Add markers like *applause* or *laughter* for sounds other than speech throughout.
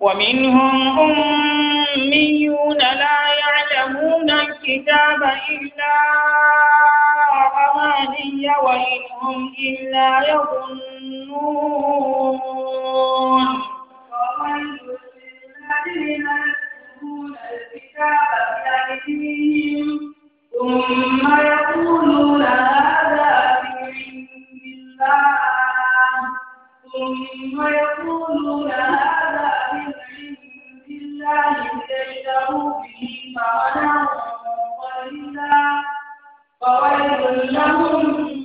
ومنهم أميون لا يعلمون الكتاب إلا أماني وإن هم إلا يظنون ومن الذين يكتبون الكتاب بأيديهم ثم يقولون هذا من الله ثم يقولون هذا الله كيده لهم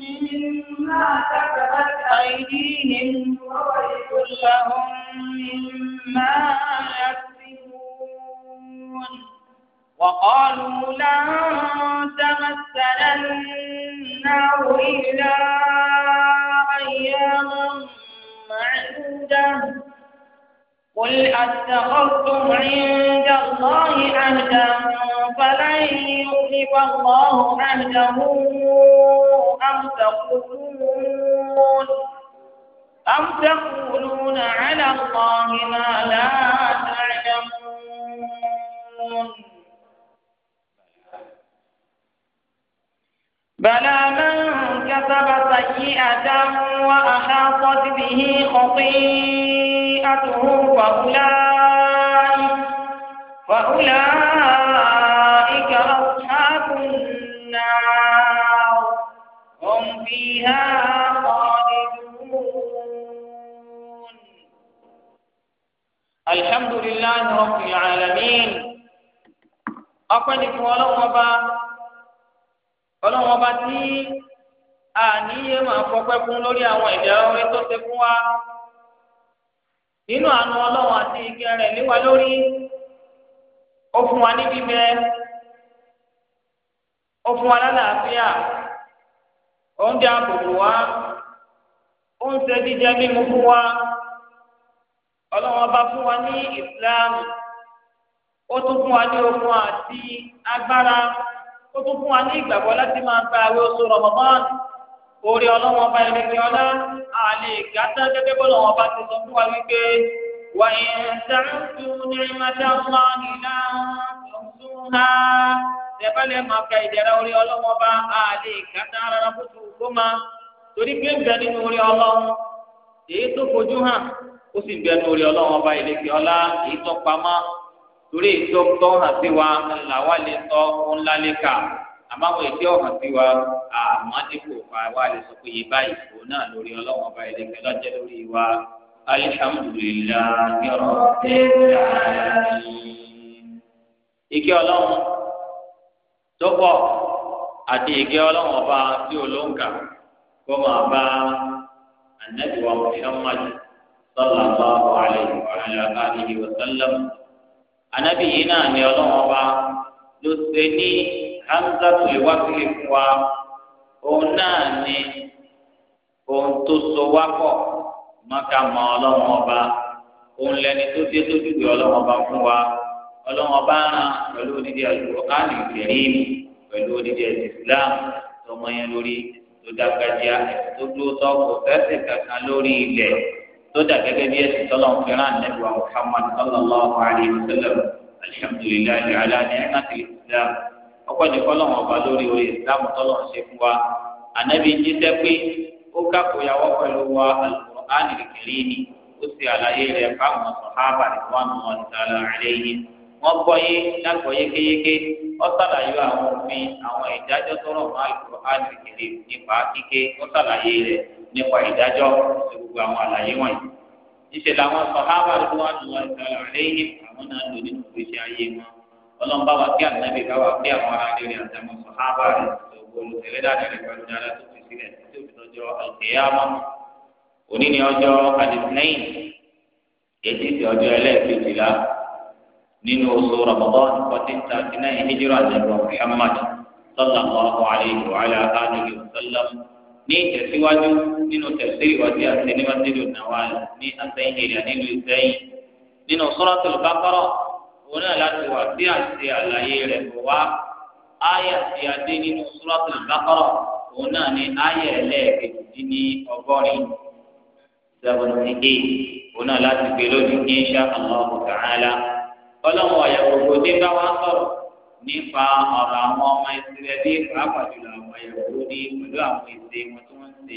مما كسبت أيديهم وويل لهم مما يكسبون وقالوا لن تمسنا النار إلا أياما معدودة قل أتخذتم عند الله عهدا فلن يخلف الله عهده أم تقولون أم تقولون على الله ما لا تعلمون بلى من كسب سيئة وأحاطت به خطيئته فأولئك فأولئك أصحاب النار هم فيها خالدون الحمد لله رب العالمين أقل فولو ọlọ́run ọba tí àníyé máa fọpẹ́ fún lórí àwọn ẹ̀dá orin tó ṣe fún wa nínú àánú ọlọ́run àti ìkẹ́ rẹ̀ níwá lórí ó fún wa ní bíbẹ ó fún wa lálàáfíà ó ń wa ó ń ṣe jíjẹ wa fún wa ní ó tún fún wa ó tún fún wa ní ìgbàgbọ́ láti máa gba àwẹ̀ oṣù Ramadan orí ọlọ́wọ́n ọba ìrìnkì ọlá àlè gàtà gẹ́gẹ́ bọ́lọ̀ wọn bá ti sọ fún wa wípé wà ìrìnsàmùtù ní ìmọ̀tà ọmọ nìlá ọ̀túnhá tẹ̀bálẹ̀ máa ka ìdẹ̀ra orí ọlọ́wọ́n ọba àlè gàtà rárá kótó gbọ́mà torí pé ń bẹ nínú orí ọlọ́wọ́n èyí tó fojú hàn ó sì bẹ nínú orí ọlọ́wọ́n ọba ìrìnkì ọlá èyí tó pamọ́ torí ìtọ́tọ́ hàn sí wa ńlá wa lè tọ́ ńlá lè àmọ́ àwọn èdè ọ̀hàn sí wa àmọ́ dípò wa wa lè sọ pé yìí báyìí kò náà lórí ọlọ́wọ́n ọba ìlẹ́kẹ́ lọ́jẹ́ lórí wa alihamudulilayi rabbil alamin. ìkẹ́ ọlọ́run tó pọ̀ àti ìkẹ́ ọlọ́run ọba tí ó ló ń kà kó máa bá anabiwa muhammad sallallahu alayhi wa sallam anabi yìí náà ni ọlọ́wọ́n ọba ló ṣe ní hamzatu ìwákìlì fún wa òun náà ni òun tó so wá pọ̀ mọ́ká mọ́ ọlọ́wọ́n ọba òun lẹni tó dé tó dùgbẹ́ ọlọ́wọ́n ọba fún wa ọlọ́wọ́n ọba ràn pẹ̀lú onídìí alukóhánì kìrìm pẹ̀lú onídìí islam tọmọ yẹn lórí tó dàgbàjá tó dúró tó kò fẹsẹ̀ kankan lórí ilẹ̀ tó dà gẹ́gẹ́ bí ẹ̀sìn tọ́lọ̀ ń fẹ́ràn nẹ́bí wa muhammad sallallahu alayhi wa sallam alhamdulilayi ala ní ẹ̀ka ti islam ọkọ̀ ní kọ́lọ̀ wọn bá lórí orí islam tọ́lọ̀ ń ṣe fún wa ànábì jíṣẹ́ pé ó kákòyàwó pẹ̀lú wa al-Qur'an al-Karim ó sì àlàyé rẹ̀ fáwọn sọ̀hábà wọn mọ̀ ọ̀dàlà àlẹ́yìn wọ́n gbọ́ yé lágbọ́ yékéyéké ó ṣàlàyé àwọn òfin àwọn ìdájọ́ tọ́lọ̀ mọ́ al-Qur'an al nípa kíké ó ṣàlàyé rẹ̀ nípa ìdájọ́ àti gbogbo àwọn àlàyé wọ̀nyí. níṣẹ́ làwọn sọ̀hábà tó wà lọ́wọ́ ìtàlẹ̀ àlẹ́yìn àwọn náà lò nínú ìgbésí ayé wọn. ọlọ́mbà wa kí ànábì ká wa kí àwọn ará rẹ̀ àtàwọn sọ̀hábà rẹ̀ gbogbo olùtẹ̀lé dáadáa rẹ̀ pẹ̀lú dáadáa tó fi sílẹ̀ tó fi tọ́jọ́ àlùkìyàmọ́. òní ni ọjọ́ àdìsínẹ́yìn ètí ti ọjọ́ ẹlẹ́ẹ̀kejìlá nínú oṣù Ramadan Muhammad sallallahu alayhi ní ìtẹ̀síwájú nínú tẹ̀síwájú ìwádìí àti níwájú ìnáwó ní asẹ́yìn èrè nílùú ìsẹ́yìn nínú Suratul Baqara òun náà láti wà sí àti àlàyé rẹ̀ bọ̀ wá áyà tí a dé nínú Suratul Baqara òun náà ní áyà ẹlẹ́ẹ̀kejì ní ọgọ́rin seventy eight òun náà láti gbé lónìí insha Allah ta'ala ọlọ́run ọ̀yà gbogbo bá wá sọ̀rọ̀ nípa ọ̀rọ̀ àwọn ọmọ ìsirẹ́lì pàápàájùlọ àwọn ìyàwó ní pẹ̀lú àwọn ìṣe wọn tí wọ́n ń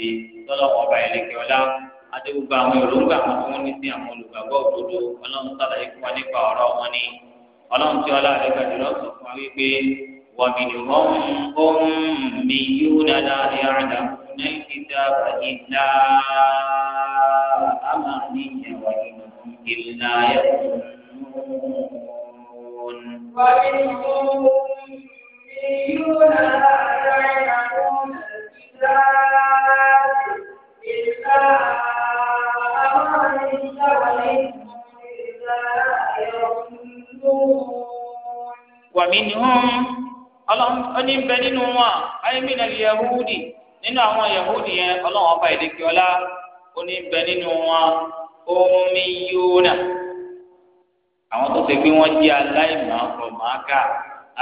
ṣe lọ́lọ́wọ́ ọba ìlẹ́kẹ̀ ọlá adégbogbo àwọn èròǹgbà wọn tí wọ́n ní sí àwọn olùgbàgbọ́ òdodo ọlọ́run sàlàyé fún wa nípa ọ̀rọ̀ wọn ni ọlọ́run tí ọlá rẹ̀ gbàdúrà sọ fún wa wípé wàmìnì wọn ó ń mi yíwú dáadáa ní àdá ní ìdá ìlà àmà ní ìyàwó ومنهم أميون لا يعلمون الكتاب إلا أماني وإنهم لا يظنون ومنهم ọlọ́ni ń bẹ nínú wọn ayémínà yahudi nínú àwọn yahudi yẹn ọlọ́wọ́n ọba ìdíkẹ́ ó ní bẹ nínú wọn omi yóò náà àwọn tó ṣe pé wọ́n jẹ́ aláìmọ̀ ọ̀mọ̀ọ́gà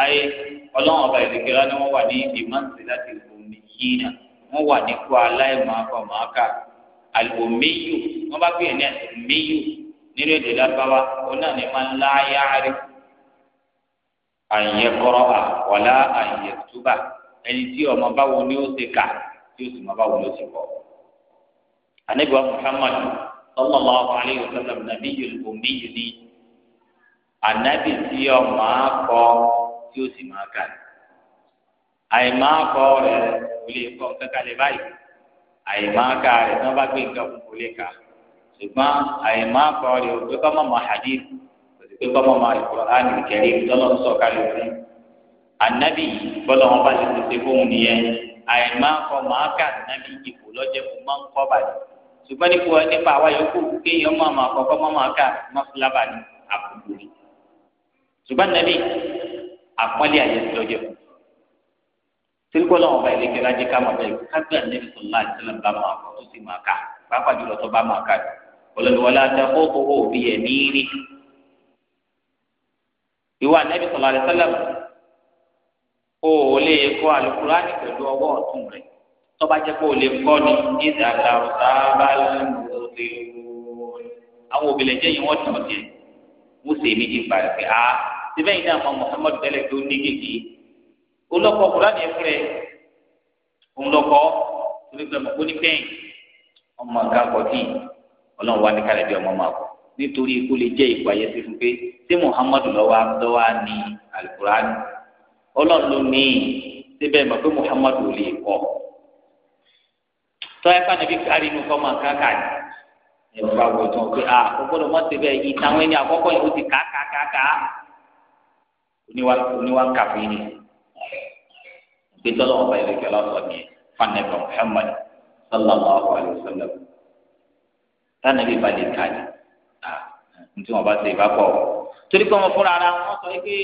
ayé ọlọ́run ọba ìdíkẹ́lá ni wọ́n wà ní ìdìmọ́sí láti omi yíyàn wọ́n wà nípò aláìmọ̀ ọ̀mọ̀ọ́gà àlùmíyù wọ́n bá gbìyànjú àlùmíyù nínú èdè lábáwá òun náà ni máa ń láyà rí àyẹ̀kọ́rọ̀ àwọ̀lá àyẹ̀túbà ẹni tí ọmọ báwo ni ó ṣe kà tí ó sì mọ báwo ni ó ṣe kọ. àníbọ̀ Muhammad sallallahu alayhi wa sallam nàbíyù omi yìí ànábì tí ọ máa kọ tí ó sì máa kà ní. àìmáa kọ rẹ̀ kò lè kọ nǹkan kalẹ̀ báyìí àìmáa kà rẹ̀ tí wọ́n bá gbé nǹkan kò lè kà ṣùgbọ́n àìmáa kọ rẹ̀ ò pé kọ́ mọ̀ mọ́ hadith kò sì pé kọ́ mọ̀ mọ́ Al-Qur'an Al-Karim tọ́lọ́ sọ kalẹ̀ fún ànábì bọ́lọ̀ wọn bá lè ti ṣe fóun nìyẹn àìmáa kọ máa kà ànábì ipò lọ́jẹ́ fún máa ń kọ́ bàjẹ́ ṣùgbọ́n nípa àwa yòókù kéèyàn máa máa kọ́kọ́ máa máa kà mọ́fúlábà ní àbùkù yìí ṣùgbọ́n nàbí àpọ́nlé ayé ti lọ́jọ́ tirikọlọ ọba ileke la jẹ kama bẹ kagbẹ anabi sọlá ìsẹlẹ ba ma kọ tó sì ma ká pápá jùlọ tó ba ma ká ọlọlọwọlá tẹ kókó kó fi yẹ níírí ìwà anabi sọlá ìsẹlẹ kó o lè kọ alukurani pẹ̀lú ọwọ́ ọ̀tún rẹ̀ tọba jẹ kó o lè kọ ní ìdá làwùsá bá lóde síbẹ̀ yìí náà mọ Muhammad tẹ́lẹ̀ tó ní gègé olùkọ́ kúránì ẹ̀ fúnra ẹ̀ olùkọ́ onígbàmọ̀ kó ní pẹ́ẹ́n ọmọ nǹkan kọ̀ọ̀tì ọlọ́run wá ní kálẹ̀ bí ọmọ máa kọ̀ nítorí kó lè jẹ́ ipò ayé sí pé tí Muhammad lọ́wọ́ lọ́wọ́ ní alukurani ọlọ́run ló ní síbẹ̀ mọ̀ pé Muhammad ò lè kọ́ tọ́ ẹ̀fà níbi kárí inú kọ́ máa káàkà ní ẹ̀fà wọ̀ tó pé a kò gbọ́dọ̀ mọ́ síbẹ̀ ìtàwọn ẹni àkọ́kọ́ yìí ó ti kàákàákàá oníwà kàfíìnì gbé tọ́lọ́ ọba ìlẹ̀kẹ́ lọ́sọ̀ ní fanẹ̀bọ̀ Muhammad sallallahu alayhi wa sallam tánàbí balẹ̀ káàdì ntí wọn bá ṣe ìbápọ̀ torí pé wọn fúnra ara wọn sọ pé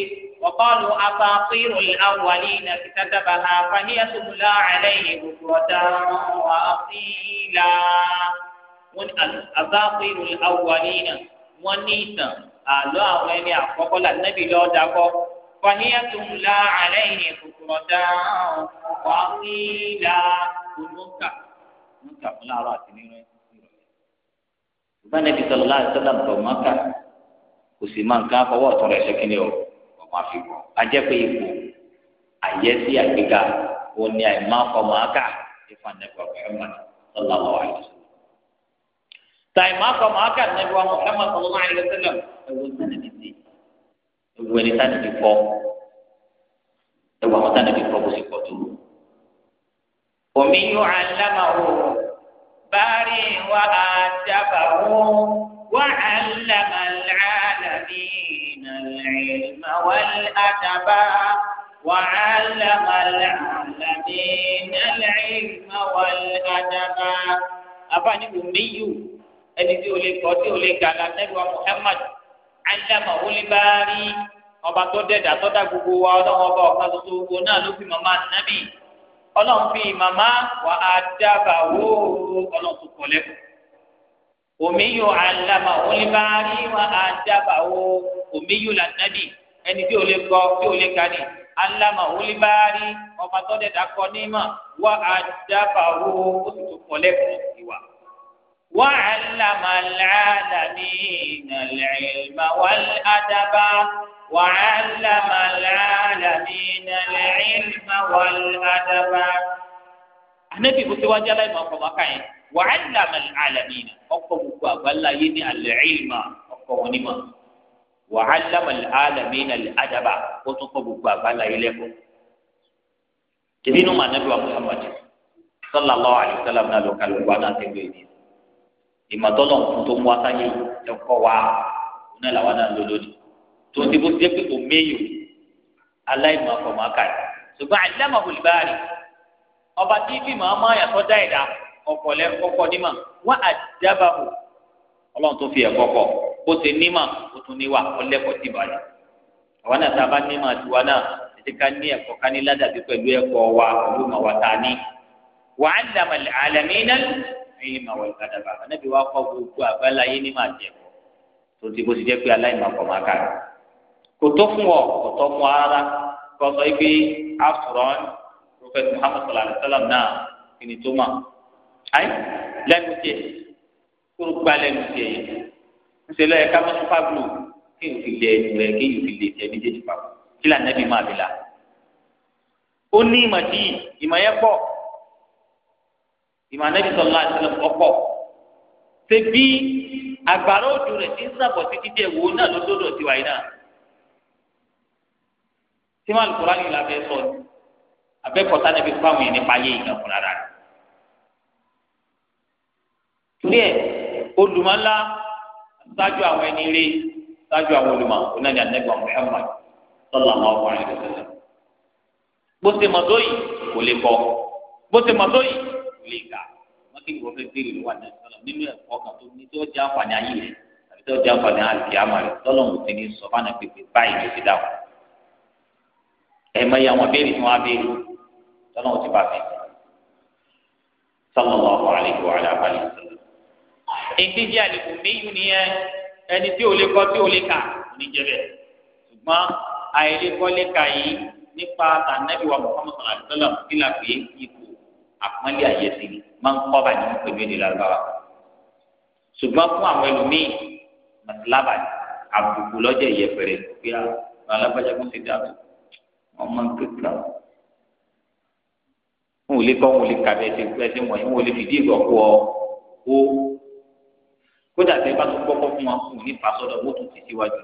ọ̀pọ̀lù abaqiru al-awwalina iktatabaha fàníyà tó múlá alayhi bukratan wa asila wọn abaqiru al-awwalina wọn ní ìtàn àlọ́ àwọn ẹni àkọ́kọ́ là nẹ́bí lọ́ọ́ dakọ́. فهي تملى عليه بكرة وأصيلا ونكع نكع لا رأس نيرة النبي صلى الله عليه وسلم فمكة وسيمان كان فهو ترى سكينه وما في أجاب يبو أيسي أبيكا وني ما فمكة يفعل نبي محمد صلى الله عليه وسلم تاي ما فمكة نبي محمد صلى الله عليه وسلم أول سنة بيتي ewu ẹni tá níbi kọ ẹwà wọn tá níbi kọ kó sì pọ̀ tó. omi yóò aláma o bari wa adaba o wa alama alami alilma wal adaba wa alama alami alilma wal adaba. abáni omi ẹni tí o lè kọ tí o lè gàlà nẹ́gbàá Muhammad alama olibari ọba tó dẹ̀dá tó dá gbogbo wa ọlọ́run ọba ọ̀kan tuntun gbogbo náà ló fi màmá nábì ọlọ́run fi màmá wà á dábàá wó ọlọ́run tó kọ̀ lẹ́kọ̀ọ́ omi yóò alama olibari wà á dábàá wó omi yóò là nábì ẹni tí o lè gbọ́ tí o lè ka alama olibari ọba tó dẹ̀dá kọ́ ní mà wà á dábàá wó ó sì tó kọ̀ lẹ́kọ̀ọ́ ìwà. وعلم العالمين العلم والأدب وعلم العالمين العلم والأدب النبي قلت وجل ما فضحك وعلم العالمين أقوم ولا يني العلم أقوم وعلم العالمين الأدب وتقوم ولا يلكم تبينوا ما نبي محمد صلى الله عليه وسلم نالو كالوانا تبينين ìmọ̀tọ́lọ̀ fún tó mú asáyé ẹ̀kọ́ wa náà làwọn náà lò lónìí tó ti bó jẹ́ pé òmeyò aláìmọ̀ ọ̀fọ̀mọ̀ akáyì ṣùgbọ́n àìlẹ́mọ̀ olùbárì ọba tí bí màá máa yàtọ̀ dá ẹ̀dá ọ̀pọ̀lẹ́ kọ́kọ́ nímọ̀ wọ́n àjábàbò ọlọ́run tó fi ẹ̀kọ́ kọ́ bó ti nímọ̀ ó tún níwà ọlẹ́kọ̀ọ́ ti bàjẹ́ àwọn náà tá a bá nímọ̀ tiwa náà ti ká ní ẹ̀kọ́ ká ní ládàbí pẹ̀lú ẹ̀kọ́ wa pẹ̀lú màwa ta ní wàhálà màlẹ́ àlẹ́ mi náà fíìmà wọlùkàdàbà ànábì wa kọ́ gbogbo àbáláyé ní màá jẹ tó ti bó ti jẹ́ pé aláìmọ̀kọ̀ máa kà kò tó fún ọ kò tó fún ara kò sọ pé afron prophet muhammad sallallahu alaihi wa sallam náà kì ni tó mà ayi lẹ́nu tiẹ̀ kúrú gba lẹ́nu tiẹ̀ yẹn ńṣe lọ yẹ ká mọtò fábùlù kí n fi lè ẹ kí n fi lè tẹ méjèèjì papọ̀ kí lànà bí máa bí la ó ní ìmọ̀ tí ìmọ̀ yẹn pọ̀ ìmọ̀ anabi sọlá àtìlẹ̀ ọkọ̀ ṣe bí agbára òjò rẹ̀ ti ń sàbọ̀ sí títí ẹ̀wò náà lọ́dọ̀dọ̀ tiwa yìí náà tí wọn alukóra yìí la fẹ́ sọ ni abẹ́kọ̀tà níbi fáwọn yìí nípa ayé ìgbà kúrò rà rẹ̀ torí ẹ̀ olùmọ̀lá ṣáájú àwọn ẹni rí ṣáájú àwọn olùmọ̀ onáni anagba Muhammad sallallahu alaihi wasallam bó ṣe mọ̀ tó kò lè kọ́ bó ṣe mọ̀ tó lè ga wọn kì í wọ́n fẹ́ béèrè lọ́wọ́ àti ẹ̀sán nínú ẹ̀kọ́ kan tó ní tí ó jẹ́ àǹfààní ayé rẹ̀ àbí tí ó jẹ́ àǹfààní àlùkí àmà rẹ̀ lọ́lọ́run kò ti ní sọ fún ànàpẹ̀pẹ̀ báyìí ló ti dà wọ́n. ẹ̀ mọ iye àwọn béèrè tí wọ́n á béèrè lọ́lọ́run ti bá fi sallallahu alaihi wa alihi wasallam. ètí jẹ́ àlùkò méyù nìyẹn ẹni tí ò lè kọ́ tí ò lè kà níjẹ̀bẹ̀ ṣùgbọ́n àìlèkọ́lé kà yìí nípa tànẹ́bí wa Muhammad àpọ́nlé àyè sí ni máa ń kọ́ bá ní pẹ̀lú èdè lárúbáwá ṣùgbọ́n fún àwọn ẹlòmíì màsílábà àbùkù lọ́jọ́ ìyẹ̀pẹ̀rẹ̀ pé àwọn alágbájá kò sí dàbò wọn máa ń kéka wọn ò lè kọ́ wọn ò lè kà bẹ́ẹ̀ ṣe pẹ́ sí wọn wọn ò lè fìdí ìgbọ̀ kú ọ ó kódà tẹ bá tó kọ́kọ́ fún wọn kù ní ìfàsọ́dọ̀ wọ́n tún ti síwájú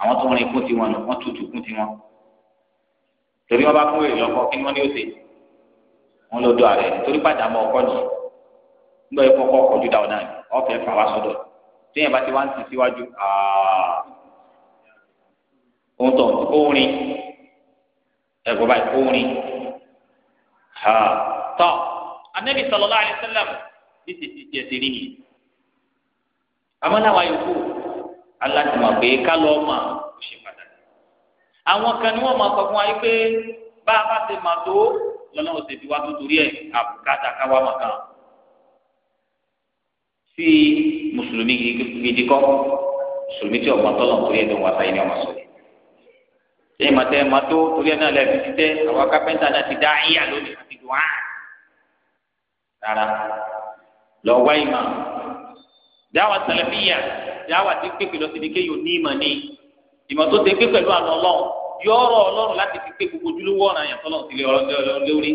àwọn tó rìn kún tiwọn nù wọ́n tutù kún tiwọn torí wọn bá fún èrè lọ́kọ́ kí wọ́n ní ó ṣe wọn lọ dọ ààrẹ nítorí pàdé àmọ́ ọkọ nìyẹn nígbà yẹn kọkọ kọjú dáwọn náà ọfẹ fà wá sọ́dọ̀ téèyàn bá ti wá ń ti síwájú ohun tó orin ẹgbẹ báyìí orin tọ anabi sallallahu alaihi wasallam ní tètè tiẹ sí rí yìí amọláwa yòókù alátìmọ pé kálọ ọmọ kò ṣe pàtàkì àwọn kan ni wọn máa sọ fún wa yìí pé bá a bá ti mà tó lọ́nà òsè fi wá tó torí ẹ̀ àbùkátà káwá máa kàn sí mùsùlùmí gidi kọ́ mùsùlùmí tí ọ̀gbọ́n tọ́lọ̀ torí ẹ̀ tó wá sáyé ní ọmọ sọ̀rọ̀ ṣé màtá ẹ̀ máa tó torí ẹ̀ náà lẹ́ẹ̀fi títẹ́ àwọn kápẹ́ńtà náà ti dá ayé àlónì àti dùn á rárá lọ wá ìmọ̀ dáwà sàlẹ̀fíyà dáwà tí pépè lọ sí ni kéèyàn ní ìmọ̀ ní ìmọ̀ tó ti pé pẹ̀lú àlọ́ ọlọ́run yọ ọ̀rọ̀ Ọlọ́run láti fi pé gbogbo ojúlówó ọ̀ràn yẹn tọlọ sílẹ̀ ọ̀rọ̀ lórí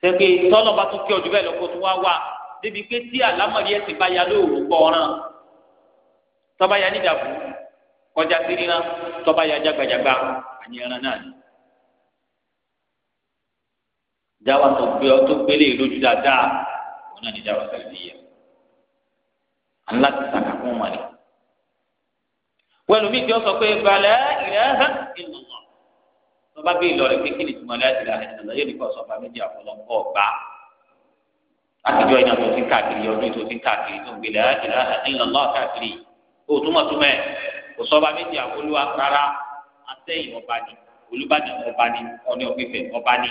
tẹpẹ tọlọ bá tún kí ọjọ́ bẹ́ẹ̀ lọkọ tó wá wà débi pé tí àlámọ̀rí ẹsìn bá ya lóòrùn gbọ ọ̀ràn tọba ya nídàbò kọjá sí ríran tọba ya jágbajàgba àníyànrán náà ni dáwà tó gbé ọ tó gbélé e lójú dáadáa òun náà ni dáwà sẹlẹ pẹ̀lú mi tí ó sọ pé balẹ̀ ìrẹ́ hàn ìlú wọn lọ́ba bí ìlọrin pé kí ni tùmọ̀ láti rà ẹ̀sìn lọ́yẹ́ nípa ọ̀sán bàmídìí àfọlọ́kọ́ ọ̀gbá àtijọ́ iná tó ti ń káàkiri ọdún tó ti káàkiri tó ń gbélé ìlà ìlànà káàkiri òtúmọ̀túmọ̀ kò sọ́ba méjì àfolúwa rárá àtẹ̀yìn ọba ni olùbàdàn ọba ni ọ̀ní ọ̀gbìfẹ̀ ọba ni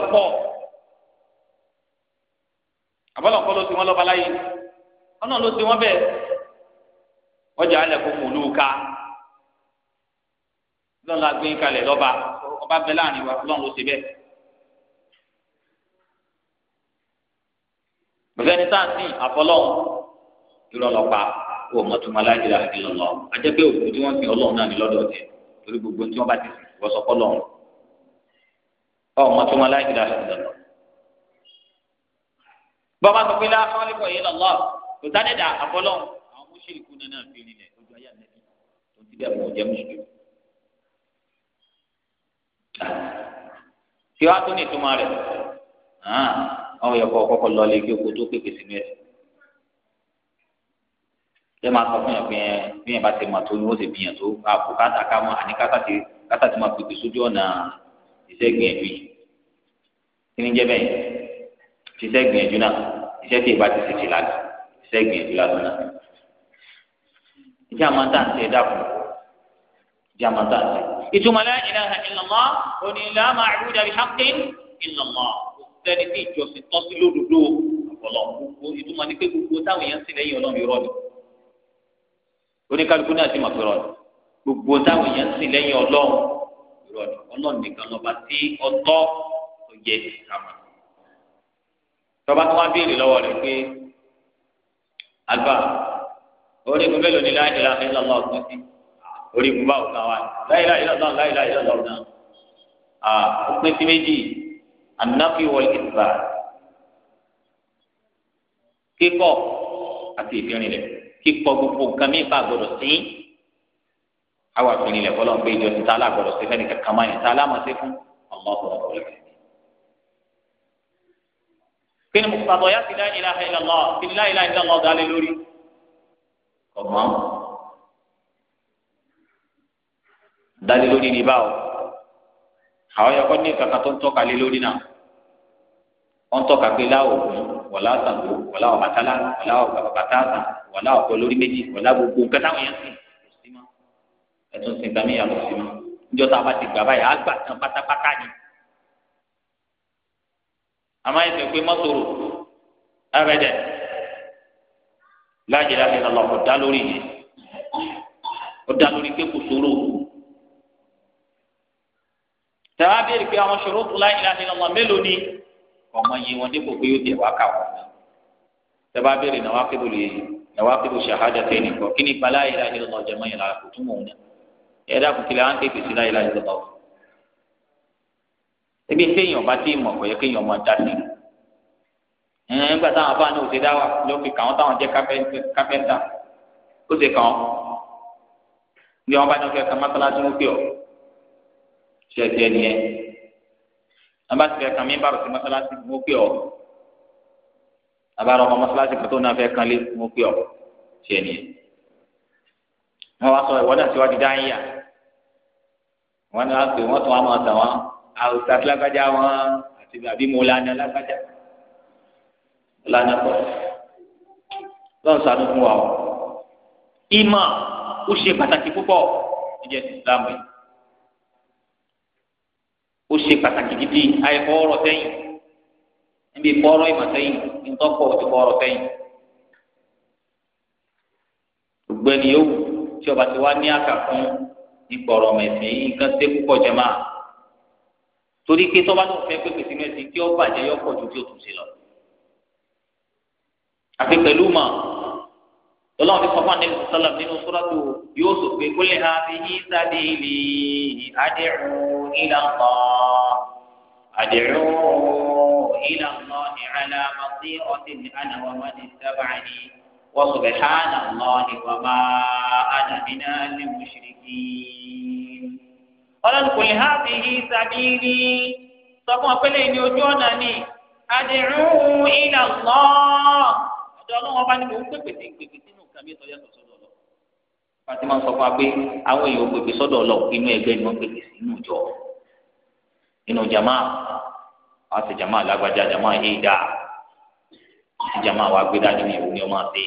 ẹbí àbọ̀lọ̀ kọ́ ló ti wọ́n lọ́ba láyé ọ̀nà ló ti wọ́n bẹ́ẹ̀ ọjà alẹ́kùn mùlùkà lọ́n la gbé kalẹ̀ lọ́ba ọba bẹ láàrin wa lọ́n ló ti bẹ́ẹ̀. bẹ́ẹ̀ ni sáǹtì àfọlọ́hún ìrọ̀lọ́pa kó o mọ̀ tó ma láyé la ìlọ lọ ajẹ́ pé òkú tí wọ́n fi ọlọ́run náà ní lọ́dọ̀ tẹ̀ torí gbogbo tí wọ́n bá ti sìn wọ́sọ̀kọ́ ọ̀ mọ̀ tó láyé la ìlọ lọ bàbá tó pé láàfin wọn lè kọ yìí lọlọ kò sáré dà àfọlọ àwọn mùsùlùmí kú náà fi rinlẹ ojú ayé ànẹbí tó ti bẹ àwọn òjẹ mùsùlùmí. kí wàá tó ní ìtumọ̀ rẹ̀ àwọn yẹ kọ́ kọ́kọ́ lọ lé kí o kó tó pèpè sínú ẹ̀ ṣé máa sọ fún yàn pé bí yàn bá ti mà tó ni ó sì bìyàn tó àpò káta ká mọ àní káta ti káta ti máa pèpè sójú ọ̀nà ìṣègbè ẹ̀bí kí ni jẹ́ bẹ́ẹ̀ ṣiṣẹ́ gbìyànjú náà iṣẹ́ tí ìbá ti ṣe ti láti ṣiṣẹ́ gbìyànjú lásán náà. ìjà máa ń tàǹtì ẹ̀dá fún ìjà máa ń tàǹtì. ìtumọ̀ la ilaha illallah òní la ma'buda bihaqqin illallah sẹ́ni tí ìjọsìn tọ́ sí lódodo ọ̀pọ̀lọ̀ gbogbo ìtumọ̀ ní pé gbogbo táwọn èèyàn sì lẹ́yìn ọlọ́run irọ́ ni oníkálukú náà sì mọ̀ pé ni gbogbo táwọn èèyàn sì lẹ́yìn ọlọ́run irọ́ ni ọlọ́run nìkan lọ́ba tí ọtọ́ tó yẹ tọba tó wá béèrè lọ́wọ́ rẹ̀ pé alfa orígun mélòó ni láyé ìlà ìlà ọlọ ọdún sí orígun báwo kan wá láyé ìlà ìlà ọlọ láyé ìlà ìlà ọlọ náà à òpin sí méjì anáfi wọlé ìtura kíkọ àti ìfirinlẹ̀ kíkọ gbogbo nǹkan mi bá gbọ́dọ̀ sí àwọn àfirinlẹ̀ fọlọ pé ìjọ ti ta alágbọ́dọ̀ sí fẹnìkan kan máa yẹn ta alámọ̀ọ́sẹ́ fún ọmọ ọkọ̀ ọ̀rẹ́ kí ni mùsùlùmí yá ti la ilaha illallah ti la ilaha illallah ọ̀dà lé lórí ọ̀gbọ́n dalé lórí ní báwo àwọn yẹ kó ní kankan tó ń tọ́ka lé lórí náà wọ́n tọ́ka pé láwọ̀ òkun wọ̀lá Ṣàngó wọ̀lá Ọbàtálá wọ̀lá Ọbàtálá wọ̀lá ọ̀pọ̀ lórí méjì wọ̀lá gbogbo nǹkan táwọn yẹn sìn kò sí mọ́ ẹ̀tún sìn tàmí yàtọ̀ sí ti gbà báyìí á gbà tán pátápátá ni àmọ́ ẹ̀sìn pé mọ́tò rò ẹ̀rẹ́dẹ̀ láàjẹ̀dá ni lọ́lọ́ kò dá lórí yẹn ó dá lórí pé kò sóró tẹ̀wá béèrè pé àwọn ṣòro tó láyé láti lọ́lọ́ mélòó ni ọmọ yìí wọn dípò pé yóò tẹ̀ wá kà wọ́n tẹ̀wá béèrè náà wá kébù lè náà wá kébù ṣàhádà tẹ̀ nìkan kí ni ìgbà láyé láti jẹ́ mọ́ yẹn lára kò túmọ̀ òun ebi téèyàn bá ti mọ̀ kò yẹ kéèyàn máa dá sí i nígbà táwọn afáà náà ò ṣe dá wa ló fi kàwọn táwọn jẹ́ kápẹ́ńtà ó ṣe kàn án bí wọn bá ní ọfẹ kan mọ́sálásí ń pè ọ ṣe ẹsẹ ẹni ẹ wọn bá ti fẹ́ kan mí bá rò mọ́sálásí ń pè ọ àbára ọmọ mọ́sálásí kan tó náà fẹ́ kan lé ń pè ọ ṣe ẹni ẹ wọn wá sọ ìwọ náà síwájú dáhìyà wọn ni wọn pè wọn tún wọn máa tàn àwùjọ alágbájá wọn àti àbí mo lànà alágbájá lànà pọ̀ lọ́n sànú fún wa o ìmọ̀ ó ṣe pàtàkì púpọ̀ ìjẹ́ ìsìlámù yìí ó ṣe pàtàkì gidi àìkọ́ ọ̀rọ̀ sẹ́yìn níbi ìfọ́rọ̀ ìmọ̀ sẹ́yìn ìtọ́pọ̀ ti fọ́rọ̀ sẹ́yìn gbogbo ẹni yòówù tí ọba ti wá ní àkà fún ìgbọ̀rọ̀ mẹ̀sìn yìí nǹkan tẹ́ púpọ̀ jẹ́ máa torí pé tọ́ba tó fẹ́ pé pèsè mẹ́sì tí ó bàjẹ́ yọ pọ̀ ju tí ó tún ṣe lọ. àfi pẹ̀lú mọ̀ tọ́lọ́wọ́n fi sọ́kàn níbi sọ́lá nínú sọ́lọ́tò yóò sọ pé kó lè ha fi yí sáde ilé adẹ́rù ìlànà adẹ́rù ìlànà ìrànlá màsí ọtí ní ànáwó wọn ní sábàánì wọ́n sọ pé hánà lọ́ọ̀ni wàmà ànàmínà ní mùsùlùmí ọlọ́run kò lè há bí i sàbírí sọ fún ọpẹlẹ ní ojú ọ̀nà ni àdìrú ilà lọ ọjọ́ ọlọ́run ọba ni mò ń pèpè sí pèpè sínú nǹkan mi sọ́yà tó sọ́dọ̀ pàtí máa ń sọ fún wa pé àwọn èèyàn pèpè sọ́dọ̀ lọ inú ẹgbẹ́ ni wọ́n pèpè sí inú ìjọ inú jama wàá sì jama lágbájá jama yìí sí jama wàá gbé dájú ní ìwúni ọmọ àti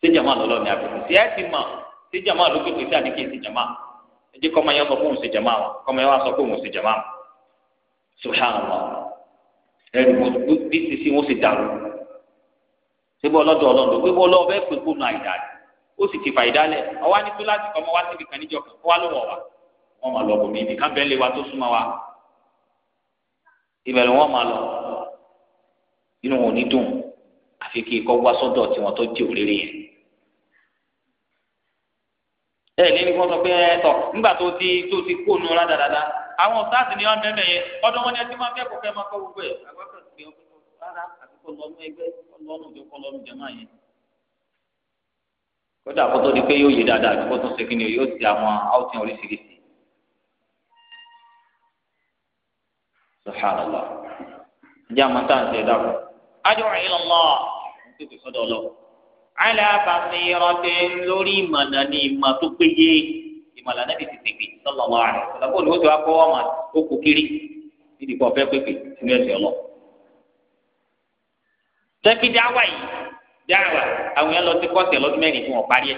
sí jama lọ́lọ́ ni a pèpè sí ẹ ti mọ̀ sí jama ló pèpè sí àdékè sí jama ẹjẹ kọ́ máa yọ sọ pé òun ṣe jama wa kọ́ máa yọ sọ pé òun ṣe jama wa subhanallah ẹni eh, bí sisi wọn ṣe dàrú síbi ọlọ́dọ̀ ọlọ́dọ̀ pé wọ́n lọ́ọ́ bẹ́ẹ̀ pé kó nu àìdá rẹ̀ ó sì ti fà ìdá lẹ̀ ọwọ́ ní kíláàsì kan wá síbi kan níjọ kan wá lọ́wọ́ wa wọ́n máa lọ bòmí nìkan bẹ́ẹ̀ lé wa tó súnmọ́ wa ibẹ̀ ni wọ́n máa lọ inú wọn ò ní dùn àfi kí ikọ́ wá sọ́dọ̀ tiwọn tó jẹ́ òrèrè yẹn ẹ ní ní kí wọn sọ pé ẹ tọ nígbà tó ti tó ti kó nu ra dáadáa àwọn sáàsì ni wọn mẹmẹ yẹn ọdún wọn ni ẹtí máa ń kẹ́kọ̀ọ́ gbogbo ẹ àgbàkọ ti ọkọ rárá àti kọ lọnù ẹgbẹ́ yẹn. kódà kó tó di pé yóò yé dáadáa àti kó tó ṣe yóò ti àwọn áwùtí sí alábàmírọ́tẹ́ lórí ìmọ̀nà ní ìmọ̀ tó péye ìmọ̀lá náà ti ti pèpè sọlọ́lọ́ àrẹ ọ̀làbọ̀ ni ó ti wá kọ́ ọmọ òkú kiri nídìí kọ́ fẹ́ pèpè sínú ẹ̀sìn ọlọ́ tẹ́kí dáwà yìí dáwà àwọn yẹn lọ sí kọ́ọ̀sì lọ́dún mẹ́rin tí wọ́n ẹ̀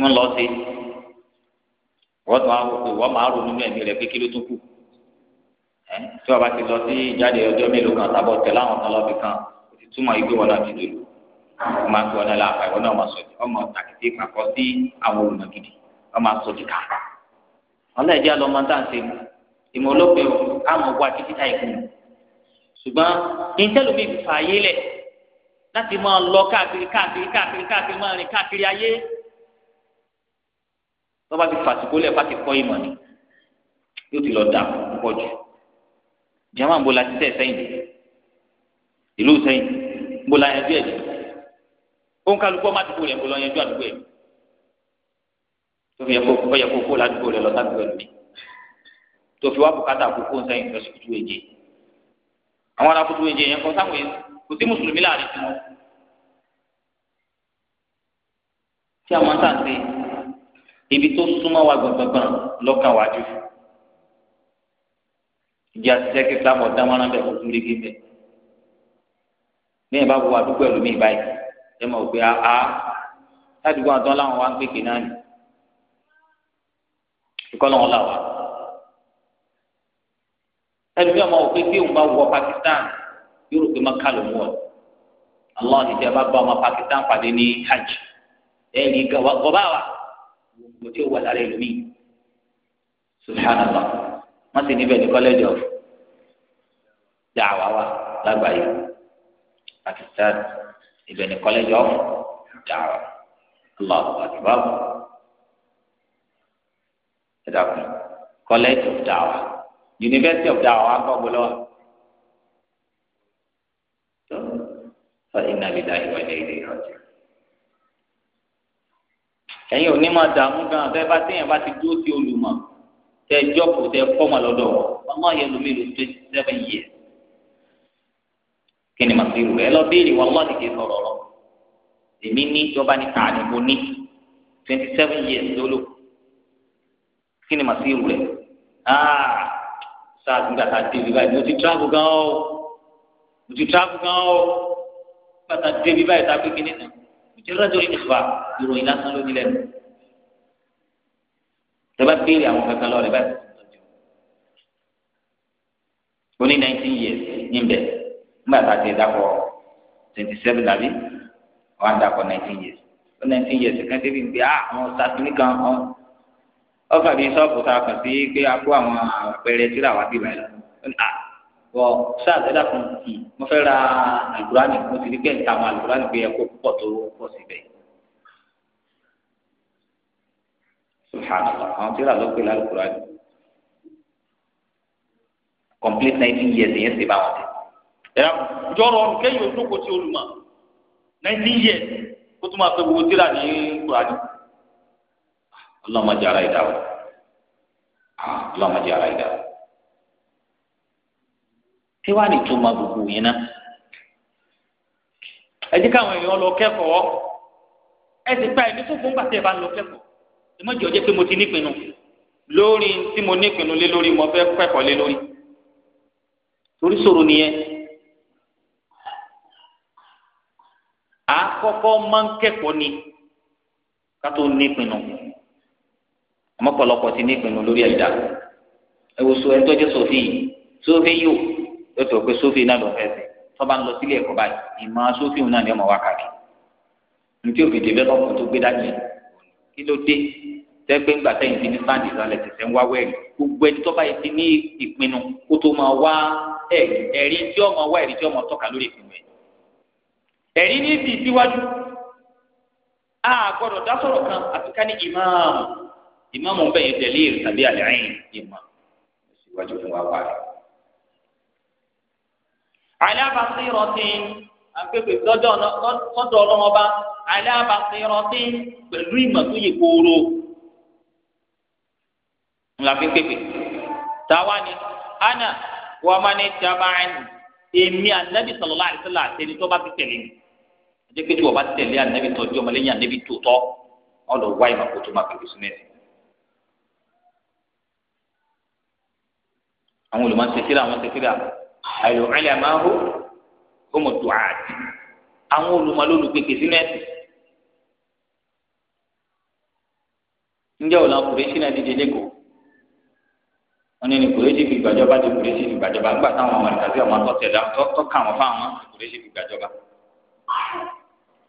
wọ́n lọ sí wọ́n tún á wọ́n máa ronú ẹ̀mí rẹ̀ pé kí ló tún kù tí wọn bá ti lọ sí ìjáde ọjọ́ mélòó kan tàbí ọtẹ láwọn kan lọbi kan o ti túmọ̀ ìgbé wọn náà ti dòlù wọn máa ń gbé wọn náà láàpá ìwọ náà wọn sọ ti ọmọ tàkìtì pàkọ sí àwọn olùmọgidi wọn máa sọ ti kàpá wọn lè jẹ ọlọmọ tá à ń sèmù ìmọ̀ olóògbé o àmọ́ wá títí táyì kùn ṣùgbọ́n ìtẹ́lómi fà yé lẹ̀ láti máa lọ káàkiri káàkiri káàkiri káàkiri máa rìn káàkiri ayé tó bá ti fàsìkò lẹ̀ jama ń bo la títẹ̀ sẹ́yìn ìlú sẹ́yìn ń bo la yanjú ẹ̀ ó ń kálukú ọmọ àdúgbò rẹ̀ ń bo lọ yanjú àdúgbò ẹ̀ tó fi yẹ kó kó ládùúgbò rẹ̀ lọ sádùúgbò ẹ̀ lómi tó fi wá bùkátà kó kó sẹ́yìn àwọn ará kutu èjè yẹn kọ sáwọn yẹn kò sí mùsùlùmí láàrin tiwọn tí àwọn sáà ń ṣe ibi tó súnmọ́ wa gbọ̀ngbọ̀ngbọ̀n lọ́kàn wájú fún ìdí àtijọ́ kíkà bọ̀ dámọ́ràn bẹ́ẹ̀ kó túlé gé bẹ́ẹ̀ ní ìbá wo àdúgbò ẹlòmíì báyìí ẹ mọ̀ pé a ah, ah, ládùúgbò àtọ́ láwọn wá ń pèké náà ni ìkọ́ lọ́wọ́ là wá ẹlòmíì ọmọ òpin bí òun bá wọ Pakistan yóò rò ká ló mú ọ Allah ìdí bá ọmọ Pakistan pàdé ní hajj ẹ̀yìn gbọ́ bá wà gbogbo tí wà lára ẹlòmíì subhanallah wọ́n sì níbẹ̀ ní college of dàwà wa lágbàáyé Pakistan ibẹ̀ ní college of dàwà Allah akbar ẹ dàkún college of dàwà University of dàwà wa kọ́ gbọ́dọ̀ wa. fàyínà lílàyé wà ní ilé ìrọ̀jẹ̀. ẹ̀yin ò ní máa dààmú gan abẹ́ bá téèyàn bá ti dúró sí olùmọ̀ tẹ jọ́pù tẹ fọ́mà lọ́dọ̀ wọn máa yẹ lómi lu twenty seven years kí ni màsí rú ẹ lọ béèrè wọn lọ́ọ̀dì kì í sọ̀rọ̀ lọ èmi ní ìjọba ní tààdì mo ní twenty seven years ló lò kí ni màsí rú ẹ aa ah, sáà tí gbàtà débi báyìí mo ti travel gan o mo ti travel gan o gbàtà débi báyìí tá a gbé kíní mo ti rájọ ìdìbò ìròyìn lásán ló ní lẹ́nu tẹ́bá béèrè àwọn kankan lọ́rẹ̀ báyìí ó ní nineteen years níbẹ̀ nígbà tá a ti dàpọ̀ twenty seven àbí wọ́n á dàpọ̀ nineteen years ó nineteen years kan débi gbé ah, àwọn sàtúní kan hàn ọfà bíi sọ́ọ̀bù tá a kàn sí pé a kó àwọn àpẹẹrẹ tíra wá bíbá ẹ̀ lọ wọ sáàtì ẹ̀dá kan mo fẹ́ ra àlùkùránì mo ti rí pé nǹkan àwọn àlùkùránì pé ẹ kó púpọ̀ tó pọ̀ síbẹ̀ yìí. subhanallah àwọn tí ó rà ló pè complete nineteen years yẹn ti bá wọn tẹ. ẹ jọrọ ọdún kẹyìn nineteen years kó tó máa fẹ gbogbo tíra ní kúránì. ọlọ́mọdé ara ìdá o Tiwani ah, ara ìdá o. tí wàá ní tó máa gbogbo yẹn náà. ẹ jẹ́ káwọn èèyàn lọ kẹ́kọ̀ọ́ ẹ sì gba ẹ̀mí tó fún gbàtẹ́ bá lọ kẹ́kọ̀ọ́ ìmọ̀jì ọjọ́ pé mo ti nípinnu lórí tí mo nípinnu lé lórí mo fẹ́ kẹ́kọ̀ọ́ lé lórí torí sòrò nìyẹn àkọ́kọ́ máa ń kẹ́kọ̀ọ́ ni ká tó nípinnu àmọ́ pọ̀lọpọ̀ ti nípinnu lórí ẹ̀dá ẹ wo so ẹni tó jẹ́ sọ́fì yìí sọ́fì yìí ó yóò tó pé sọ́fì náà lọ fẹ́ sẹ́ tọ́ba ń lọ sílé ẹ̀kọ́ báyìí ìmọ̀ sọ́fì náà ni ọmọ wákàtí ní kí ló dé tẹ́gbẹ́ ńgbà tẹ́yìn ti ní sáǹdì ìsàlẹ̀ tẹ̀sẹ̀ ń wá wẹ́ẹ̀rì gbogbo ẹni tó bá yẹ ti ní ìpinnu kó tó máa wá ẹ̀rí ẹ̀rí tí ó máa wá ẹ̀rí tí ó máa lórí ìpinnu ẹ̀. ẹ̀rí ní ti síwájú a gbọ́dọ̀ dá kan àti ká ní ìmáàmù ìmáàmù bẹ́ẹ̀ yẹn tẹ̀lé ìrìn tàbí àlẹ́ àyìn ìmọ̀ síwájú fún wa wá rẹ̀. àlẹ́ àbáṣe rọ̀ àgbègbè sọ́dọ̀ ọlọ́wọ́ bá alábàṣẹ́rọ́tì pẹ̀lú ìmọ̀ tó yẹ kóró ńlá fi pépè táwa ni ana wà má ní tabaani èmi anabi sallallahu alaihi wasallam àtẹni tó bá ti tẹ̀lé mi ẹjẹ pé tí wọ́n bá ti tẹ̀lé anabi tọ́jú ọmọlẹ́yìn anabi tó tọ́ ọ̀dọ̀ wá ìmọ̀ kó tó máa fi bísí mẹ́sì. àwọn olùmọ̀ ṣe síra àwọn ṣe àyọ̀ ẹ̀lẹ́ àmọ́ ọmọ dùn àti àwọn olùmọlólùgbègbè sínú ẹsẹ̀. ǹjẹ́ ọ̀la kùrẹ́sì náà dìde lẹ́kọ̀ọ́ wọ́n ní kùrẹ́sì fi gbàjọba di kùrẹ́sì fi gbàjọba nígbà táwọn ọmọ ìtàsí ọmọ tọ́tẹ̀ dá tọ́ka wọn fáwọn kùrẹ́sì fi gbàjọba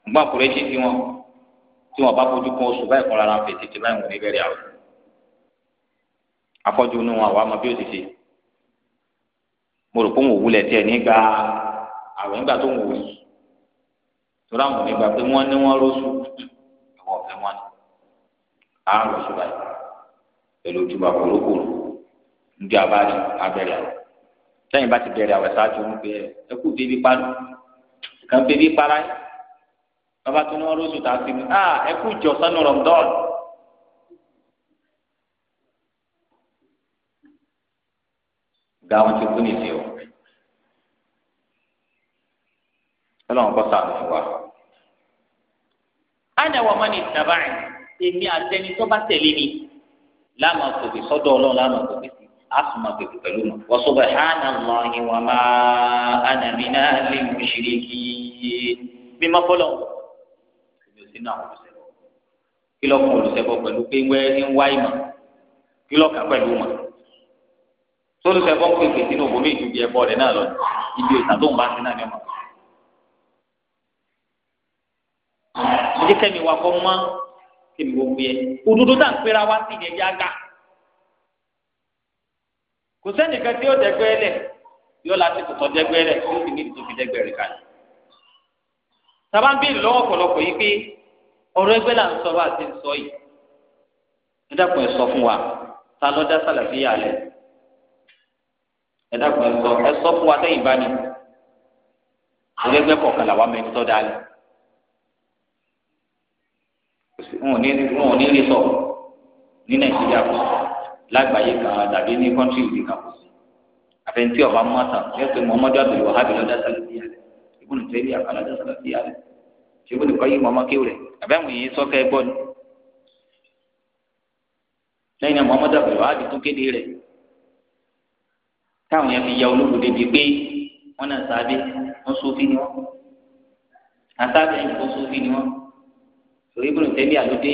nígbà kùrẹ́sì fi wọn tí wọn bá fojú kan oṣù báyìí kan rárá fi tètè báyìí wọn ní bẹ́ẹ̀rẹ̀ àwọn afọ́jú inú wọn àwọn ọmọ bí ó ti ṣe mo rò pé wọn ò wulẹ̀ nígbà àwẹ̀ ńgbà tó ń wò yìí torí àwọn òní gbà pé wọ́n ní wọ́n rọ́ṣù ìwọ̀n ọ̀fẹ́ wọn ni á rọ́ṣù báyìí pẹ̀lú ojúbà kòrókòrò ndí abáyé abẹ́rẹ́ àwẹ̀ sẹ́yìn bá ti bẹ̀rẹ̀ àwẹ̀ sáájú ń pè é ẹ kú bébí parí kàn bébí parí bàbá tó ní wọ́n rọ́ṣù tá a ti mú ah, ẹ kú jọ sánú rọ̀mdọ́ọ̀lù. gba wọn ti kú nìyí o ọlọ́run kọ́ sàánú fún wa. ana wa mani taba'i èmi àtẹni tó bá tẹ̀lé mi láàmú tòbí sọ́dọ̀ ọlọ́run láàmú tòbí sí asùnmọ̀ tòbí pẹ̀lú mi. wa subhanallahi wa ma ana minal mushrikin mímọ́ fọlọ́ èmi ò sí náà olùsẹ̀bọ kí lọ́kàn olùsẹ̀bọ pẹ̀lú pé wẹ́ ń wá ìmọ̀ kí lọ́kàn pẹ̀lú mọ̀ sólùsẹ̀bọ ń pèsè sínú òbómi ìdúgbì ẹ̀fọ́ náà lọ ibi ìtàn tó ń bá sí náà ní ọmọ ẹdí kẹmi wà kọ mọ kẹmi wọ wúyẹ òdodo tá à ń pera wá sí ìyẹn yá gà kò sẹ́nìkan tí ó dẹ́gbẹ́ lẹ̀ yóò láti tọ̀tọ̀ dẹ́gbẹ́ lẹ̀ tó sì ní ìtòkì dẹ́gbẹ́ rẹ̀ kalẹ̀ sábà ń bí lọ́wọ́ ọ̀pọ̀lọpọ̀ yìí pé ọ̀rọ̀ ẹgbẹ́ là ń sọ wá àti sọ yìí ẹ dákun ẹ sọ fún wa ta ló dá sàlàfíà lẹ ẹ dákun ẹ sọ ẹ sọ fún wa sẹ́yìn bá ní ọ̀rọ̀ wọn ò ní wọn ò ní rí sọ ní nàìjíríà kò sí lágbàáyé kan tàbí ní kọ́ńtì ìlú kan kò sí àfẹntí ọba mọ́tà yóò pe muhammadu abdul wahab lọ́dá sàlùfíà rẹ̀ ibùn tẹ́lẹ̀ àkàlà dá sàlùfíà rẹ̀ ṣébùn kọ́ yí mọ́mọ́ kéwù rẹ̀ àbẹ́wò yìí sọ́kẹ́ bọ́ ni lẹ́yìn náà muhammadu abdul wahab tún kéde rẹ̀ táwọn yẹn fi ya olóko débi pé wọ́n náà sábẹ́ wọ́n sófin ni wọ́n àtàbẹ̀ yìí wọ́n sófin torí ibùdó tẹ́lẹ̀ àlódé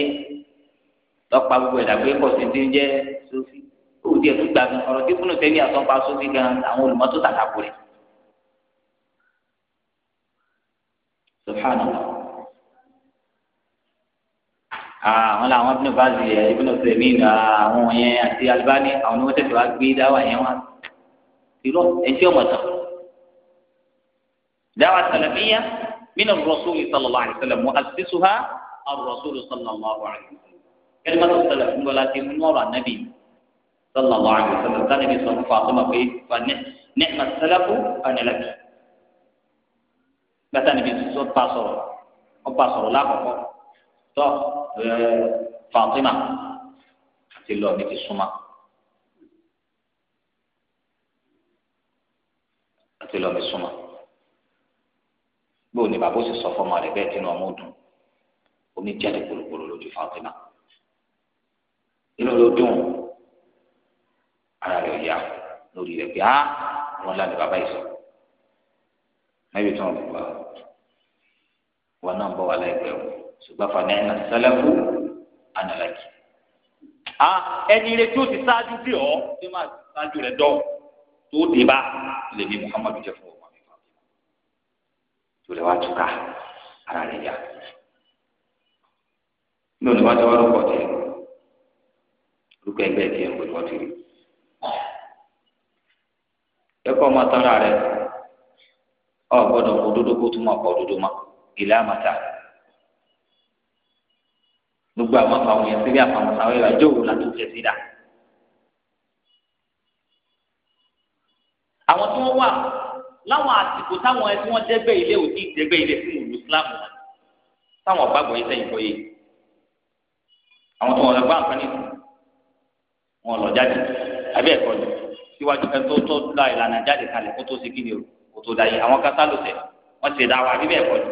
lọ́pàá gbogbo ẹ̀dá pé kò sí ti ń jẹ́ sófì kó tiẹ̀ tó gbà gan ọ̀rọ̀ tí ibùdó tẹ́lẹ̀ àtọ́npa sófì gan àwọn olùmọ́tò tàkàkù rẹ̀ subhanallah àwọn làwọn ibùdó báàzì yẹ ibùdó tẹ̀mí àwọn yẹn àti alibani àwọn ni wọ́n tẹ̀sí wá gbé dáwà yẹn wá irọ́ ẹ̀jẹ̀ ọmọ tán dáwà sàlàmíyà mí الرسول صلى الله عليه وسلم كلمة السلف ولكن نور النبي صلى الله عليه وسلم كان النبي صلى الله عليه وسلم فنعم السلف أنا لك مثلا النبي صلى الله عليه وسلم أبصر لا tó Fatima àti lọ ní ti súnmọ́ àti lọ ní súnmọ́ bó ni bàbá ó sì sọ fọmọ o omi jáde kúrúkúrú lójú Fatima inú ló dùn ara rẹ̀ yá lórí rẹ̀ pé á wọn láti bàbá yìí sọ mẹbi tí wọn bọ wá wọn náà bọ wá láìpẹ́ o ṣùgbọ́n fani ẹ̀ náà sẹlẹ̀kù ànàlàkì á ẹni rẹ tí ó ti ṣáájú bí ọ ṣé máa ṣáájú rẹ dán tó dé bá lèmi Muhammadu jẹ fún ọmọ mi Fatima tó lè wá túká ara rẹ̀ yá ní olùwádìí wà lóko tiẹ̀ olùkọ́ ẹgbẹ́ tiẹ̀ ń gbèdúwọ́ tiẹ̀ ẹ̀kọ́ ọmọ tọ́ra rẹ ọ gbọ́dọ̀ kó dodo kó tún mọ̀ kọ́ dodo mọ́ ìlà àmàtà gbogbo àwọn àfàwọn yẹn síbi àfàwọn sáwọn yẹn àjọ òwò láti tẹ̀ sí dà. àwọn tí wọ́n wà láwọn àsìkò táwọn ẹni tí wọ́n dẹ́gbẹ́ ilé òdì dẹ́gbẹ́ ilé fún ìlú Islam táwọn ọ̀gbàgbọ́ yìí sẹ́yìn kọ́ yìí àwọn tó wọn lọ gbá nǹkan ní wọn lọ jáde àbí ẹ̀kọ́ ni síwájú kan tó tó la ìlànà jáde kalẹ̀ kó tó ṣe kí ni o kó tó dayé àwọn kásá ló tẹ̀ wọ́n ṣe dáwọ́ àbí bẹ́ẹ̀ kọ́ ni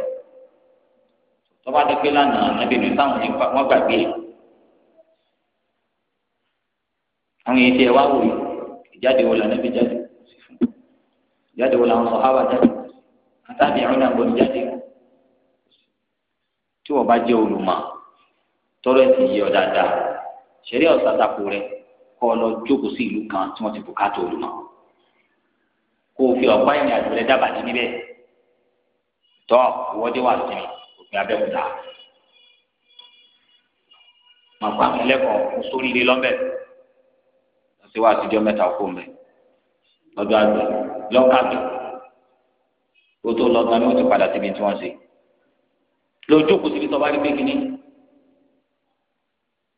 tọ́ba dé pé lánàá ẹbìnrin táwọn yìí wọ́n gbàgbé ẹ̀ àwọn yìí tiẹ̀ wá wò yìí ìjáde wo lànà bí jáde ìjáde wo làwọn sàhábà jáde àtàbí àwọn ìyàgbọ́n jáde tí wọ́n bá jẹ́ olùmọ̀ tọrọ ẹ ti yẹ ọ dáadáa ṣẹlẹ ọsàn dàpọ rẹ kọ lọ jókòó sí ìlú kan tí wọn ti bùkátà olùmọ kó o fi ọ̀pá ìrìn àjò rẹ dábàá ní níbẹ̀ tọ ìwọ́dé wà lómi òpin abẹ́kúta wọn kọ àwọn ẹlẹ́kọ̀ọ́ kó sórí ilé lọ́mbẹ̀ wọ́n ti wá àtijọ́ mẹ́ta kó mbẹ́ lọ́dọ̀ àgbẹ̀ lọ́kàgbẹ̀ kó tó lọ́gbọ́n ni wọ́n ti padà síbi tí wọ́n ṣe lójókòó síbi tó rí pé kínní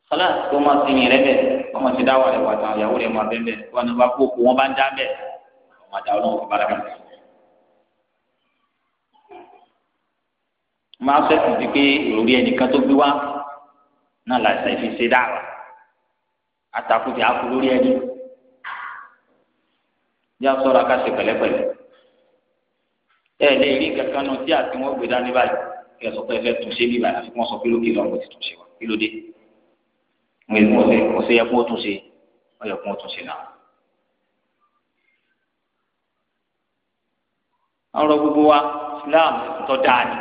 sọlá kó máa sinmi rẹ bẹ wọn máa ti dá wà rẹ wà tán ìyàwó rẹ máa bẹ bẹ wọn ni wọn kó kó wọn bá ń dá bẹ wọn máa dá Ọlọ́run fún baraka rẹ. máa sẹ́kù di pé ìròrí ẹnìkan tó gbé wá náà làṣẹ fi ṣe dára àtàkùtì àkú lórí ẹni yá sọ́ra ká ṣe pẹ̀lẹ́pẹ̀lẹ́ ẹ lè rí kankan náà tí àti wọn gbé dání báyìí kí ẹ sọ pé ẹ fẹ́ tún ṣe bí báyìí àfi kí wọ́n sọ pé lókè lọ́wọ́ ti tún ṣe wá kí ló dé mo yẹ kó ṣe kó ṣe yẹ kó tún ṣe ó yẹ kó ṣe náà. ọ̀rọ̀ gbogbo wa Islam tó dáa ni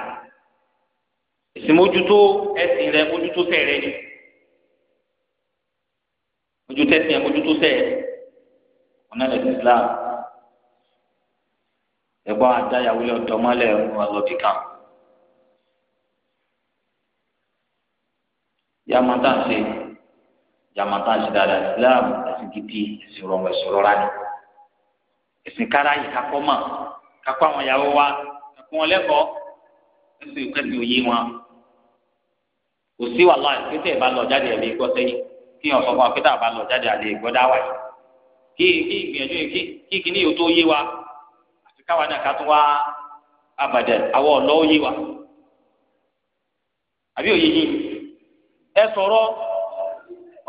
èsì mójútó ẹ̀sìn rẹ mójútó sẹ rẹ ni mójútó ẹ̀sìn rẹ mójútó sẹ rẹ ọ̀nà ẹ̀sìn Islam ẹ̀gbọ́n adáyàwó lé ọ̀dọ́ mọ́lẹ̀ ọ̀rọ̀ ọ̀lọ́bì kan. yàmọ̀ tá a ṣe. yamata ṣe dáadáa islam ẹ̀sìn gidi ẹ̀sìn rọrùn ẹ̀sìn rọra ni àwọn wa wọn lẹ́kọ̀ọ́ ẹ̀sìn ìkẹsì wọn kò sí wàhálà ìpínlẹ̀ ìbá jáde ẹ̀lẹ́ ìgbọ́ sẹ́yìn kí ọ̀sán fún apẹ́tà bá lọ jáde àlẹ́ ìgbọ́ wa wa abi oyi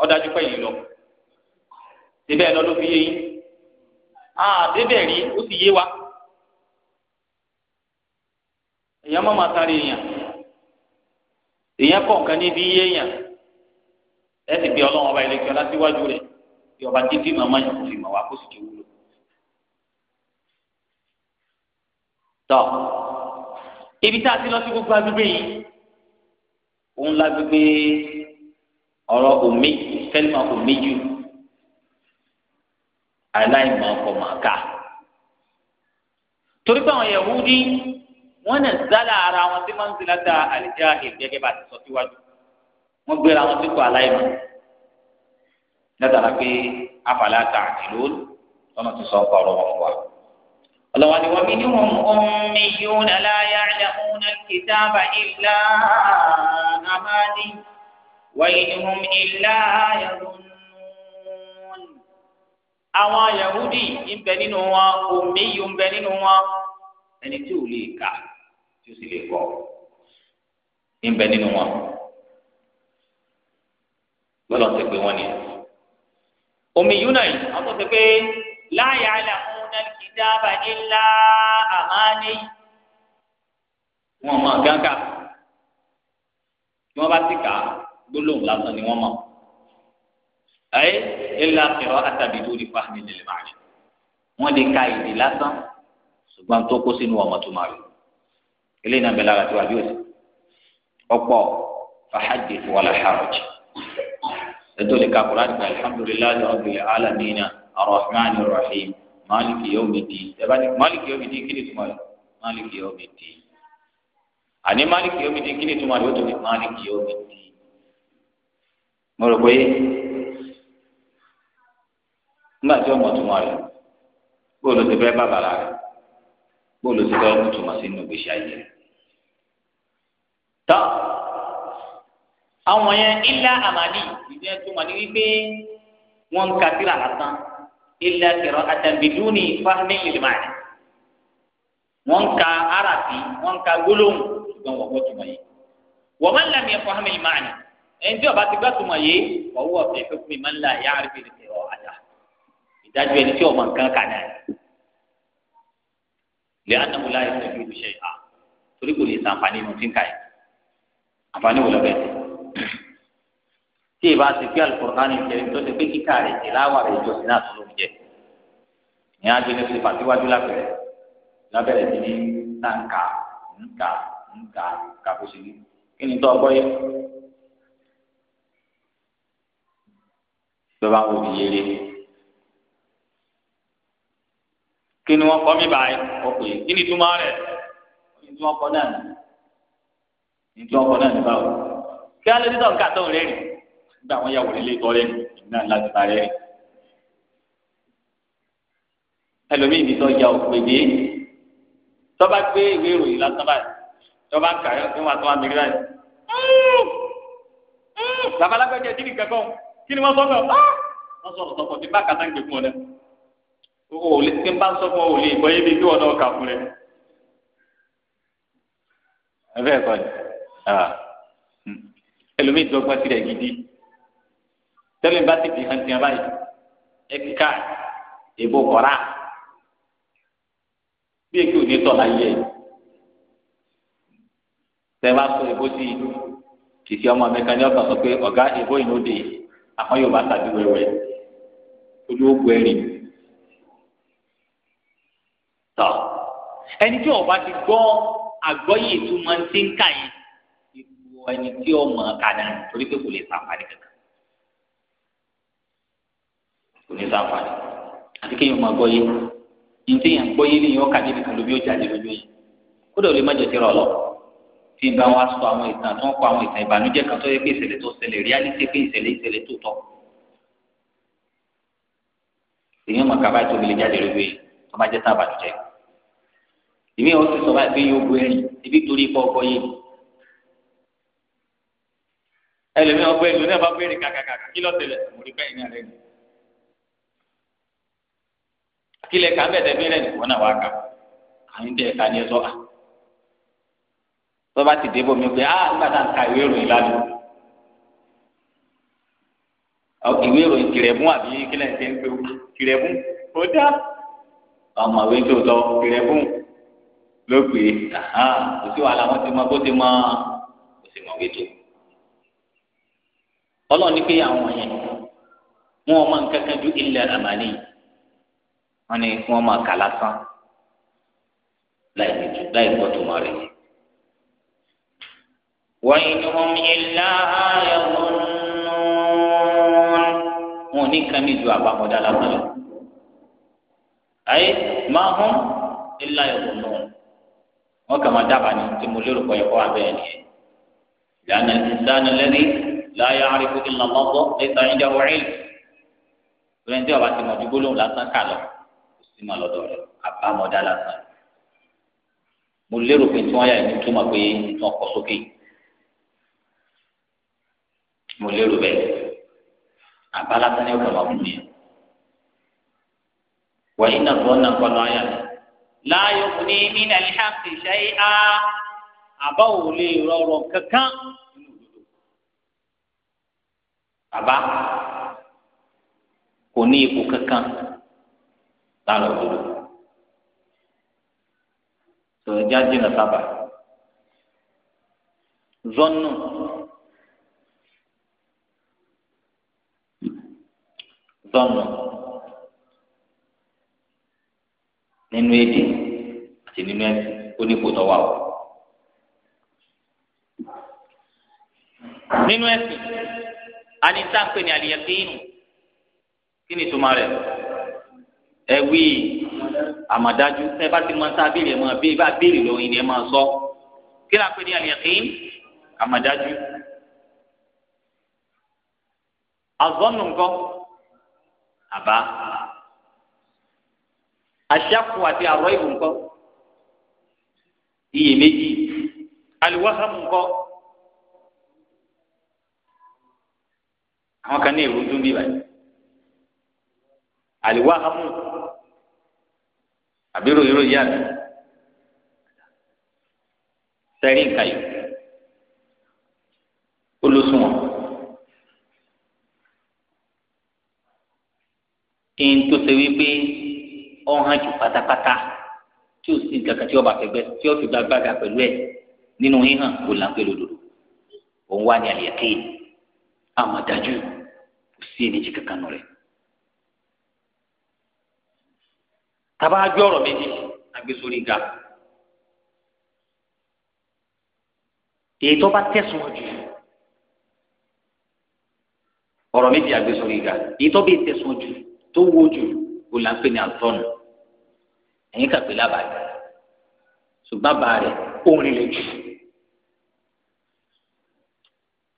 ọdájú pẹ̀yìn lọ síbẹ̀ lọ ló fi yé yín àdébẹ̀ rí ó sì yé wa èèyàn má máa sáré èèyàn èèyàn kọ̀ọ̀kan níbi yé èèyàn ẹ sì bí ọlọ́run ọba ìlẹ́kẹ́ ọlásíwájú rẹ̀ bí ọba dídí màmá yìí kò fi mọ̀ wá kó sì ti wúlò. tọ́ ibi tá a ti lọ sí gbogbo agbègbè yìí òun lágbègbè ọ̀rọ̀ omi kẹ́límà omi jù aláìmọ̀ ọkọ̀ màkà torí pé àwọn Yahudi wọn náà zálà ara wọn tí wọn ń zìlá ta àlejò àhìn gẹ́gẹ́ bá ti sọ síwájú wọn gbéra wọn sípò aláìmọ̀ látara pé afàlà ta àdìlú lọ́nà tó sọ ọkọ̀ ọ̀rọ̀ wọn wà. ولقد ومنهم أميون لا يعلمون الكتاب إلا أماني وإنهم إلا يظنون àwọn yahudi ń bẹ nínú wọn omiyu ń bẹ nínú wọn ẹni tí ò lè kà tí ó sì lè kọ ń bẹ nínú wọn lọ́lọ́ ti pé wọ́n ni omiyu náà yìí wọ́n tó ti pé láàyè àlàmúnà kìdáàbà ńlá àmánì wọn mọ̀ gángan tí wọ́n bá ti kà á gbólóhùn lásán ni wọ́n mọ̀ ayé ilà kẹrọ àtàbídó ní fáhmi lè máa rẹ wọ́n lè ka èdè lásán ṣùgbọ́n tó kó sínú ọmọ tó máa rẹ eléyìí náà bẹ lára tí wàá bí òsì ọ̀pọ̀ fàájì wàlá hàrọjì ètò lè ka kúrò àdìgbà alhamdulilayi rabbil alamina arahman rahim maliki yomidi maliki yomidi kí ni tuma yìí maliki yomidi àní maliki yomidi kí ni tuma yìí ó tó ní maliki yomidi mo rò pé nígbà tí ọmọ tó mọ rẹ bóòlù ti fẹ́ bàbàrà rẹ bóòlù ti fẹ́ túmọ̀ sí inú ìgbésí ayé rẹ. tọ́ àwọn yẹn ilá àmàlí ìdí ẹ̀ túmọ̀ ní wípé wọ́n ń ka síra lásán ilá kẹrọ àtàbídú ní fáhmi ìlmáì wọ́n ń ka arafi wọ́n ń ka gbólóhùn ṣùgbọ́n wọ́n gbọ́ túmọ̀ yìí wọ́n máa ń làmì ẹ̀fọ́ hàmì ìlmáì ẹnití ọba ti gbà sùnmọ yìí ọwọ ọfẹ fẹkùnmí máa ń la ìyá àrífẹ ní ìwọ àdá ìdájọ́ ẹni tí ọmọ nǹkan kà náà lè ànàmúlá ẹsẹ fi olùṣẹ ìhà torí kò lè san àǹfààní inú tí ń kà yìí àǹfààní wò lọbẹ tí ìbá ti fi alukóránì jẹ tó ti pé kíkà rẹ jẹ láwà rẹ lábẹrẹ lábẹrẹ ti ní náà ń kà ń ní kí ni tó ọgbọ yẹ. lọ́ba wo ti yẹlé kí ni wọ́n kọ́ mi báyìí wọ́n pè é kini ni túmọ̀ rẹ̀ ní tí wọ́n kọ́ náà ní tí wọ́n kọ́ náà ní báwo kí á lè dídọ̀ nǹkan àtọ̀ rẹ̀ rìn nígbà wọn yà wọlé létọ́ rẹ̀ rìn náà láti bá rẹ̀ rìn ẹlòmíì ní sọ́jà òpèdè tọ́ba gbé ìwé ìròyìn lásán báyìí tọ́ba kà á yọ kí wọ́n àtúwọ́n àmì rẹ̀ bàbá alágbèjẹ dídì kankan kí ni wọ́n sọ fún ọ ah! wọ́n sọ̀rọ̀ sọ̀kọ̀ bí bá kàtà ń gbé fún ọ dẹ o lè tí n bá sọ fún ọ ò lè gbọ́ yé bí kí wọ́n náà kà fún rẹ. ẹ bẹ́ẹ̀ kọ́ ẹlòmíì tó gbọ́n sílẹ̀ gidi tẹ́lẹ̀ bá ti fi hàn tiẹ̀ báyìí ẹ kíkà kọ́ra bí èké ò tọ̀ láyé ẹ̀ tẹ́ bá sọ èbó sí kìsì ọmọ mi ní ọ̀sán sọ pé ọ̀gá èbó yìí ló dé yìí àmọ́ yóò bá tàbí wẹ́wẹ́ ojú ó gbọ́ ẹ̀rìn. tọ́ ẹni tí ọba ti gbọ́ àgbọ́yé ìtumọ̀ ti ń kà yẹn ipò ẹni tí ó mọ̀ kàdà torí pé kò lè sàǹfààní kankan kò ní sàǹfààní àti kéèyàn máa gbọ́ yé ní tí èèyàn gbọ́ yé ni yóò kàdé nìkan ló bí ó jáde lójú yìí kódà ó lè má jẹ tìrọ ọlọ́pàá tí n bá wá sọ àwọn ìtàn tó ń pa àwọn ìtàn ìbànújẹ́ kan tó yẹ pé ìṣẹ̀lẹ̀ tó ṣẹlẹ̀ reality pé ìṣẹ̀lẹ̀ ìṣẹ̀lẹ̀ tó tọ́ èyí ọmọ kaba tó gbélé jáde lórí yìí tó bá jẹ́ tá àbànújẹ́ ìwé ọtí sọ báyìí pé yóò bu ẹ̀yìn ibi torí ikọ ọkọ yìí ẹlẹmi ọgbẹ ìlú náà bá béèrè kàkàkà kí lọ tẹ́lẹ̀ mo rí bẹ́ẹ̀ ní alẹ́ ni kílẹ̀ kà ń bẹ̀ tẹ́ bí tó bá ti dé bomi pé ah nígbà tá à ń ka ìwé ìròyìn lánàá ìwé ìròyìn kìrẹ̀bùn àbí kílẹ̀ ń ṣe ń pè ó kìrẹ̀bùn ó dá ọmọwé tó lọ kìrẹ̀bùn ló pè é kò sí wàhálà wọn ti mọ bó ti mọ kò sí mọ̀wé tó ọlọ́run ní pé àwọn yẹn wọn ò máa ju ilẹ̀ àmàlẹ́ wọn ni wọn máa kà lásán láì gbọ́tò máa rẹ̀ yìí. وإن هم إلا يظنون وني كم يجوا بابو دالا أي ما هم إلا يظنون وكما دعني تمولر كويكو أبيني لأن الإنسان الذي لا يعرف إلا الله ليس عنده علم lóyún tí ọba ti mọ̀ ju gbólóhùn lásán kà lọ kò sí mọ̀ lọ́dọ̀ rẹ̀ àbámọ̀dá lásán mo lérò bẹ́ẹ̀ àbálá tó ní ọkàn wà fún mi. wàyí náà tó náà kọ́ lọ́ yà láàyò kò ní ní nàìjíríà ti ṣe é á àbá ò lè rọrùn kankan àbá kò ní ipò kankan lára òdodo tòun jáde náà sábà zọnù. sọnù nínú èdè àti nínú ẹsẹ onípò tọwà o nínú ẹsẹ anisa pé ní aliyakinu kí ni ìtumọ̀ rẹ̀ ẹ wí àmàdájú ẹ bá ti máa ń sábẹ́rẹ̀ máa bí bá béèrè lóyún ni ẹ máa sọ kí ni a pè ní aliyakin àmàdájú àbá aṣáko àti àrọ ìbò ńkọ iyèméjì aliwahamu ńkọ àwọn kan ní èrò dún bí báyìí aliwahamu àbí ròyìnrò yá mi sẹ́rí nǹkan yìí ó lọ sùn ẹni tó ṣe wípé ọ̀hán jù pátápátá tí ó sì ń kankan tí ó bá fẹ́ gbẹ tí ó fi gbàgbàgà pẹ̀lú ẹ̀ nínú híhàn kò láǹpẹ́ lòdòdò òun wá ní àlìyàkè àmọ̀dájú kò sí ènìjì kankan nù rẹ̀. tàbá jọ ọ̀rọ̀ méjì agbésórí ga èyí bá tẹ̀sùn ọ̀rọ̀ méjì agbésórí ga èyí bá tẹ̀sùn tó wo jù kó là ń pè ní àtọ́nù ẹ̀yìn kàpé lábàárẹ̀ ṣùgbọ́n bàárẹ̀ orin lè jù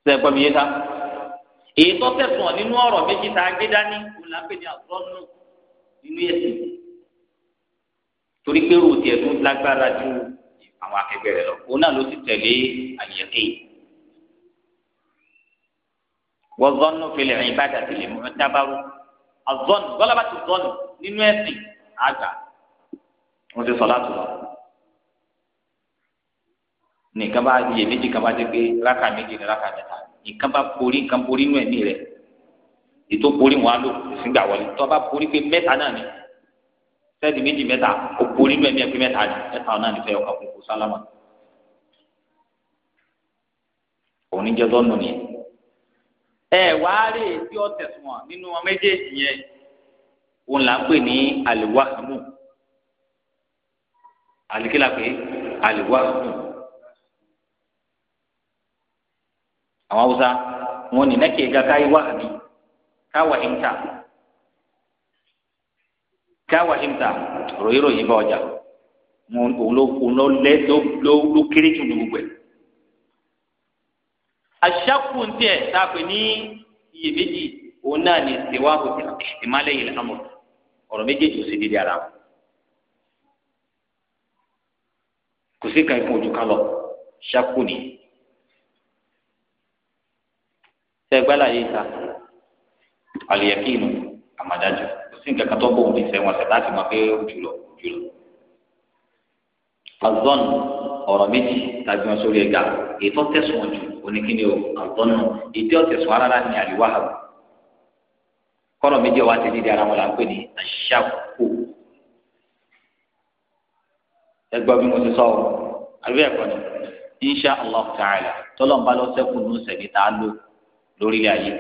sẹ́ pẹ́ mi yé ta èyí tó tẹ̀sán nínú ọ̀rọ̀ méjì tá a gbé dání kó là ń pè ní àtọ́nù nínú ẹ̀sìn torí pé ròtì ẹ̀ tó lágbára ju àwọn akẹgbẹ́ rẹ̀ lọ òun náà ló ti tẹ̀lé àyẹ̀kẹ́ yìí wọ́n zọ́nù fil ibadati lil mu'tabaru azọ́nù gọ́lábà ti zọ́nù nínú ẹ̀sìn àgbà wọ́n ti sọ láti lọ. nìkan bá iye méjì kan bá dé pé rákà méjì ní rákà mẹ́ta nìkan bá borí nǹkan borí inú ẹ̀mí rẹ̀ ètò borí wọn á lò sígbà wọlé tó bá borí pé mẹ́ta náà ni sẹ́ẹ̀dì méjì mẹ́ta kò borí inú ẹ̀mí ẹ̀ pé mẹ́ta ni mẹ́ta náà ni fẹ́ ọkàn kò sálámà. òun ní jẹ́ zọ́nù nìyẹn ẹ wàá rí èsì ọ̀tẹ̀ sùn nínú wọn méjèèjì yẹn òun là ń pè ní àlùwàhámù àlìkílà pé àlùwàhámù àwọn haúsá wọn ní nẹ́kì ẹ̀ga ká ìwà àmì káwà ìmta káwà ìmta ròyìnròyìn bá ọjà òun ló lé ló kéré jù ní gbogbo ẹ̀ aṣakun tiẹ̀ tàbí ní iyèméjì òun náà ní ìsèwà kò tí ìtìmálẹ̀ yìí lámọ̀ ọ̀rọ̀ méjèèjì ò sì dídí ara wọn. kò sí kan ìfún ojú kan lọ ṣakun ni. sẹ́gbẹ́lá yìí ta àlìyẹ́kìnnù àmàdájọ́ kò sí nǹkan kan tó bóun ti sẹ́wọ̀n sẹ́ láti máa fẹ́ jùlọ jùlọ. azọ́nù ọ̀rọ̀ méjì tàbí wọn sórí ẹ̀ga ètò tẹ̀sùn jù oníkíni o àtọ́nù ìdí ọ̀tẹ̀ sọ ara ní àríwá àbò kọ́nà méjì ọ̀wá ti dídí ara wọn là ń pè ní aṣáko ẹgbẹ́ bí mo ti sọ ọ́ àbí ni insha allah ta'ala tọ́lọ́mbà lọ́sẹ̀kùn ní sẹ̀mí tá a lò lórílẹ̀ ayé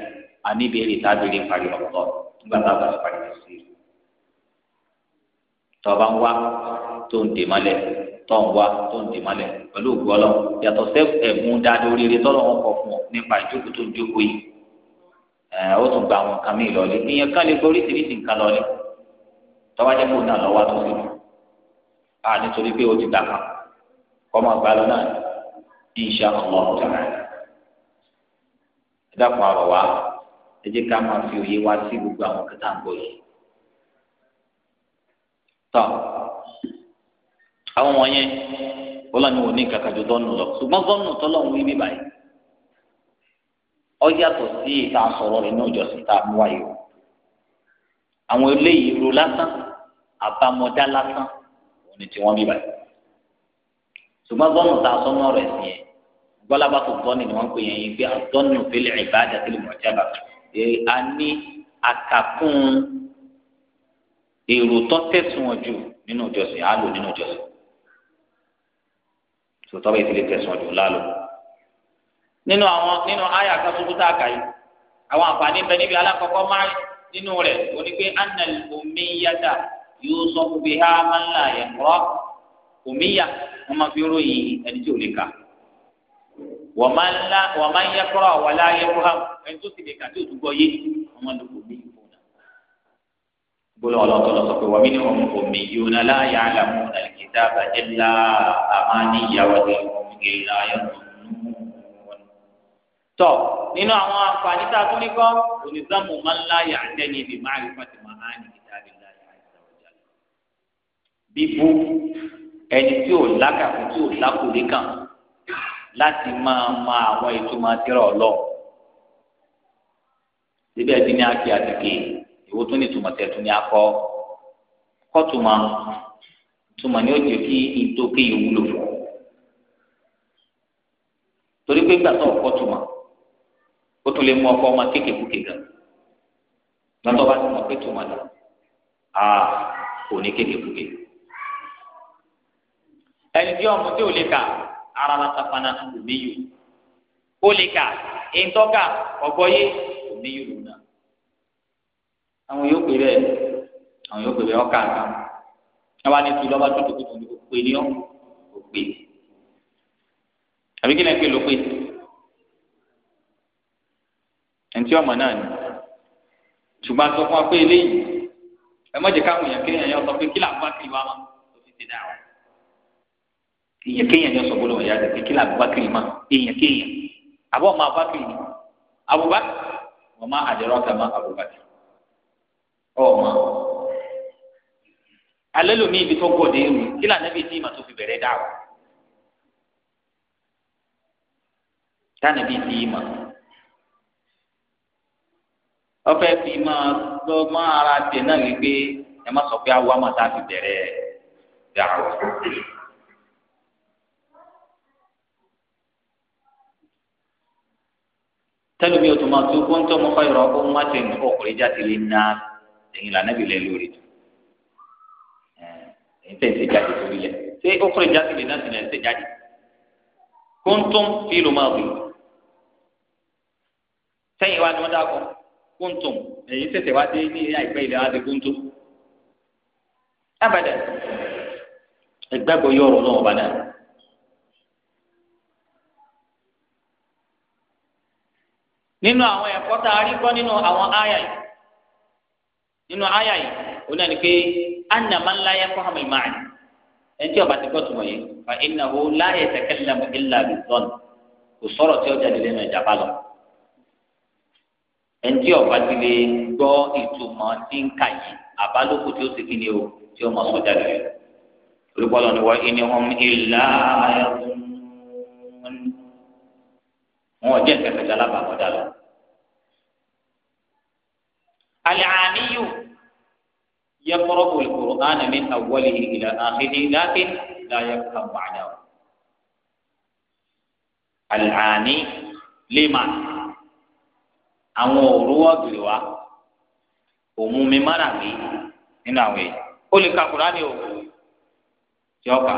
a ní ìbéèrè tá a béèrè parí ọ̀pọ̀ nígbà tá a bá parí sí i ń wá tó ń dè mọ́lẹ̀ tó ń wá tó ń dìmọ́lẹ̀ pẹ̀lú ògbọ́lọ́ yàtọ̀ sẹ́ ẹ̀bùn dáadọ́ rere tọ́lọ́ wọn kọ̀ fún ọ nípa ìjókòó tó ń jókòó yìí ẹ̀ ó tún gba àwọn nǹkan mìíràn lọ́lẹ̀ ìyẹn ká lè borí tìrìtì nǹkan lọ́lẹ̀ tọ́wá jẹ́ fóònù náà lọ́wọ́ tó fi lù á nítorí pé ó ti gbà kọ́ máa gbà lọ náà insha Allah ta'ala ẹ dákun àrọ̀ wá ẹ jẹ́ ká máa fi òye wá sí gbogbo àwọn kẹta ń yìí àwọn wọ̀nyẹn wọ́n ní wọ́n ní kàkàjọ dọ́nù lọ ṣùgbọ́n dọ́nù tọ́lọ̀ ń wí bíbáyìí ọ yàtọ̀ sí ìta sọ̀rọ̀ rẹ̀ ní ìjọsìn tá a mú wáyé o àwọn eléyìí ro lásán àbámọ̀dá lásán òun ni tiwọn bíbáyìí ṣùgbọ́n dọ́nù tá a sọ mọ́ rẹ̀ sí yẹn gbọ́lábà tó dọ́nù ni wọ́n pè yẹn yìí pé àdọ́nù fẹ́lẹ̀ ìbáàdà tẹ́lẹ̀ mọ̀jábà a ní àkàkùn èrò tó tẹ̀sùn ọ̀jù nínú ìjọsìn àlò nínú ìjọsìn sòtọ́ bẹ́ẹ̀ ti lè tẹ̀sán ọdún lálọ. nínú àwọn nínú àyà kan tuntun tá a kà yìí àwọn àǹfààní bẹ níbi alákọ̀ọ́kọ́ máa nínú rẹ̀ onígbé anal omiyata yóò sọ fún ha máa ń là yẹn kọ́ omiya wọn máa fi ròyìn ẹni tí ò lè kà wọ́n máa ń yẹ kọ́ wọ́n lá yẹ kọ́ ẹni tó ti lè kà tí ò tún yé wọn máa ń lò omiya gbólóhùn ọlọ́tọ̀ lọ sọ pé wàmí ni wọn kò mí yóò náà láàyè àlàmú àlìkìtà àbàjẹ́ ńlá àmàní ìyàwó ti gbé láàyè tọ nínú àwọn àǹfààní tá a tún ní kọ́ onísàmù máa ń láyà àtẹ́ni ibi máa rí fatima áni kíkà rí láyà àìsàwọ̀jà bíbú ẹni tí ò lákàkùn tí ò lákòrí kan láti máa ma àwọn ètò máa tẹ́rọ ọlọ́ síbẹ̀ bí ní akí àtìkè ìwọ tó ní ìtumọ̀ tẹ̀ tó ní akọ kọ́tùmọ̀ tùmọ̀ ni ó jẹ́ kí ìtòkè yìí wúlò fún ọ torí pé gbàtọ̀ kọ́tùmọ̀ ó tún lè mú ọkọ ọmọ kékeré gan gbàtọ̀ bá ti mọ̀ pé tùmọ̀ dà á kò ní kékeré ẹni tí ọmọ tí ò lè kà ara la sapana òmíyù ó lè kà ìtọ́ka ọ̀gbọ́yé òmíyù lòun náà àwọn yóò pè bẹ́ẹ̀ àwọn yóò pè bẹ́ẹ̀ ọkà kan ẹwà ní tu lọ́ba tó tòkòtò ní òpè ní ọ́ òpè àbí kí ni ẹ pè lópè ẹ̀ǹtí ọmọ náà ni ṣùgbọ́n sọ fún wa pé eléyìí ẹ mọ̀jẹ̀ káwọn èèyàn kéèyàn yẹn sọ pé kí làwọn bá kiri wa mọ́ tó fi ti dà wá èèyàn kéèyàn yẹn sọ gbọ́dọ̀ wọ̀nyá rẹ̀ pé kí làwọn bá kiri mọ́ èèyàn kéèyàn àbọ̀ ọmọ abá kiri ni àbúbá wọ́n má àdẹ̀rọ̀ ọ̀tá má kiri. ọmọ alẹ́ lomi ibi tó gbọ̀dé kila kí lànà bí tí ìmọ̀ tó fi bẹ̀rẹ̀ dáwọ̀ lànà bí tí ìmọ̀ ọfẹ́ fi ma lọ ara tiẹ̀ náà wípé ẹ má sọ pé tá a fi bẹ̀rẹ̀ dáwọ̀. tẹ́lẹ̀ mi ò tó tó kó ń ẹ̀yin lànàbì lẹ lórí ẹ̀yin tẹ̀ ń ṣe jáde lórí lẹ ṣé ó kúrò jáde lè náà sì lẹ̀ ń ṣe jáde kóńtùn fílù máa bù sẹ́yìn wa ni wọ́n dáko kóńtùn ẹ̀yin tẹ̀sẹ̀ wá dé ní àìpẹ́ ilẹ̀ wá dé kóńtùn abada ẹgbẹ́gbọ́ yọrọ náà ọba náà. nínú àwọn ẹ̀kọ́ tá a rí kọ́ nínú àwọn áyà yìí nínú àyà yìí ó náà ní pé anna man la yafhamu al-ma'na ẹni tí ó bá ti gbọ́ tuma yìí fa innahu la yatakallamu illa bi-dhann kò sọ̀rọ̀ tí ó jáde lẹ́nu ẹ̀já bá lọ ẹni tí ó bá ti lè gbọ́ ìtumọ̀ tí ń kà yìí àbálòkù tí ó ti kí ni o tí ó mọ̀ sọ́jà lẹ́yìn orúkọ lọ ni wọ́n ẹni hàn ilà ayọ̀ wọn jẹ́ kẹfẹ́ tí alábàámọ́dá lọ. العامي يقرأ القرآن من أوله إلى آخره لكن لا يفهم معناه العامي لما àwọn òru ọ̀gbìn wa òmu mi mara mi nínú àwọn èèyàn ó lè ka Kùránì o tí ọkà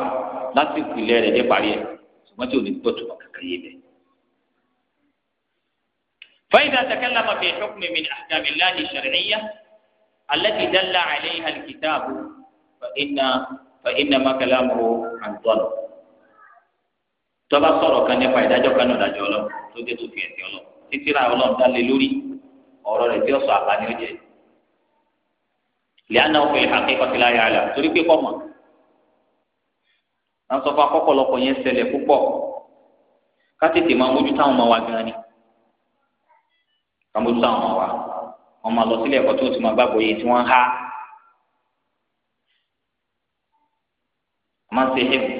láti ìpìlẹ̀ rẹ̀ dé parí ẹ̀ ṣùgbọ́n tí ò ní gbọ́dọ̀ kankan yé bẹ́ẹ̀. فإذا تكلم في حكم من أحكام الله الشرعية التي دل عليها الكتاب فإن فإنما كلامه عن ظن tọba sọ̀rọ̀ kan nípa ìdájọ́ kan náà dájọ́ ọlọ tó dé tó fi ẹsẹ̀ ọlọ títí ra ọlọ ń dalẹ lórí ọ̀rọ̀ rẹ̀ tí ó sọ àbáni ó jẹ lẹ́yìn àwọn òfin àkẹ́kọ̀ọ́ láyà àlà torí pé kọmọ à ń sọ fún akọkọlọpọ yẹn ṣẹlẹ̀ púpọ̀ ká tètè máa mójú táwọn ọmọ wa gan ni kàmójútó àwọn ọmọ wa wọn máa lọ sílé ẹ̀kọ́ tó ti máa gbàgbọ́ yìí tí wọ́n ń há máa ń ṣe hẹ́bù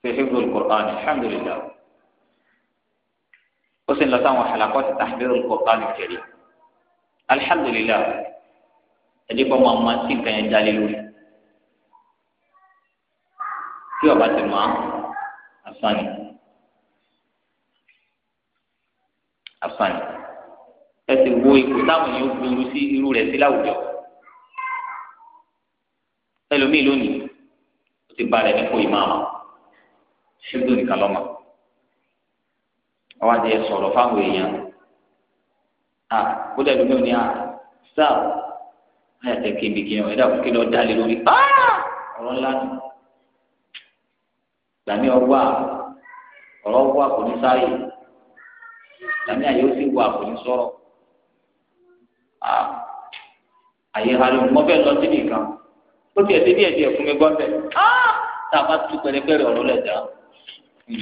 ṣe hẹ́bù olùkọ́ta alhamdulilayi ó sì ń lọ sáwọn àlàkọ́ ti tàbí olùkọ́ta nìkẹ́rì alhamdulilayi ẹ̀dínkọ́ máa máa ti nǹkan yẹn dálé lórí tí ọba ti máa asani asani ipò táwọn èèyàn gbòòrò sí irú rẹ̀ sí láwùjọ ẹlòmíì lónìí ó ti ba rẹ̀ nípò ìmáàmù ṣíbùdó nìkan lọ́mọ ọwọ́ adìyẹ sọ̀rọ̀ fáwọn èèyàn à kó dẹ̀ lómi ò ní à sáà ayàtẹ̀ kébìkì ẹ̀ ẹ̀dá òkè lọ dálé lórí ọ̀rọ̀ ńlá ni gbàmí ọwọ́ ọ̀rọ̀ wà kò ní sáyè gbàmí àyè ó sì wà kò ní sọ̀rọ̀. àyè hali mo bẹ lọ sí nìkan ó tiẹ̀ ti díẹ̀ díẹ̀ fún mi gbọ́ bẹ́ẹ̀ tá a bá tún pẹ̀lẹ́pẹ̀lẹ́ ọ̀rọ̀ lẹ̀ dá ní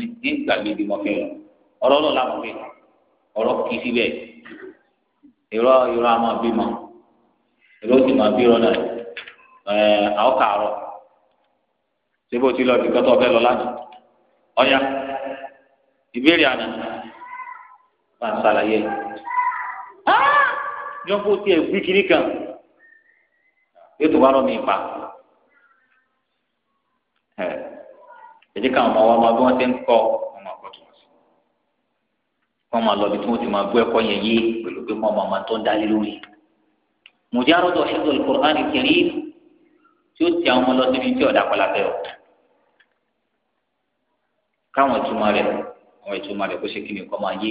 gbàgbé bí lọ ọ̀rọ̀ lọ́la mo ọ̀rọ̀ kì ma máa bí náà ẹ̀ àwọn kàárọ̀ síbò tí kọ́tọ́ ọ̀fẹ́ lọ lánàá jọ kó tiẹ̀ gbí kiri kan yóò tó wá lọ́ mi pa ẹ ẹdí káwọn ọmọ wa máa bí wọ́n ti ń kọ́ ọmọ àkọ́tù wọn sí wọ́n máa lọ bí tí wọ́n ti máa gbọ́ ẹ̀kọ́ yẹn yé pẹ̀lú pé wọ́n máa máa tó ń dalé lórí mujarrad hifz al-Qur'an al-Karim tí ó ti àwọn ọmọ lọ tí ọ̀dà kọlá fẹ́ káwọn ìtumọ̀ rẹ̀ àwọn ìtumọ̀ rẹ̀ kó ṣe kí ni kọ́ máa yé.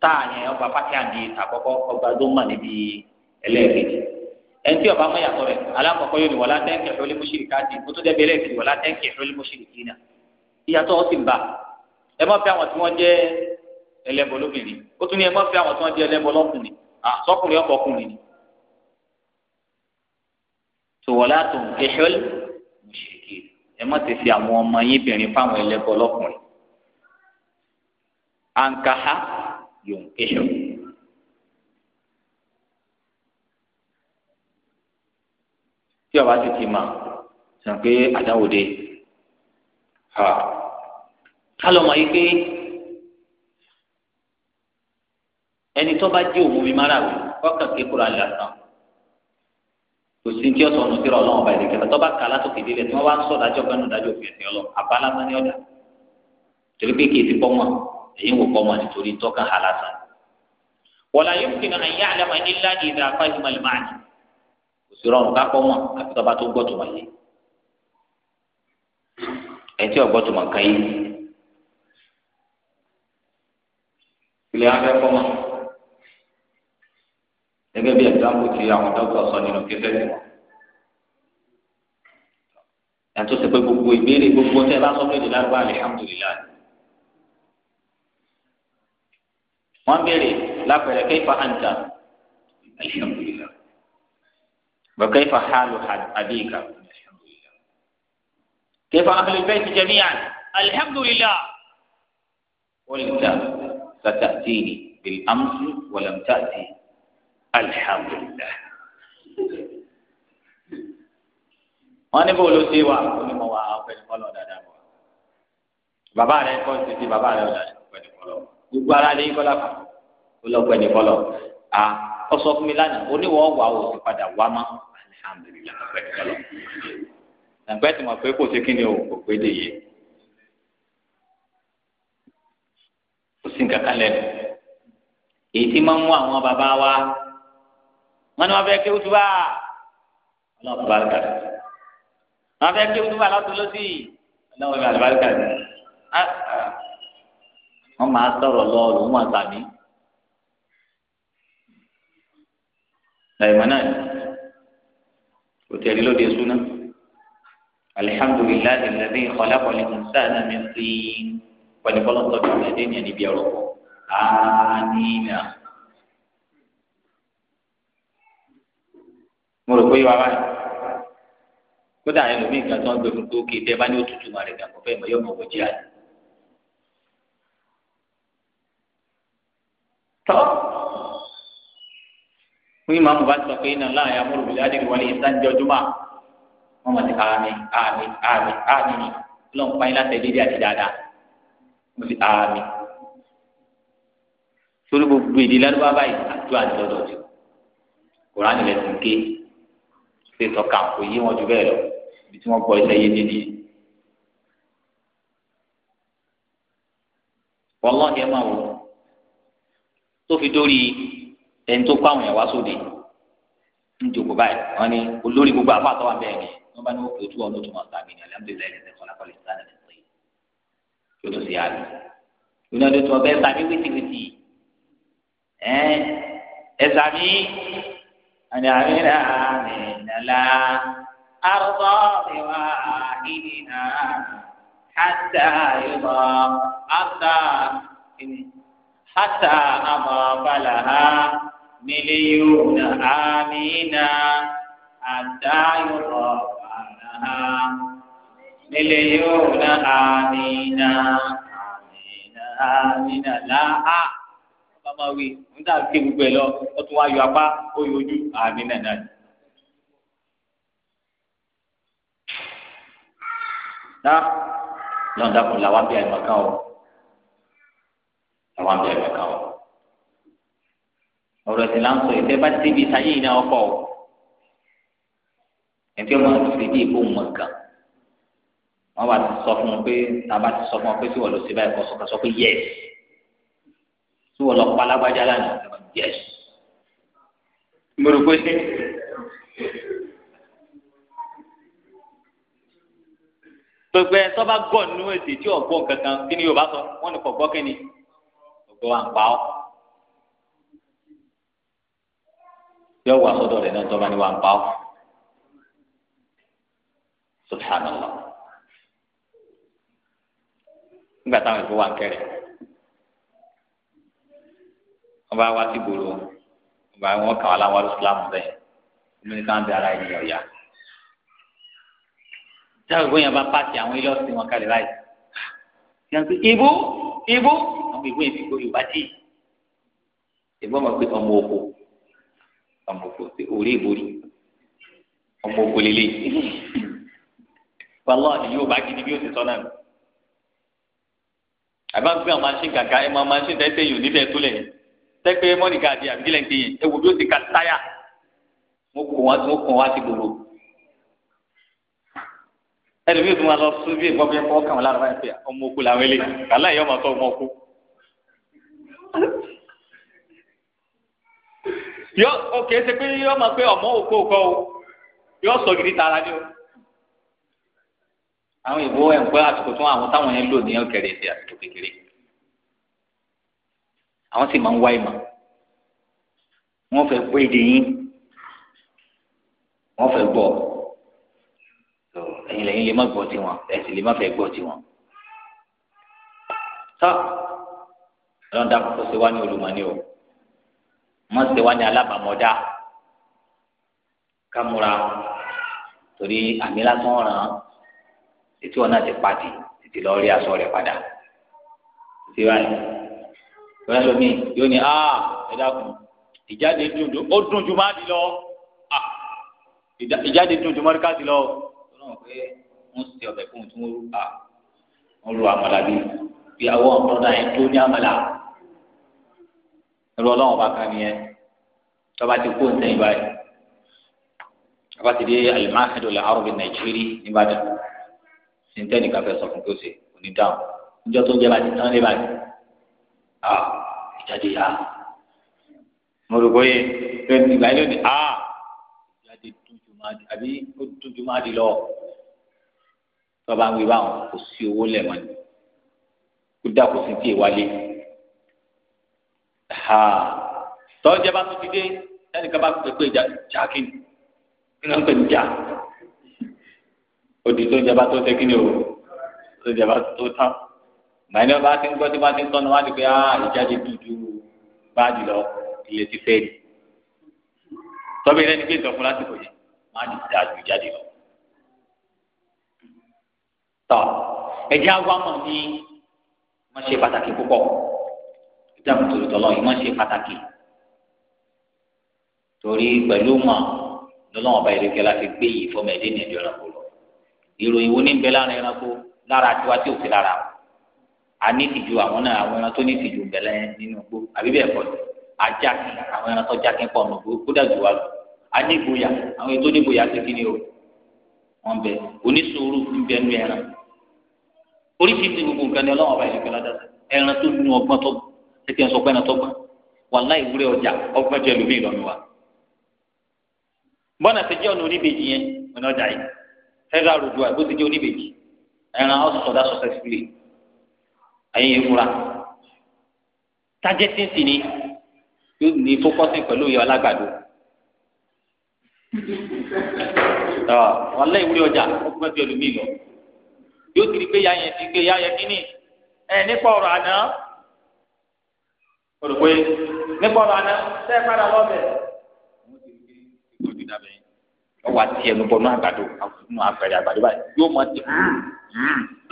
táà yẹn ọgbà pátí àbí àkọ́kọ́ ọgbà dómà níbi ẹlẹ́ẹ̀kejì ẹnití ọba mọ yàtọ̀ rẹ̀ alákọ̀ọ́kọ́ yóò ní wọlá tẹ́ǹkì ẹ̀fọ́ lémúṣìrì káàdì kó tó dẹ́bi ẹlẹ́ẹ̀kejì wọlá tẹ́ǹkì ẹ̀fọ́ lémúṣìrì kìínà ìyàtọ̀ ó sì ń bà ẹ má fẹ́ àwọn tí wọ́n jẹ́ ẹlẹ́bọ lóbìnrin ó tún ní ẹ má fẹ́ àwọn tí wọ́n jẹ́ ẹlẹ́bọ lọ́kùnrin àsọkùnrin ọkọ̀ ọkùnrin ni. tó wọlá tó ń kẹsọ́ kìínà ẹ yòǹkéṣọ. tí ọba ti ti mà sàn pé àdáwò dé kálọ̀ mọ̀ yìí pé ẹni tó bá jẹ́ òun mi mára wò kọ́kàn kékeré alẹ́ àtàn kò sí tí ọ̀sán ọ̀nà tí ọ̀rọ̀ ọlọ́run ọba ìdíkẹ́ lọ́tọ́ bá kà látòkè délẹ̀ tí wọ́n bá ń sọ dájọ́ gánú dájọ́ òfin ẹ̀sìn ọlọ́ àbá lásán ọ̀dà torí pé kì í ti bọ́ wọn èyí wò kọ́ mọ̀ nítorí tọ́ka halasa. wọ́lá yóò fi hàn yá àlẹ́ máa nílá ìdá apá ìmọ̀lẹ́ máa ní. kò sí rọrùn ká kọ́ mọ̀ àti tọ́ba tó gbọ́ tuma yìí. ẹni tí ọgbọ́ tuma kan yìí. ilé afẹ́ kọ́ mọ̀. gẹ́gẹ́ bí ẹ̀dáàmù ti àwọn dókítà sọ nínú kẹfẹ́ mi wọ̀. ẹ̀tọ́ gbogbo ìbéèrè gbogbo tẹ́ ẹ bá sọ pé ìdílé àgbà alihamudulilayi. wọ́n béèrè lápẹẹrẹ kaifa anta alhamdulillah wa kaifa halu abika alhamdulillah kaifa ahlul bayti jami'an alhamdulillah qulta satatini bil amsi wa lam ta'ti alhamdulillah wọ́n ní bóòlù sí wa onímọ̀ wa ọ̀fẹ́ ní kọ́lọ̀ dáadáa bọ̀ bàbá rẹ̀ kọ́ sí bàbá rẹ̀ ọ̀dà ní kọ́lọ̀ gbogbo ara lè kọ́ lápá ọlọ́pàá ẹni kọ́ lọ. a ọsọ fún mi lánàá oníwọ̀ wà ó sì padà wá mọ́ alihamudulilayi ọ̀pẹ́ ti kọ́ lọ. nàgbẹ́ tí mo pé kò sí kíni o kò pé dè yé. kò sí nǹkan kan lẹ́nu. èyí tí máa ń mú àwọn bàbá wa wọn ni wọn fẹ́ kí wútúbà ọlọ́pàá bàrúkà wọn fẹ́ kí wútúbà lọ́tún lọ́sì ọlọ́pàá bàrúkà wọn máa sọ̀rọ̀ lọ lòun máa sàmì. Dàìmọ́nà kò tẹ̀lé lóde súná. Alihamdulilayi lẹ́bí ìkọlákọ̀lẹ́ Musa náà mi fi pẹ̀lúpọ̀lọ́ tọ́jú ẹ̀dẹ́ ní ẹni bí ọ̀rọ̀ pọ̀. Àmìnà. Mo rò pé yọ ara yìí. Kódà ẹlòmíì kan tó ń gbé fún pé ó bá ní òtútù máa rẹ̀ gàgbọ́ fẹ́ mọ̀ yọ̀ mọ̀ wọ̀ jí àná. fún ìmáàmù bá sọ pé iná láàyè amúrùbílẹ̀ àdìrí wọlé ìsáǹjẹ́ ọjọ́mọ́ wọn mọ̀ sí àmì àmì àmì àmì lọ́n pa iná tẹ̀lé àti dáadáa mo sì àmì. torí gbogbo èdè ládùúgbò báyìí àjọ àjọdọ̀ jù kòránì rẹ̀ ti ń ké ṣe tọ́ka kò yé wọn ju bẹ́ẹ̀ lọ ibi tí wọ́n gbọ́ iṣẹ́ yé nídìí. wọ́n lọ́ọ̀dì máa wò tó fi dórí ẹni tó kọ àwọn yẹn wá sóde njoko báyìí wọn ni olórí gbogbo àpáàtọ wa bẹ́ẹ̀ ni wọn bá ní wọn kò tó wọn lótú wọn sá mi ní alihamudulilayi ní ẹsẹ kọlákọlẹ sáré ní sọyìn yóò tó sì yá mi yóò náà tó tó ọbẹ sáré wítíwítí ẹ ẹ sáré àní àmìlà àmìlà àrùbọ ìwà ìdìnnà hàtà ìbọ hàtà hàtà àmọ balà ha. مليون آمينا حتى يضاف عنها مليون آمينا آمينا لا ọmọ wi ń dà ké gbogbo ẹ lọ ó tún wá yọ apá ó yọ ojú àmì náà náà. dá lọ́dà kò làwọn bí ọ̀rọ̀ ẹ̀sìn là ń sọ ìfẹ́ bá débi sáyé yìí náà ọkọ̀ o ẹ̀fẹ́ wọn ti fi bí ìbò mọ̀ gan wọn bá ti sọ fún un pé tàbá ti sọ fún un pé tí wọn lọ sí báyìí kọ sọ sọ pé yẹs tí wọn lọ pa alágbájá lánàá yẹs mo rò pé gbogbo ẹ sọba gbọ́ nínú èsì tí ọgbọ́n kankan kí ni Yorùbá sọ wọn ni kò gbọ́ kí ni ọgbọ́n à ń pa ọ. yọ wà sọ́dọ̀ rẹ̀ náà tọ́ba ni wà ń pa ọ́ subhanallah nígbà táwọn ìfowó wà ń kẹrẹ wọn bá wá sí gbòòrò wọn bá wọn kàn wá láwọn alùsùlámù bẹ́ẹ̀ inú ní káwọn bẹ ara ẹni ọ̀yà táwọn ìfowó yẹn bá pàṣẹ àwọn ilé ọ̀sìn wọn kalẹ̀ báyìí yẹn pé ibú ibú àwọn ìfowó yẹn yorùbá jì ìbọn mọ̀ pé ọmọ oko ọmọ òfò sí orí ìborí ọmọ òfò lélẹ wàlọ́ ni yóò bá gidi bí ó ti sọ náà àbá gbé àwọn machine kàkà ẹ máa machine tẹ́tẹ́ yìí ò ní bẹ́ẹ̀ tó lẹ̀ tẹ́pẹ́ mọ́nìkà àti àbílẹ̀ ń kéyìn ẹ wò bí ó ti ka táyà mo kò wá mo kò wá ti gbòòrò ẹlòmíì tó máa lọ sún bí ìbọn bíi ẹ̀kọ́ kàn wọn lára báyìí pé ọmọ làwọn eléyìí kàlá ìyá ọmọ sọ ọmọ yọ òkè ṣe pé yọ máa pé ọmọ òkò òkò o yọ sọ gidi tara ni o àwọn ìbò ẹ̀ǹpẹ́ àsìkò tí àwọn táwọn yẹn lò ní ọ̀kẹ́rẹ́ ti àsìkò kékeré àwọn sì máa ń wá ìmọ̀ wọ́n fẹ́ gbọ́ èdè yín wọ́n fẹ́ gbọ́ ẹ̀yin lẹ́yìn lè má gbọ́ tiwọn ẹ̀sìn lè má fẹ́ gbọ́ tiwọn tá lọ́dà kò sí wá ní olùmọ̀ ni o mọ̀tẹ́ wa ni alábàmọ́dá kámúra torí àmì lásán ràn án títí wọn náà ti pàdé títí lọ rí aṣọ rẹ̀ padà títí wáyé ìwé lomi yóò ní a ẹ dákun ìjáde dundun ó dùn ju máa di lọ ìjáde dùn ju mọ́ríkà di lọ ọlọ́run pé wọ́n ti ọbẹ̀ fún un tí wọ́n rú a wọ́n rú àmàlà bíi bí àwọn ọ̀pọ̀lọpọ̀ náà yẹn tó ní àmàlà ẹrú ọlọ́run ọba kan nìyẹn tọ́ba ti kó nsẹ́yìn báyìí tọ́ba ti dé alimahadu la arọ́bì nàìjírí nìbàdàn sìntẹ́nì káfẹ́ sọ fún kí ó ṣe òní dáhùn níjọ́ tó ń jẹ́ bá ti tán níbàdàn à ìjáde yá mo rò bóyá lónìí ìgbà yẹn lónìí à ìjáde dúdú máa di àbí ó dúdú máa di lọ tọ́ba ń wí báwọn kò sí owó lẹ̀ mọ́ni kó dà kó sí tí wálé ha tọ́jà bá tún ti dé ẹnìkan bá pèpè ìjà já kí ni kí ni wọ́n pè ní já odi tó ń jaba tó tẹ́ kí ni o tó ń jaba tó tán gbàyìn náà bá ti ń gbọ́ tí bá ti ń tọ́nu wá ní pé ah ìjáde dúdú báàdì lọ ilé ti fẹ́ ni tọ́bi rẹ ní pé ìtọ́kùn lásìkò yìí má ní dáa ju ìjáde lọ. tọ́ ẹ̀jẹ̀ àwọn àmọ̀ ni wọ́n ṣe pàtàkì púpọ̀ ìdáàbò torí tọ́lọ́ ìmọ̀ ṣe pàtàkì torí pẹ̀lú mọ̀ lọ́lọ́wọ́n ọba ìrèké láti gbé yìí fọmọ ẹ̀dẹ́ ní ẹ̀dẹ́ ẹranko lọ ìròyìn wo ní bẹ lára ẹranko lára tiwa tí ò sí lára a ní tìjú àwọn náà àwọn ẹran tó ní tìjú bẹ̀lẹ̀ nínú igbó àbí bẹ́ẹ̀ kọ́ ajá kí àwọn ẹran tó já kí pọ̀ nùgbó kó dàjú wa lọ a ní ìgboyà àwọn ètò ìgboyà ti kí ni o wọn bẹ onísòwòrò ń bẹ ẹran oríṣiríṣi gbogbo nǹkan ni ọlọ́wọ́n ọba ìrèké ẹtì ń sọ pé ẹnà tó gbà wàhálà ìwúrẹ́ ọjà ọgbẹ́jọ ẹlòmíì lọ́nu wa. bọ́nà ti jẹ́ ọ̀nà oníbejì yẹn ọ̀nà ọjà yìí fẹ́rẹ́ àròjù àìkú ti jẹ́ oníbejì ẹran ọ̀sọ̀dá sọ̀sẹ̀sìlì ẹ̀yìn ìfura. tájẹ́tì sì ni yóò ní fókọ́sì pẹ̀lú ìyá alágbàdo. wàhálà ìwúrẹ́ ọjà ọgbẹ́jọ ẹlòmíì lọ yóò ti rí pé yá yẹn ti gbé yẹn kíní ẹ̀ nípa ọ̀rọ̀ àná olùkọ́ yìí nípa ọ̀rọ̀ àná tẹ́ ẹ padà lọ́bẹ̀. àwọn ti rí ìgbò dídá bẹ́ẹ̀ wọ́n wá tiẹ̀ nù bọ́nú àgbàdo nù àgbàdo àgbàdo báyìí yóò máa ti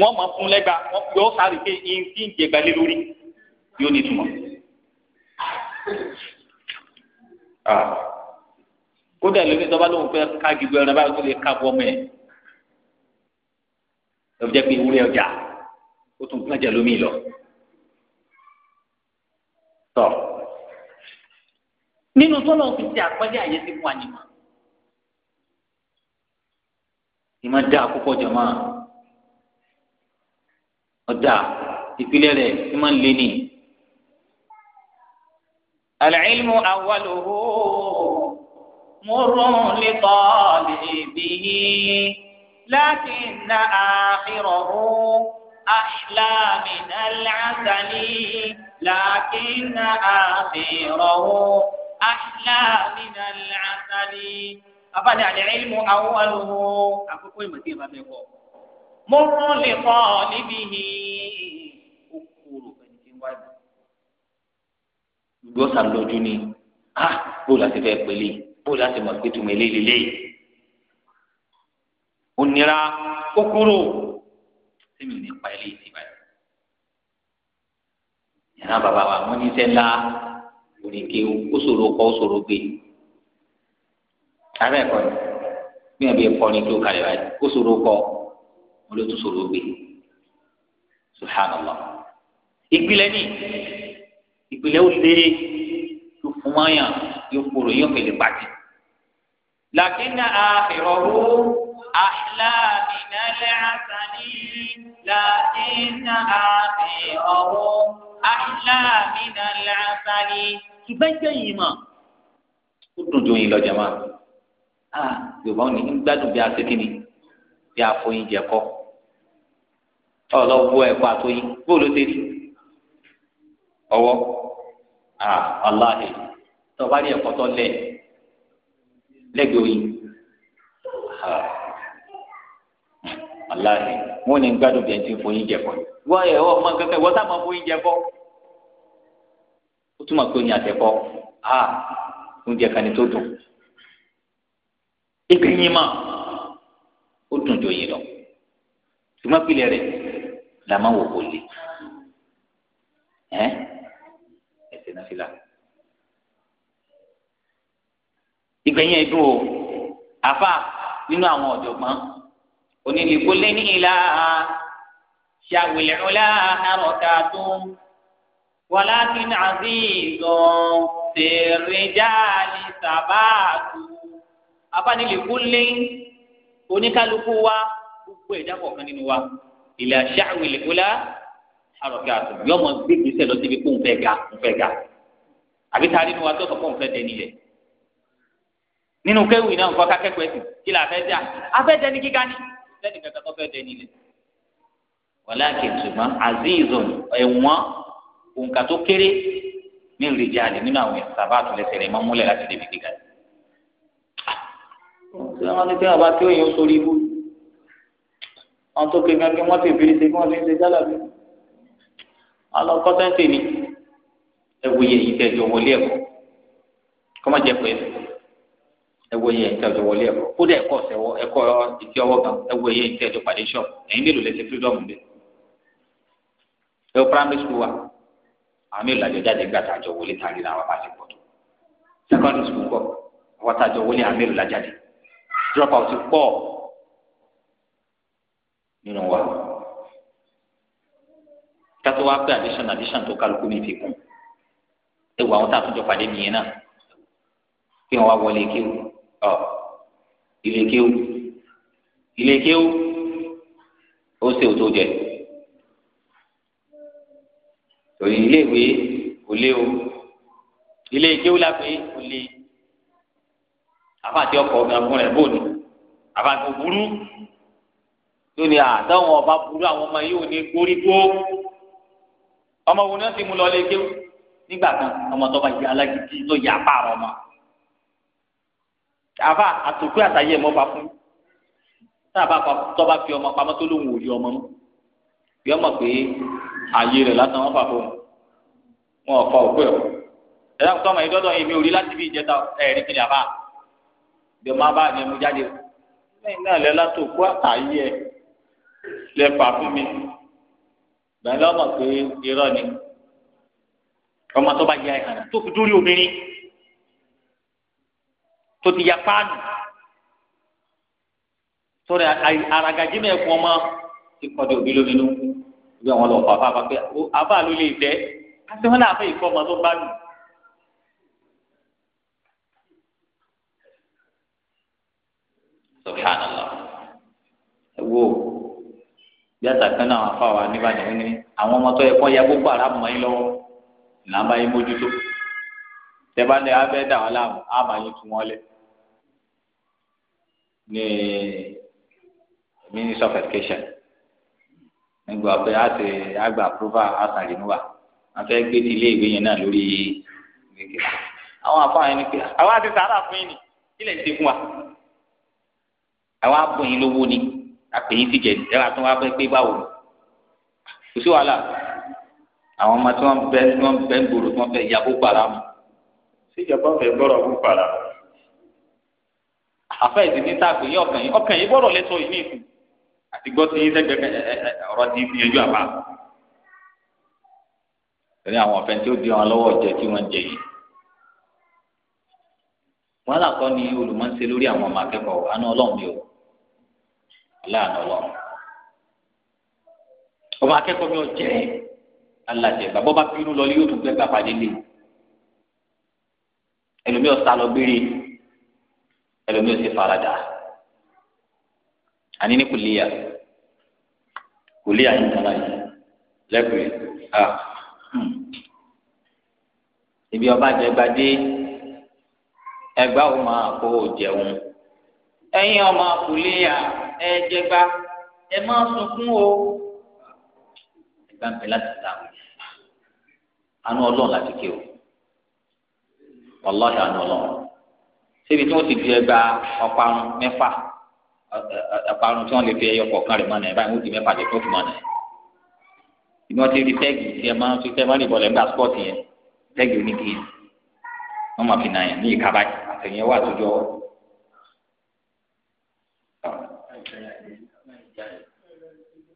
wọ́n máa fún lẹ́gba wọ́n yóò sáré pé iye tí ń jẹgba lé lórí yóò ní ìtumọ̀. kódà lómi ìjọba lóun fẹ́ ká gbígbó ẹran báyìí tó lè ká bọ́ mẹ́ẹ̀ lọ́jọ́ pé ìwúrẹ́ ọjà ó tún gbọ́njà lómi lọ tọ̀ nínú tọ́lọ̀ fi ti àpẹẹrẹ àyè ti fún àyè ìmọ̀ dá àkókò jọmọ́ ọ̀dà ìpìlẹ̀ rẹ̀ ìmọ̀ lé ní. العلم أوله مر لطالبه لكن آخره أحلى من العسل لكن آخره أحلى من العسل أبدا العلم أوله أكو مثير بيكو مر لطالبه أكور فنجين lójú ni ah bóòlù àti fẹ́ pèlè bóòlù àti mọ̀ pé tùmọ̀ eléyìí lélẹ́yìí ó nira ó ní pa eléyìí sí báyìí ìran bàbá wa wọn ní sẹ́lá òrìkè ó ṣòro kọ́ ó ṣòro gbé abẹ́ ẹ̀kọ́ ni gbìyànjú ẹ̀kọ́ ni tó kalẹ̀ báyìí ó ṣòro kọ́ ló tún ṣòro gbé subhanallah ìpìlẹ̀ ni ìpìlẹ̀ ó lé tó fún wáyà yóò kúrò yóò fèlè pàtì. لكن آخره أحلى من العسل لكن آخره àìlá mi náà làásà ni ṣùgbọ́n jẹ́ yìí mọ̀ ó dùn ju oyin lọ́jà máa a yorùbá ò ní ń gbádùn bí asekínì bí afọyín jẹ kọ ọlọ́wọ́ ẹ̀kọ́ àtọyín bóòlù ṣe rí ọwọ́ a aláàlẹ̀ tọ́ba rí ẹ̀kọ́ tọ́ lẹ̀ lẹ́gbẹ̀ẹ́ oyin aláàlẹ̀ wọ́n ní ń gbádùn bí ẹni tí fọyín jẹ kọ́ wọ́n ẹ̀ ọ́ mọ kankan wọ́n sábà fọyín jẹ kọ́ túmọ̀ pé oyin àtẹ̀kọ́ a oúnjẹ kan ní tó dùn ìgbẹ̀yìn mà ó dùn jò yìí lọ ṣùgbọ́n pilẹ̀ rẹ̀ la máa wò kó le ẹ́ ẹsẹ̀ náà fìlà ìgbẹ̀yìn ẹ̀dùn o àfa nínú àwọn ọ̀jọ̀gbọ́n onílẹ̀kọ́ lé ní ìlà ṣàwìlẹ̀ ọ̀la àrọ̀ká tó ń. ولكن عزيز في الرجال ثبات أفاني لكل oníkálukú wa gbogbo ẹ̀dá kọ̀ọ̀kan nínú wa ìlà ṣáàwì lẹ́kọ́lá àròkè àtò yóò mọ gbé gbèsè lọ síbi kó ń fẹ́ ga ń fẹ́ ga àbí ta nínú wa tó sọ pé ń fẹ́ dẹni lẹ̀ nínú kéwì náà nǹkan kákẹ́kọ̀ọ́ ẹ̀sìn kí la fẹ́ dà afẹ́ dẹni kíkà ní lẹ́nu kankan tó fẹ́ dẹni lẹ̀ wàláàkì ṣùgbọ́n àzíìzùn ẹ̀wọ̀n òǹkà tó kéré ní ìrìjà àlè nínú àwọn ẹ̀sìn sábà tó lẹ́sẹ̀ rẹ̀ máa múlẹ̀ láti débi gíga yìí. Ah, ṣé wọ́n ti tẹ́ àbá tí òyìn sórí ibú wọn tó kéka kí wọ́n ti bèrè ṣe kí wọ́n ti ń ṣe jálà bí. alọ kọ́tẹ́ǹtì ni ẹ̀wòye ìtẹ̀jọ wọlé ẹ̀kọ́ kọ́mọ̀jẹ́ pé ẹ̀wòye ìtẹ̀jọ wọlé ẹ̀kọ́ kódà ẹ̀kọ́ ẹ̀kọ́ ìtẹ̀ ọwọ́ kan ẹ̀wòye ìtẹ̀jọ pàdé ṣọ́ọ̀ ẹ̀yin mélòó lẹ́sẹ̀ fírídọ́ọ̀mù bẹ́ẹ̀ ẹ̀ primary school wa àmì ìlàjọ jáde gbà tàjọ wọlé tàrí làwọn pàṣẹ pọ̀ tó secondary school kọ àwọn tàjọ wọlé àmì ìlàjáde drop out pọ̀ nínú wa kátó wá pé addition addition tó kálukú mi fi kún ewu àwọn tá a tún jọ pàdé nìyẹn náà kí wọn wá wọlé kéwù ọ ilé kéwù ilé kéwù ó ṣe òtó jẹ torí iléèwé kò lé o ilé ìkéwù la pé kò lé afáàtì ọkọ̀ ọ̀gá fún rẹ̀ bóòdù afáàtì òburú lónìí àtàwọn ọba burú àwọn ọmọ yìí ò ní gbórí tó ọmọ wo náà ti mú lọ lé kéwù nígbà kan ọmọ tó bá yẹ alágídí tó yẹ apá àwọn ọmọ àfa àtòkú àtàyè ẹ̀ mọ́ fún tá a fi ọmọ pamọ́ tó lóun ò rí ọmọ mọ́ ọmọ pé ààyè rẹ̀ lásán wọ́n fà fún un wọn ò fọ òkú ẹ̀ o ẹ̀dá kò tọ́mọ ìdọ́dọ̀ yìí mi ò rí láti bí ìjẹta ẹ̀rí kiri àbá bí ọmọ abá mi mú jáde lẹ́yìn náà lẹ́la tó kú àtàyè ẹ̀ lẹ́ fà fún mi bẹ́ẹ̀ lọ́mọ pé irọ́ ni ọmọ tó bá yẹ àìsàn tó fi dúró obìnrin tó ti ya páànù sórí aragajì mẹ́ẹ̀kún ọmọ ti kọ́ di òbí lóminú bí àwọn lọ fàáfàá bá pé àbá ló lè jẹ àti wọn làbẹ ìfọmọ tó bá lù. subhanallah ẹ wo bí àtàkùn náà fà wá níbàdàn wọn ni àwọn ọmọ tó yẹ kó ya gbogbo ara mọ yín lọ́wọ́ là ń bá yín mójútó tẹ́bá lẹ́ abẹ́ dà wọ́n láàmú àmà yín tu wọ́n lẹ́ ní ministry of education nígbà pé a ti àgbà prova àtàrí níwà a fẹ́ gbé ní ilé ìwé yẹn náà lórí gbègbè àwọn afáwọn yẹn ni pé àwọn àti sàárà fún yín ni kí lè ṣe fún wa àwọn abóyin lówó ni àpèyìn ti jẹ ẹwà tó wá fẹ́ pé báwo kò sí wàhálà àwọn ọmọ tí wọ́n bẹ tí wọ́n bẹ ń gbòòrò tí wọ́n fẹ́ ya kó para mu. síjọba fẹ́ gbọ́dọ̀ kó para. àfẹ́ ìdí ní sáà pé ọkàn yín ọkàn yín gbọ́dọ̀ lẹ́sọ̀ yìí àti gbọ́ sí sẹ́gbẹ́ ọ̀rọ̀ ti fi yanjú àbá torí àwọn ọ̀fẹ́ tí ó di wọn lọ́wọ́ jẹ tí wọ́n jẹ yìí wọn làkọ́ ni olùmọ̀ọ́sẹ lórí àwọn ọmọ akẹ́kọ̀ọ́ àná ọlọ́run mi ò láàánú ọlọ́run ọmọ akẹ́kọ̀ọ́ mi ò jẹ́ alájẹ bàbá bá bínú lọ yóò tún gbẹgbà pàdé lé ẹlòmíì ọ̀sá lọ gbére ẹlòmíì ọ̀sẹ̀ farada àní ní kùlíyà kò lé àyè kan láyé lẹ́kùnrin à hmm. ibi ọba jẹgbadé ẹgbà wo máa kó o jẹun ẹ̀yin ọmọ kùlé à ẹ jẹgba ẹ máa sunkún o ẹgbà ń bẹ láti ta àánú ọlọ́run láti ké o wàlọ́ọ̀dà àánú ọlọ́run síbi tí wọ́n ti fi ẹgbà ọ̀parun mẹ́fà àparun tí wọ́n lè fi ẹyọ kọ̀ọ̀kan rẹ̀ mọ́ náà báyìí wọ́n ti mẹ́fà lè tó fi mọ́ náà ìmọ̀ ti rí tẹ́gì tí ẹ máa ń fi tẹ́ máa ń ìbọ̀lẹ̀ nígbà spọ́ọ̀tì yẹn tẹ́gì onígi yẹn wọ́n máa fi nà yẹn ní ìka báyìí àtẹ̀yìn wà tó jọ.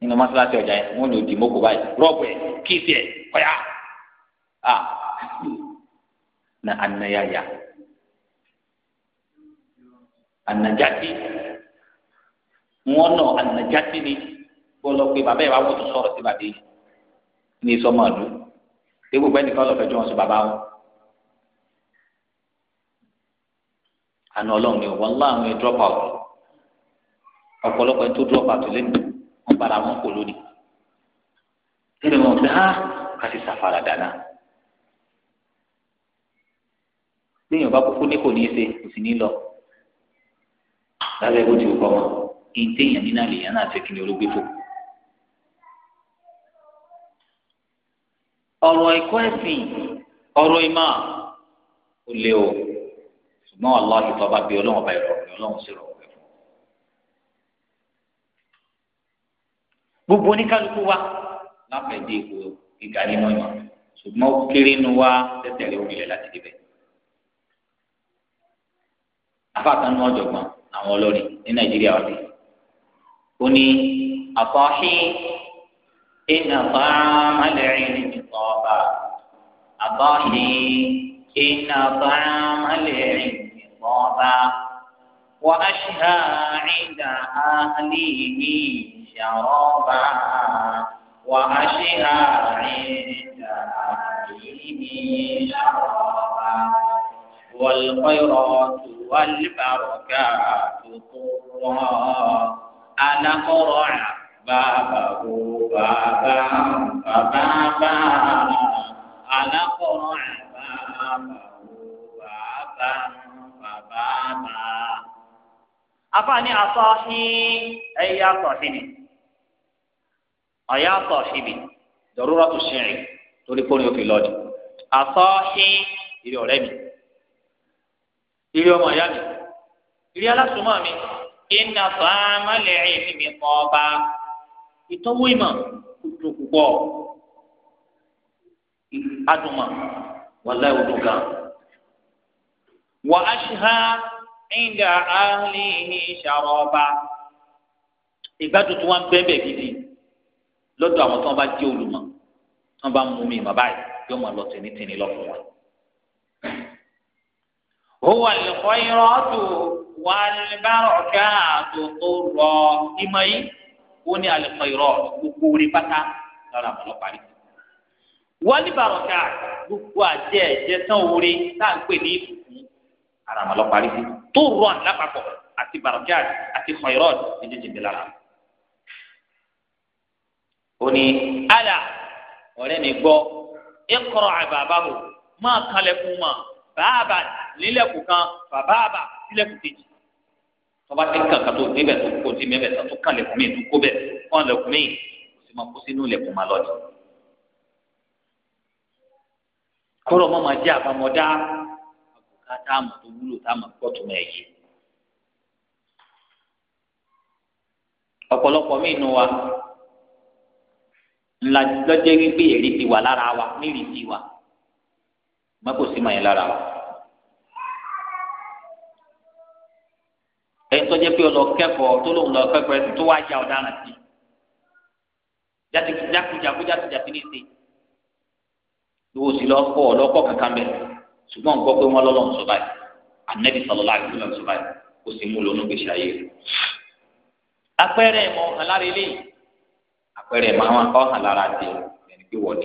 nínú mọ́sálásí ọjà yẹn wọ́n lò dì mọ́kò báyìí rọ́ọ̀bù ẹ̀ kíìsì ẹ̀ kọ́yà á na anayaya anajati wọn nọ ànàjáde ni bọlọ pé bàbá yìí wà wọ́n tó sọ̀rọ̀ sí bàbá yìí ní sọmọ àdó pé gbogbo ẹnìkan lọ fẹjọ́ wọn sọ bàbá wọn. àna ọlọ́run ni wọn lọ àwọn drop out ọ̀pọ̀lọpọ̀ ẹni drop out lẹ́nu wọn padà wọn kò lónìí. ẹnì wọn gbé ha ah, kàti sàfàrà dáná. bí èèyàn bá kúkú ní kò ní í ṣe kò sì ní lọ lábẹ́ bó ti kọ́ wọn. ìtẹ̀yàn nínú àlèyàn náà fẹ́ kí ni olóògbé fò. ọrụ ẹ̀kọ́ ẹ̀sìn ọ̀rọ̀ ò lè o ṣùgbọ́n aláàbí tó bá bí ọlọ́run bá ìrọ̀rùn ọlọ́run sì rọ̀ fún gbogbo oníkálukú wa láfẹ̀ẹ́ dé ipò gíga nínú ó kéré nu wa láti afáàkánú àwọn ní nàìjíríà wà oni àkọ́hí ìnà bàrà mẹ́lẹ̀rin ní ìtọ́ba àkọ́hí ìnà bàrà mẹ́lẹ̀rin ní ìtọ́ba wà á ṣá ìdá àlìyé ṣàrọ́bà wà á ṣá ìdá àlìyé ṣàrọ́bà والخيرات والبركات طوال alakọrọ bàbàbò bàbà bàbàbà alakọrọ bàbàbò bàbà bàbàbà. afaani asọhi ẹyà sọhini ọyà sọhibi dọrọrọ tó ṣẹ̀yìn torí kó ní o fi lọdì asọhi ìrẹ ọ̀rẹ́ mi ìrẹ ọmọ ìyá mi ìrẹ alásùnmọ́ mi iná fàámà lè rìn níbi kan ọba ìtọ́wò ìmọ̀ kùtù púpọ̀ adùnmọ̀ wàlá ìwòdù kan wà á ṣe ha ìdá àhìlì ìṣàrọ̀ ọba ìgbádùn tí wọ́n bẹ́ẹ̀ bẹ́ẹ̀ gidi lọ́dọ̀ àwọn tí wọ́n bá jẹ́ olùmọ̀ tí wọ́n bá mú mi màbáyé yóò máa lọ tìǹtìǹ lọ fún wọn. هو الخيرات والبركات الراحمين وني الخيرات وكوري فتا لرا ملوكاري والبركات gbogbo àjẹ ẹjẹ tán oore tá à ń pè ní ìbùkún ara màlọ parí sí tó rọ lápapọ̀ àti barakat àti khairat méjèèjì bí lára. ó ní ala ọ̀rẹ́ mi gbọ́ ẹ kọ́rọ̀ àbàbà o máa kalẹ̀ fún máa bàbà nílẹ̀kùn kan bàbà nílẹ̀kùn kejì tọ́ba ti kàn kàtó débẹ̀ tó kó ti mẹ́bẹ̀ tó kàn lẹ̀kùn mi tó kó bẹ̀ kàn lẹ̀kùn mi kò sì máa kó sínú lẹ̀kùn máa lọ́dì. kọ́rọ̀ mọ́ máa jẹ́ àbámọ́dá àbùká táàmù tó wúlò táàmù pọ̀tù mọ́ ẹ̀yẹ. ọ̀pọ̀lọpọ̀ mí nu wa ńlá lọ́jẹ́ wípé èrì ti wà lára wa nírì ti wà má kò sí màyín lára wọn. ẹni tó jẹ́ pé ọlọ kẹ́kọ̀ọ́ tó lóun lọ kẹ́kọ̀ọ́ ẹ̀sìn tó wá ya ọ̀daràn sí jákèjákú jákèjákú ní ìsìn ìwò sí lọ́kọ̀ ọlọ́kọ̀ kankan bẹ̀ ṣùgbọ́n gbọ́ pé wọ́n lọ́lọ́ sọ báyìí anabi sallallahu alaihi wasallam sọ báyìí kò sí mú lónú gbèsè ayé rẹ̀. apẹ́rẹ́ mọ̀ ọ̀hàn lára eléyìí apẹ́rẹ́ mọ̀ ọ̀hàn lára tiẹ̀ ẹni pé wọ́n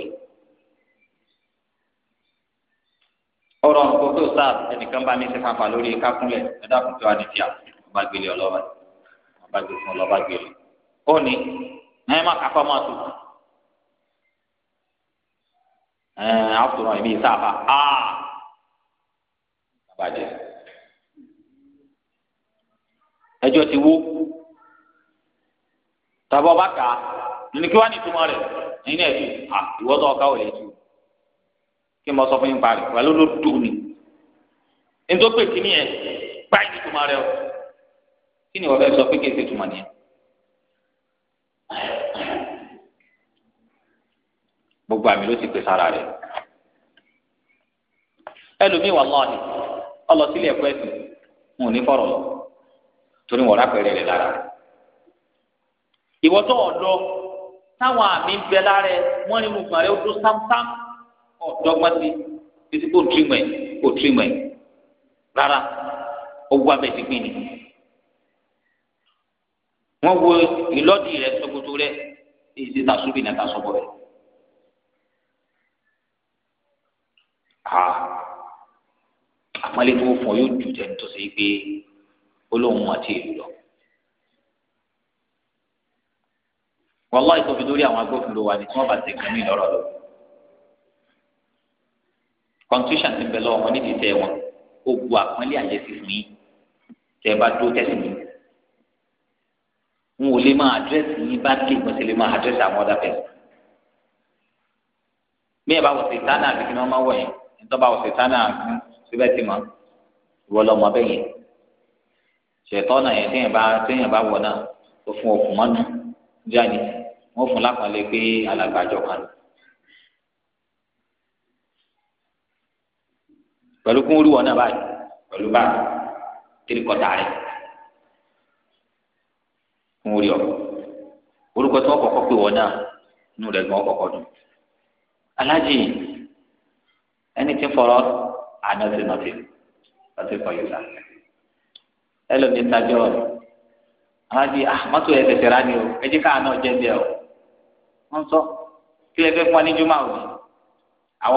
ọ̀rọ̀ nǹkan tó sáà ẹnìkan bá ní sẹfàfà lórí kákúnlẹ̀ ẹ̀dá kùtù àdìsíà ọba gbélé ọlọ́ba ọba gbélé fún ọlọ́ba gbélé ó ní ẹ má kápá má tó ẹ àtúrọ ìbí sáfà á bàjẹ́ ẹjọ́ ti wó tàbí ọba kà á ní kí wàá ní ìtumọ̀ rẹ̀ nínú ẹ̀sùn ìwọ́sọ̀ ò lè tu kí n bá sọ fún yín parí wà ló dùn ní nítorí pé kíní yẹn báyìí ní tuma rẹ o kí ni wọ́n fẹ́ sọ pé kí n ṣe tuma nìyẹn. gbogbo àmì ló ti pèsè ara rẹ ẹlòmíì wà lọ́ọ̀nì ọlọ́sílẹ̀ ẹ̀kọ́ ẹ̀sìn wọn ò ní fọ̀rọ̀ lọ torí wọn rápẹ̀rẹ̀ rẹ̀ lára ìwọ́tọ̀ ọ̀dọ́ táwọn àmì ń bẹ lára ẹ̀ wọ́n nínú gbọ̀n ó dún sámsám ọ̀dọ́gbọ́n sí títí kò tìrìmù ẹ̀ kò tìrìmù ẹ̀ rárá owó abẹ́ ti gbìn ni. wọ́n wo ìlọ́dì rẹ̀ ṣòkòtò rẹ̀ èyí ti tasúbì náà tasọ́bọ̀ rẹ̀. àpọ́nlé tó fún ọ yóò ju jẹ́ nítorí pé olóhùn àti èlò lọ. wọ́n láì tó lórí àwọn agbófinró wa ni tí wọ́n bá ti kàn lọ́rọ̀ lọ́wọ́ constitution ti bẹ lọ́wọ́ wọn níbi tẹ wọn ó bu àpọ́nlé àyè sí fún yín tẹ bá dúró tẹ̀sí yín n ò lè máa àdírẹ́sì yín bá lè mo sì lè máa àdírẹ́sì àwọn ọ̀dà pẹ̀lú bí ẹ bá wọ sí tánà àbí kí ni wọ́n máa wọ̀ yẹn nítorí bá wọ sí tánà síbẹ̀ tì mọ́ ìwọ lọ́mọ bẹ́ẹ̀ yẹn ṣètọ́ náà yẹn téèyàn bá téèyàn bá wọ̀ náà ó fún okùn mọ́nà jáde wọ́n fún lápọ̀lẹ́ pé alàgbàjọ kan lọ. pẹ̀lú kún orí wọn náà báyìí pẹ̀lú báyìí tirikọta rẹ̀ kún orí ọ orúkọ tí wọn kọ́kọ́ pè wọn náà inú rẹ̀ gbọ́n kọ́kọ́ dùn alájì ẹni tí fọ̀rọ̀ ànátì nọtì nọtì fọ yìí sá ẹlòmíì sájọ alájì mọ́tò ẹ tẹsẹ rání o ẹ jẹ káà náà jẹ ń bẹ o wọn sọ kí ẹ fẹ́ fún wa ní jùmọ àwọn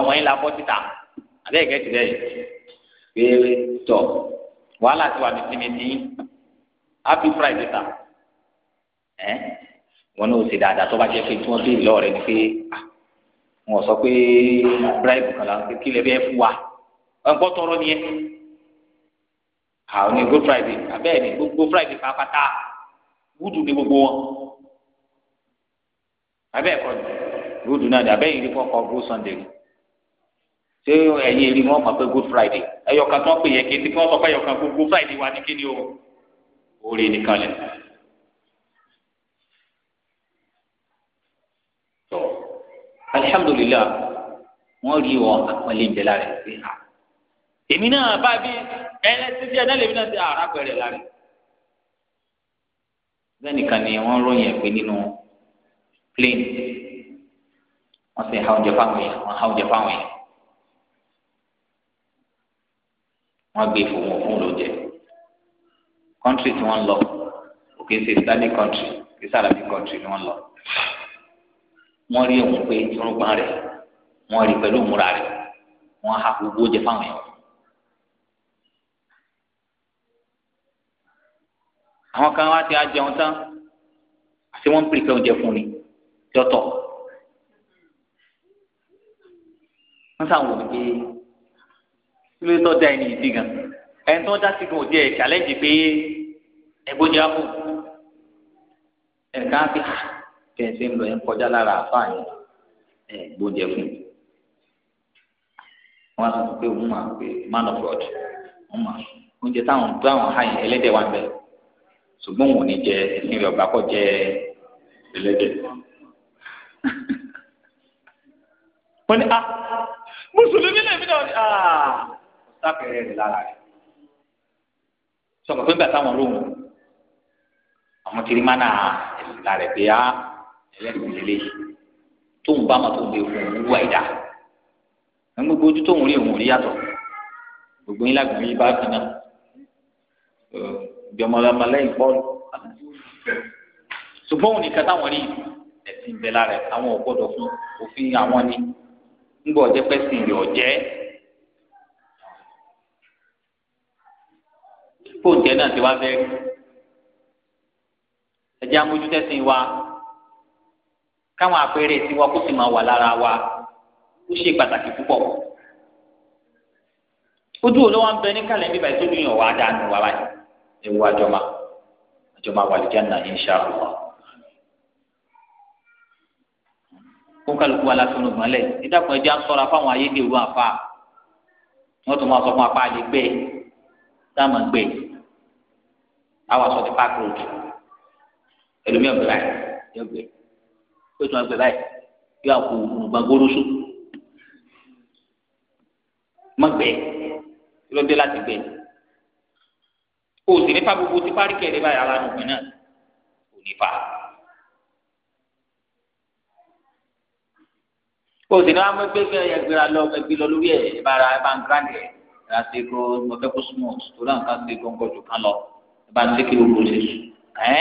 ọmọ yìí la bọ síta abẹ́ ìkẹ́tì rẹ̀ péré tọ̀ wàhálà ti wà mìtìmìtì happy friday ta ẹ wọn náà ó ṣe dáadáa tó bá jẹ́ pé tí wọ́n béèrè lọ́wọ́ rẹ ni pé ah, wọn sọ pé bribe kan la kí lè bẹ́ẹ̀ fún wa ẹ̀kọ́ tọrọ ni ẹ àwọn ní good friday abẹ́ ni gbogbo friday pàápàá gúdù ní gbogbo wọn abẹ́ ẹ̀kọ́ gúdù náà ni abẹ́ yìí rí fọ́kọ̀ good sunday ṣé ẹ̀yin èyí wọ́n mọ̀ good friday ẹ̀yọ̀kan tó ń pè yẹ kí etí kí wọ́n sọ pé ẹ̀yọ̀kan good friday wà ní kíni o oore nìkan lẹ̀. tó alihamudulila wọ́n rí wọn àpọ́nlé ń bẹ lára ẹ̀ pé ha ah. èmi náà bá bí ẹlẹ́sìn díẹ̀ náà lèmi náà ti ara pẹ̀rẹ̀ lára bẹ́ẹ̀ nìkan ni wọ́n ròyìn ẹ̀pẹ́ nínú plane wọ́n sì ha oúnjẹ fáwọn èèyàn wọ́n ha oúnjẹ fáwọn èèyàn. wọ́n gbé fòun òfun ló jẹ kọ́ńtírì tí wọ́n lọ òkè ṣe islamic country kì í sàlàbí country ni wọ́n lọ wọ́n rí òun pé irúgbọ́n rẹ̀ wọ́n rí pẹ̀lú ìmúra rẹ̀ wọ́n ha gbogbo jẹ fáwọn èèyàn. àwọn kan wá ti ajẹun tán àti wọ́n ń pèlè pé oúnjẹ fún ni tí ó tọ́ wọ́n sàn wò ó kí ló da ẹni ìdí gan ẹni tó ń sí gan òdi ẹ̀ challenge pé ẹgbẹ́ ni a kù ẹ̀ka ah, bí bẹ́ẹ̀ ṣe ń lọ ẹ̀ ń kọjá lára àfa yẹn ẹ̀ gbóúnjẹ fún un wọ́n á sọ pé òun máa pé man of God òun máa oúnjẹ táwọn táwọn ha yẹn ẹlẹ́dẹ̀ wà ń bẹ̀ ṣùgbọ́n ò ní jẹ ẹ̀sìn rẹ̀ ọ̀bá kọ́ jẹ ẹlẹ́dẹ̀ *laughs* wọ́n ní a ah, mùsùlùmí lèmi náà ni a. Ah. sápẹ̀rẹ̀ rẹ̀ lára rẹ̀ sọ̀rọ̀ pé ń bẹ̀ lóhùn àwọn tìrì ẹ̀sìn lára ẹ̀ ẹlẹ́sìn lélẹ̀ tóun bá ma lè fún un wúwa ìdá ẹ̀ gbogbo ojú tóun rí òun rí yàtọ̀ gbogbo yín yín bá kan náà bí ọmọlọmọ lẹ́yìn bọ́ọ̀lù ṣùgbọ́n òun nìkan táwọn rí ẹ̀sìn bẹ̀ lára ẹ̀ àwọn ò gbọ́dọ̀ fún òfin àwọn ni ń ọ̀jẹ́ fóònù náà ti wá bẹ́ẹ̀ ẹ̀jẹ̀ amójútẹ́sìn wa káwọn àpẹẹrẹ tiwa kó sì máa wà lára wa ó ṣe pàtàkì púpọ̀ ojú wo ló wá ń bẹ ní kálẹ̀ níbàyí tó dùn yàn wá dànù wá báyìí ewu àjọmá àjọmá wà lìjà náà insha Allah kó kálukú wa láti ọ̀nà ìgbọ̀nlẹ̀ ìdàpọ̀ ẹ̀jẹ̀ á sọ̀rọ̀ fáwọn ayédèrú àfa wọ́n tún máa sọ fún apá àlè gbé táwọn gbé àwọn aṣọ ti park road ẹlòmíọ̀ gbé báyìí yóò gbé yóò tún gbé báyìí yóò àpò olùgbàgbóró sùn mọ̀gbẹ́ lọ́dẹ láti gbé o sì nípa gbogbo ti parí kẹ́lẹ́ báyìí ara nùgbẹ́ náà kò nípa. o sì ní wàá mú ẹgbẹ́ fẹ́ ẹgbẹ́ra lọ ẹgbẹ́ lọ lórí ẹ̀ ẹ̀ bá ra ẹ̀ bá ń gíràndì ẹ̀ ẹ̀ ra ṣe kó mo fẹ́ kó smooth tó náà ká ṣe kó ń gbọ́dọ̀ kan lọ bá ń sékè gbogbo ṣe sùn ẹ́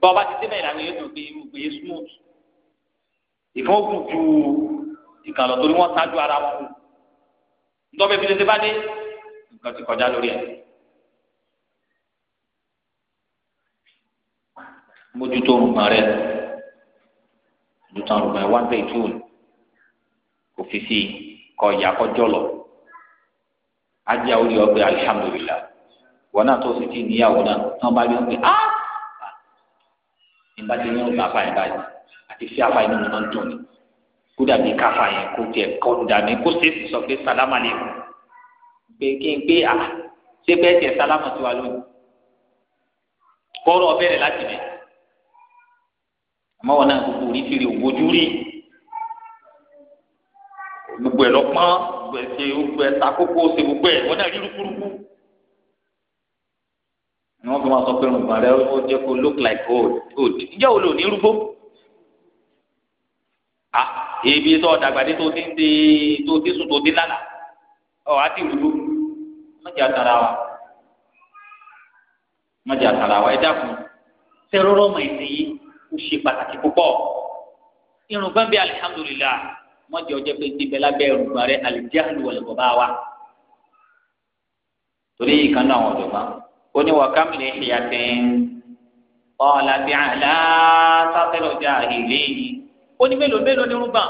bọ́ ọba ti dé bẹ́ẹ̀ làwọn yóò gbé gbé smooth ìkan ó kù ju ìkànnì tó ní wọ́n ṣáájú ara wọn kù ńdọ́bẹ̀ fi tètè bá dé nǹkan ti kọjá lórí ẹ̀. mójútó orúkọ rẹ mójútó orúkọ rẹ wá bẹ́ẹ̀ tó kò fi sí kọ kọjọ́ lọ ajá orí ọgbẹ́ alihamudulilayi wọn náà tó sì ti níyàwó náà tán bá yọ pé á ah! nígbà tí wọn bá fa yẹn báyìí àti fi afa yẹn nínú náà ń dùn ní kó dàbí káfa yẹn kó tiẹ̀ kó dàbí kó sèpù sọ pé sàlámà lè kù pé kí n pé à ṣé bẹ́ẹ̀ tiẹ̀ sàlámà ti wà lónìí kọ́rọ̀ bẹ̀rẹ̀ láti bẹ̀ àmọ́ wọn náà gbogbo orí ti rí ògbójú rí gbogbo ẹ̀ lọ́pọ́n gbogbo ẹ̀ ṣe gbogbo ẹ̀ takókó ṣe gbogbo ẹ̀ wọn náà rí rúkúrúkú ni wọn fi máa sọ pé irùngbọ̀n rẹ ó jẹ kó look like old old ìjẹ́ wo lò ní rúgbó à ebi tó ọ̀dàgbàdé tó ti ń de tó ti sùn tó ti lálà ọ̀ á ti rúgbó mọ̀jà tara wa mọ̀jà tara wa ẹ dákun sẹ́rọ́rọ́ ọmọ ẹ̀sìn yìí ó ṣe pàtàkì púpọ̀ irùngbọ̀n bí alihamudulilayi mọ̀jà ọjọ́ pé ti bẹ lábẹ́ irùngbọ̀n rẹ alijahalu wọlé bọ̀ bá wa torí ìkànnì àwọn ọ̀dọ́ oníwàkàmìlì ìyàtìn ọ̀làdì àlá sátẹ̀lọ̀ jà èlé yìí ó ní mélòó mélòó ní rúbà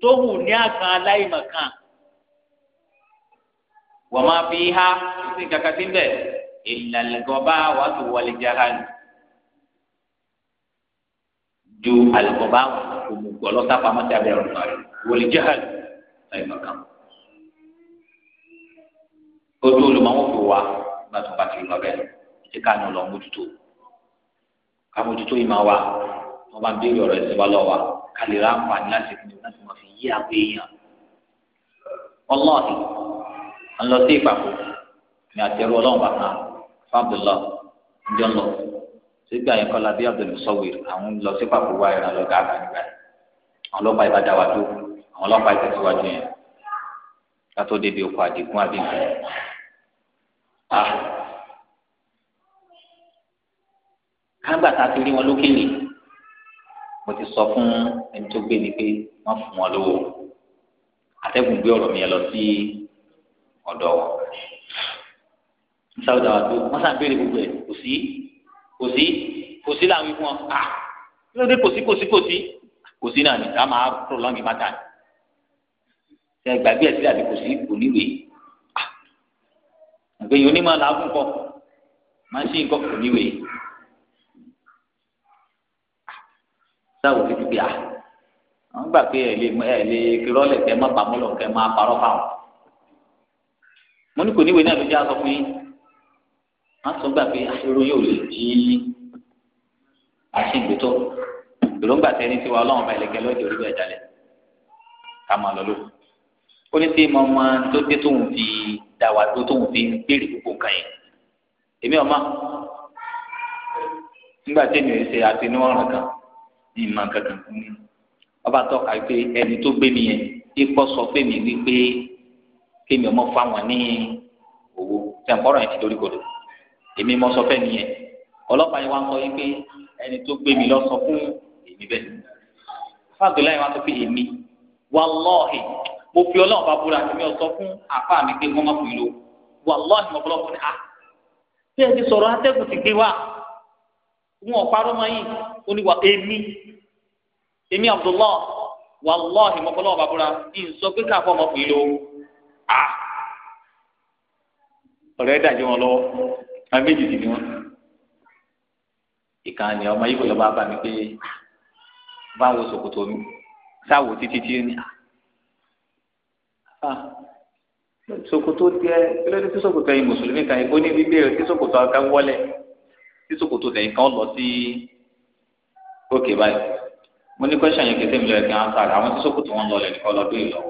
tó hù ní àkàn aláìmọ̀kan wọ́n máa fi há sí kàkà sí bẹ́ẹ̀ ìlàlẹ́gọ́bá wà tó wọlé jahali ju àlùkọ́bá gbogbo ọlọ́sàpamọ́ tí a bẹ̀rẹ̀ ọ̀rọ̀ rẹ̀ wọlé jahali aláìmọ̀kan. ojú olùmọ̀wọ́ fi wá nígbà tó ń bá ti lọ bẹ́ẹ̀ ètè ká ní ọlọ́ mójútó ká mójútó ìmọ̀ wa wọ́n bá ń béèrè ọ̀rọ̀ ẹ̀sìn wa lọ́wọ́ ká lè rà pa ní láti fún láti máa fi yí àpò èèyàn ọlọ́ọ̀hìn à ń lọ sí ìpapò ní àtẹrù ọlọ́run bàtà fábùlọ ǹjọ́ ń lọ sígbà yẹn kọ́lá bí Abdulmusawir àwọn lọ sí ìpapò wa ìran lọ gàgà nígbà àwọn ọlọ́pàá ìbàdàn wa tó àwọn ọlọ́pàá ìtẹ̀síwájú yẹn ká tó débi okò àdìgún àdìgún Ah. kágbà tá a ti rí wọn lókèlè mo ti sọ fún ẹni tó gbé mi pé wọ́n fún wọn lówó atẹ́gùn gbé ọ̀rọ̀ mi yẹn lọ sí ọ̀dọ̀ wọn sáwùdà wà tó wọ́n sàn béèrè gbogbo ẹ̀ kò sí kò sí kò sí làwọn ìfún wọn à ah. lóde kò sí kò sí kò sí kò sí náà ní ká máa prolong ìbátan ṣe gbàgbé ẹ̀ sílẹ̀ àti kò sí kò níwèé gbẹ̀yìn onímọ̀ làágùn kọ machine kọ kò níwèé sáwọ fi dùgbìá ah, àwọn gbà pé ẹ lè ẹ lè kírọ́lẹ̀ kẹ má pamọ́ lọ kẹ má parọ́ fáwọn mo ní kò níwèé náà ló jẹ́ àsọ fún yín má tún gbà pé aṣèrò ah, yóò lè di àṣìǹgbẹ́tọ̀ èròǹgbà tẹ́ni tiwa ọlọ́run bá ilẹ̀kẹ́ lọ́jọ́ orí bẹ́ẹ̀ jalè ká máa lọ lóko ó ní sí ìmọ̀ ọmọ tó dé tóun fi dà wá tó tóun fi ń béèrè gbogbo nǹkan yẹn èmi ọmọ nígbà tí èmi ò ṣe àtinú ọ̀ràn kan ní ìmọ̀ kankan fún mi ọba tọ́ka pé ẹni tó gbé mi yẹn ikpọ́ sọ pé mi wípé kémi ọmọ fáwọn ní owó tẹ̀m̀pọ́rọ̀ yẹn ti dorí kodò èmi mọ sọ fẹ́ nìyẹn ọlọ́pàá yẹn wá sọ yìí pé ẹni tó gbé mi lọ sọ fún èmi bẹ́ẹ̀ fáàgbé láyé wá sọ pé èmi wà lọ́ọ̀hìn mo fi ọlọ́run bá búra àti mi ò sọ fún àfa mi pé wọ́n má fún mi lò wàláhì mọ̀ bọ́lọ́kùn ni a ah! tí ẹ sọ̀rọ̀ atẹ́gùn ti gbé wa wọn ò mọ́ yìí ó ní wa èmi èmi Abdullah wàláhì mọ̀ bọ́lọ́kùn bá búra ìsọ pé káfọ́ mọ̀ fún mi lò a ọ̀rẹ́ dàjẹ́ wọn lọ́wọ́ àwọn méjì sì ni wọn ìkànnì ọmọ yìí kò lọ́ bá bá mi pé báwo ṣòkòtò mi sáwo títí tí ó ní a. Ah! sokoto ah. tiẹ kílódé tí sokoto yìí mùsùlùmí kan yìí kó ní bíbélì tí sokoto kan wọlé tí sokoto tẹ̀yìn kan lọ sí òkè báyìí mo ní kọ́ṣà yẹn kété mi lọ ẹ̀kẹ́ ansa rẹ̀ àwọn tí sokoto wọn lọ lẹ̀ nìkan lọ bẹ́ẹ̀ lọ.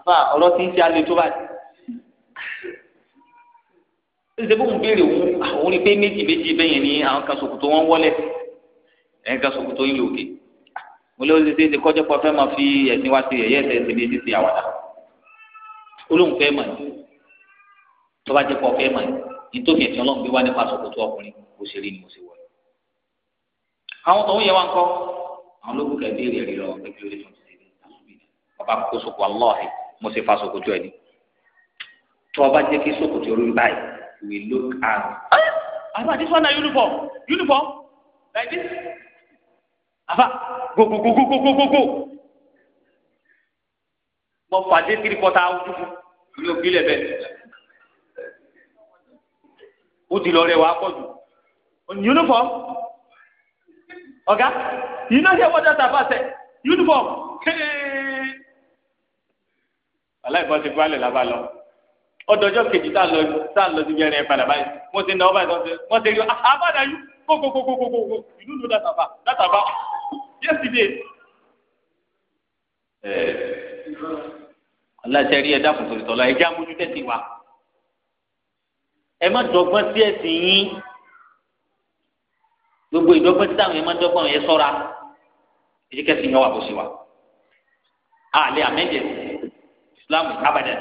àbá ọlọ́ ti ń ṣe alẹ́ tó báyìí. ṣé bóun béèrè òun àwọn orí pé méjì méjì bẹ́yẹn ni àwọn kan sokoto wọn wọlé ẹ̀yìn kan sokoto yìí lòkè mo lé ó ti ṣe é ṣe kọ́jọ́pọ̀ fẹ́ máa fi ẹ̀sìn wá sí ẹ̀yẹ́ ẹ̀sẹ̀ ẹ̀sẹ̀ méjì sí àwàdà olóhùn fẹ́ mọ̀ ní tọ́ba jẹ́ pọ̀ fẹ́ mọ̀ ní nítorí ẹ̀sìn ọlọ́run gbé wá nípa sọ̀kòtò ọkùnrin kò ṣe rí ni mo ṣe wọ̀ ní. àwọn tó ń yẹ wa ń kọ́ àwọn lókùn kẹ́ béèrè rí lọ pé kí ló dé tó ń ṣe ní àṣùbí bàbá kó sọ̀kò aláàfin mo ṣe fa sọ̀kòtò ẹ̀ ní. tọ́ba jẹ́ kí sọ̀kòtò orí báyìí we look at. àbá this one na uniform uniform like this. àbá gogogogogogogo kọ fàdé tiri kọta awudufu ní òbí lẹ bẹ udi lọrẹ wà kọjú uniform ọ̀gá yìí náà yẹ wọ́n dàtà fàṣẹ uniform kéé aláìbọn ti balẹ̀ làbá lọ ọdọjọ kejì tá a lọ tá a lọ síbi ẹrin ẹ padà báyìí wọ́n ti nà ọ báyìí tó ń ṣe wọ́n ti rí abáda yìí kókókókókókó ìlú ló dàtà fà dàtà fà yẹsì aláṣẹ rí ẹdá kòtò ìtọ́lá ẹjá mójú tẹ́sí wa ẹ má dọ́gbọ́n sí ẹ̀sìn yín gbogbo ìdọ́gbọ́n sí táwọn ẹ má dọ́gbọ́n yẹn sọ́ra èyí kẹ́sì yẹn wà bó ṣe wa àlẹ́ àmẹ́jẹ Islam abadan